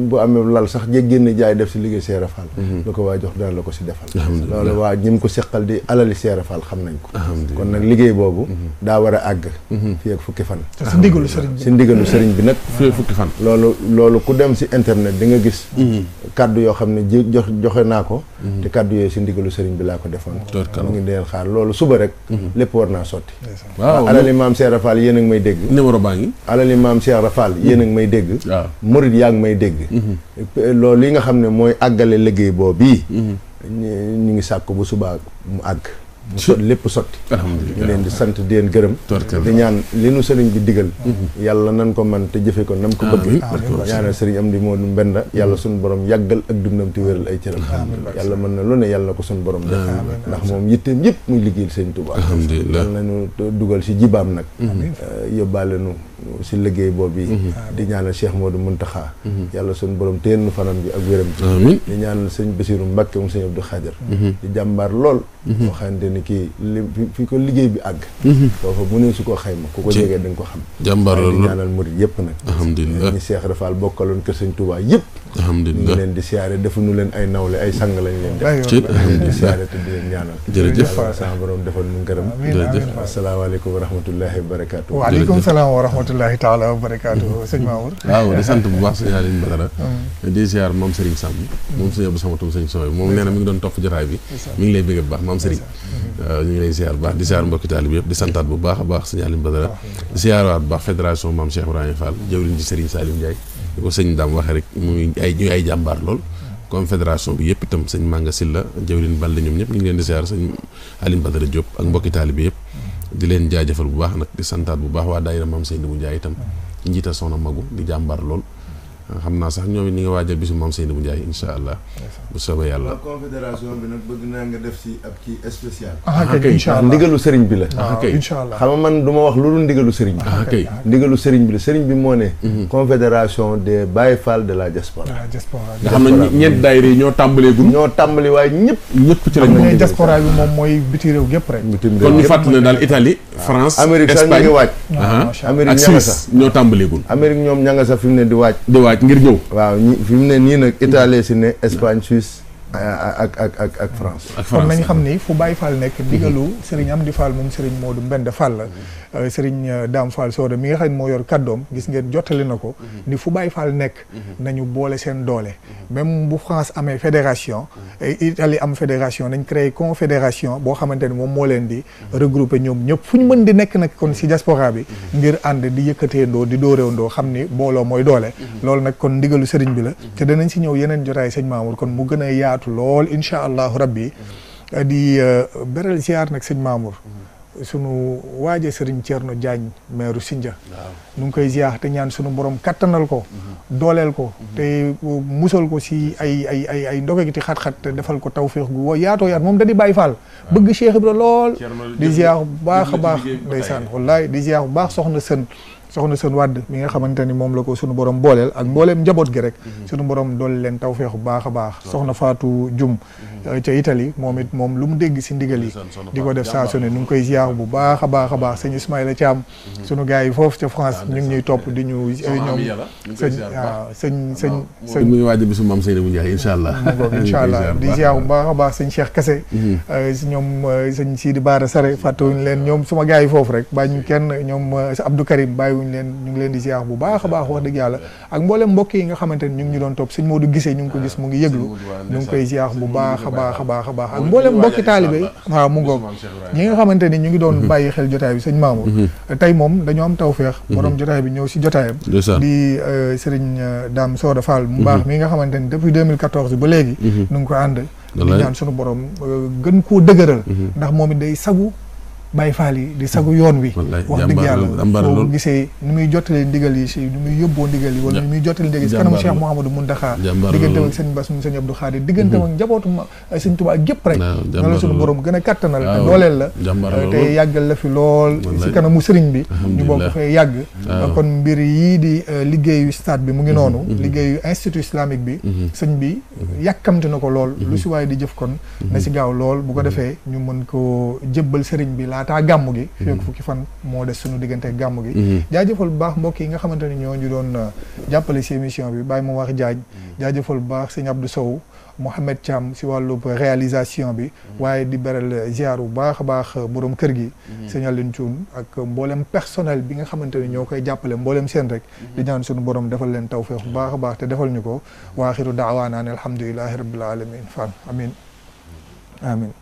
bu amee lal sax jéggénn jaay def si liggéey Seere Faal mhm. lu ko waa jox dana ko si defal loolu waa ñim ko seqal di alali Seere Faal xam nañ ko kon nag liggéey boobu daa war a àgg fii ak fukki fan si ndigalu sëriñ bi si ndigalu sëriñ bi nag fukki fan loolu loolu ku dem si internet di nga gis kaddu yoo xam ne ji jox joxe naa ko te kaddu yooyu si ndigalu sëriñ bi laa ko defoon mu ngi deel xaar suba rek war naa sotti waaw alali maam Cheikh a yéen a ngi may dégg numéro baa ngi alali maam Cheikh Rafal yéen a ngi may dégg waaw murit yaa ngi may dégg mm-hmm. loolu li nga xam ne mooy àggale liggéey boobu mm-hmm. ñu ngi sàkk bu subaa mu àgg mu so lépp sotti ñu leen di sant di leen gërëm di ñaan li nu sëriñ bi digal mm-hmm. yàlla nan ko man te jëfe ko nam ko bëgg ñaanal sëriñ am di moo du mbenda yàlla suñu borom yàggal ak dundam te wéral ay cëram yàlla mën na lu ne yàlla ko suñu borom def ndax moom yitteem yëpp muy liggéeyal sëriñ Tuubaa alhamdulilah yàlla nañu dugal si jibaam nag yóbbaale nu si liggéey boobu yi mhm. di ñaanal Cheikh Modou Muntaxa mhm. yàlla suñu borom téen nu fanam bi ak wéram bi di ñaanal sëñ Basiru Mbàkke moom sëñ Abdou Xaadir mhm. di jàmbaar lool moo xamante ni kii li fi ko liggéey bi àgg foofu mu ne su ko xayma ku ko jegee da ko xam jàmbaar lool di ñaanal murit yëpp nag alhamdulilah ñi Cheikh Rafal bokkaloon kër sëñ Touba yëpp alhamdulilah ñu leen di siyaare leen ay nawle ay sang lañ leen def. ci alhamdulilah di siyaare te di leen ñaanal. jërëjëf sama borom defal ñu ngërëm. jërëjëf asalaamaaleykum wa rahmatulahi wa barakaatu. jërëjëf
waaleykum salaam wa rahmatulahi taala wa barakaatu sëñ Mamour. waaw di sant bu
baax sëñ Aline Badara. Mm. di siyaar maam Serigne Samb. moom sëñ Abdou sama tur sëñ Sow moom nee na ngi doon topp jotaay bi. mi ngi lay bëgg bu baax maam Serigne. Mm-hmm. waaw ñu ngi lay siyaar bu baax di siyaar mbokki taalib yëpp di santaat bu baax a baax sëñ Aline Badara. di siyaaraat bu baax fédération maam Cheikh Ibrahima Fall jëwriñ ji Serigne Salim Ndiaye ko sëñ daam waxee rek muy ay ñuy ay jàmbaar lool confédération bi yëpp itam sëñ Manga Silla jawrin Balde ñoom ñëpp ñu leen di siyaar sëñ Aline Badara Diop ak mbokki taalibe yëpp di leen jaajëfal bu baax nag di santaat bu baax waa daayira Maam Seydou Ndiaye itam njiital soxna magu di jàmbaar lool xam naa sax ñoom bi nag bëgg nga
ah, ah, ah, la. ah kay incha allah xam nga la sëriñ bi moo ne. Mm-hmm. confédération des Baye Fall de de la diaspora nga xam ne ñeent
daayira yi ñoo tàmbalee gum. ñoo tàmbali waaye ñëpp. ñëpp ci lañ moom diaspora
bi moom mooy biti réew gépp rek. bitim réew kon ñu fàttali
ne daal Italie France Amérique sax
ñu ngi
ñoo tàmbaleegul
Amérique ñoom ña sax fi mu ne di waaj ngir ñëw. waaw ñi fi mu ne nii nag Italie si ne Espagne Suisse. ak ak ak ak France. kon nañ xam
ni fu Baye Fall nekk ndigalu mhm. Serigne Amdi Fall moom Serigne Modou Mbende Fall la. Mhm. Euh, Serigne euh, Dame Fall Soda mi nga xam ne moo yor kàddoom gis ngeen jottali na ko. Mhm. ni fu Baye Fall nekk. nañu boole seen doole. même bu France amee fédération. Italie am fédération nañ créé confédération boo xamante ni moom moo leen di. regroupé ñoom ñëpp fu ñu mën di nekk nag kon si diaspora bi. ngir ànd di yëkkatee ndoo di dóorew ndoo xam ni booloo mooy doole. loolu nag kon ndigalu Serigne bi la. te danañ si ñëw yeneen jotaay sëñ Mamour kon mu gën a yaatu yaatu lool incha allahu rabbi mm-hmm. di uh, beral ziar nag sëñ Mamour. Mm-hmm. sunu waaje sëriñ Thierno Diagne maire Sindia nu ngi koy ziar te ñaan sunu borom kattanal ko mm-hmm. dooleel ko te uh, musal ko si ay ay ay ay ndoge gi ti xat-xat te defal ko tawféex gu woo yaatoo yaat moom da di bàyyi faal bëgg Cheikh Ibra lool di ziar bu baax a baax ndeysaan wallaay di ziar bu baax soxna sën soxna seen wàdd mi nga xamante ni moom la ko sunu borom booleel ak mbooleem njaboot gi rek mhm. sunu borom dool leen taw feexu baax a baax soxna Faatu Jum mhm. euh, ca moom it moom lu mu dégg si ndigal yi di ko def saa su nu ngi koy ziar bu baax a baax a baax mhm. sunu gars yi foofu ca France ñu ngi ñuy topp di ñu euh, ñoom sëñ waaw sëñ sëñ sëñ
mu ñu waaj bisu maam Seydou Ndiaye incha allah incha allah di ziar bu
baax a baax sëñ Cheikh Kassé euh, ñoom sëñ Sidi Baara Sare fàttewuñ leen ñoom suma gars yi foofu rek bàyyi ñu kenn ñoom Abdou Karim fàttewuñ leen ñu ngi leen di ziar bu baax a baax wax dëgg yàlla ak mboolem mbokk yi nga xamante ñu ngi doon topp sëñ Modou gisee ñu ngi ko gis mu ngi yëglu ñu ngi koy a a a mhm. mhm. mhm. jotaayam di euh, sëriñ euh, Dame Soda Fall mu baax mi nga xamante ni depuis 2014 ba léegi nu ngi ko ànd di ñaan sunu borom euh, gën koo dëgëral ndax moom day sagu bàyyi faal yi di sagu yoon wi wax dëgg yàlla boo gisee ni muy jottale ndigal yi si ni muy yóbboo ndigal yi wala ni muy jottale ndigal yi si kanam Cheikh Mouhamadou Mountakha
diggantam ak
sëñ Bass sëñ Abdou Khadir diggantam ak njabootu eh, sëñ la a eh, yàggal la fi lool kanamu sëriñ bi ñu bokk fay yàgg eh, kon mbir yii di liggéeyu stade bi mu ngi mhm, noonu mhm. liggéeyu institut islamique bi mhm. sëñ bi yàkkamte na ko lool lu si waaye di jëf kon na si gaaw lool bu ko defee ñu mën ko jébbal sëriñ bi laataa gàmmu gi mhm. fekk fukki fan moo des suñu diggante gàmm gi mhm. jaajëfal bu baax mbokk yi nga xamante ne ñoo ñu doon euh, jàppale si émission bi bàyyi ma wax jaaj jaajëfal bu baax sëñ Abdou Sow Mouhamed Thiam si wàllub réalisation bi mhm. waaye di beral euh, ziar bu baax a baax euh, borom kër gi sëñ Aline Thioune ak mboolem personnel bi nga xamante ne ñoo koy jàppale mbooleem seen rek di ñaan suñu borom defal leen tawféex bu baax baax te defal ñu ko waaxiru daawaanaan alhamdulilahi rabbil alamin fan amin amin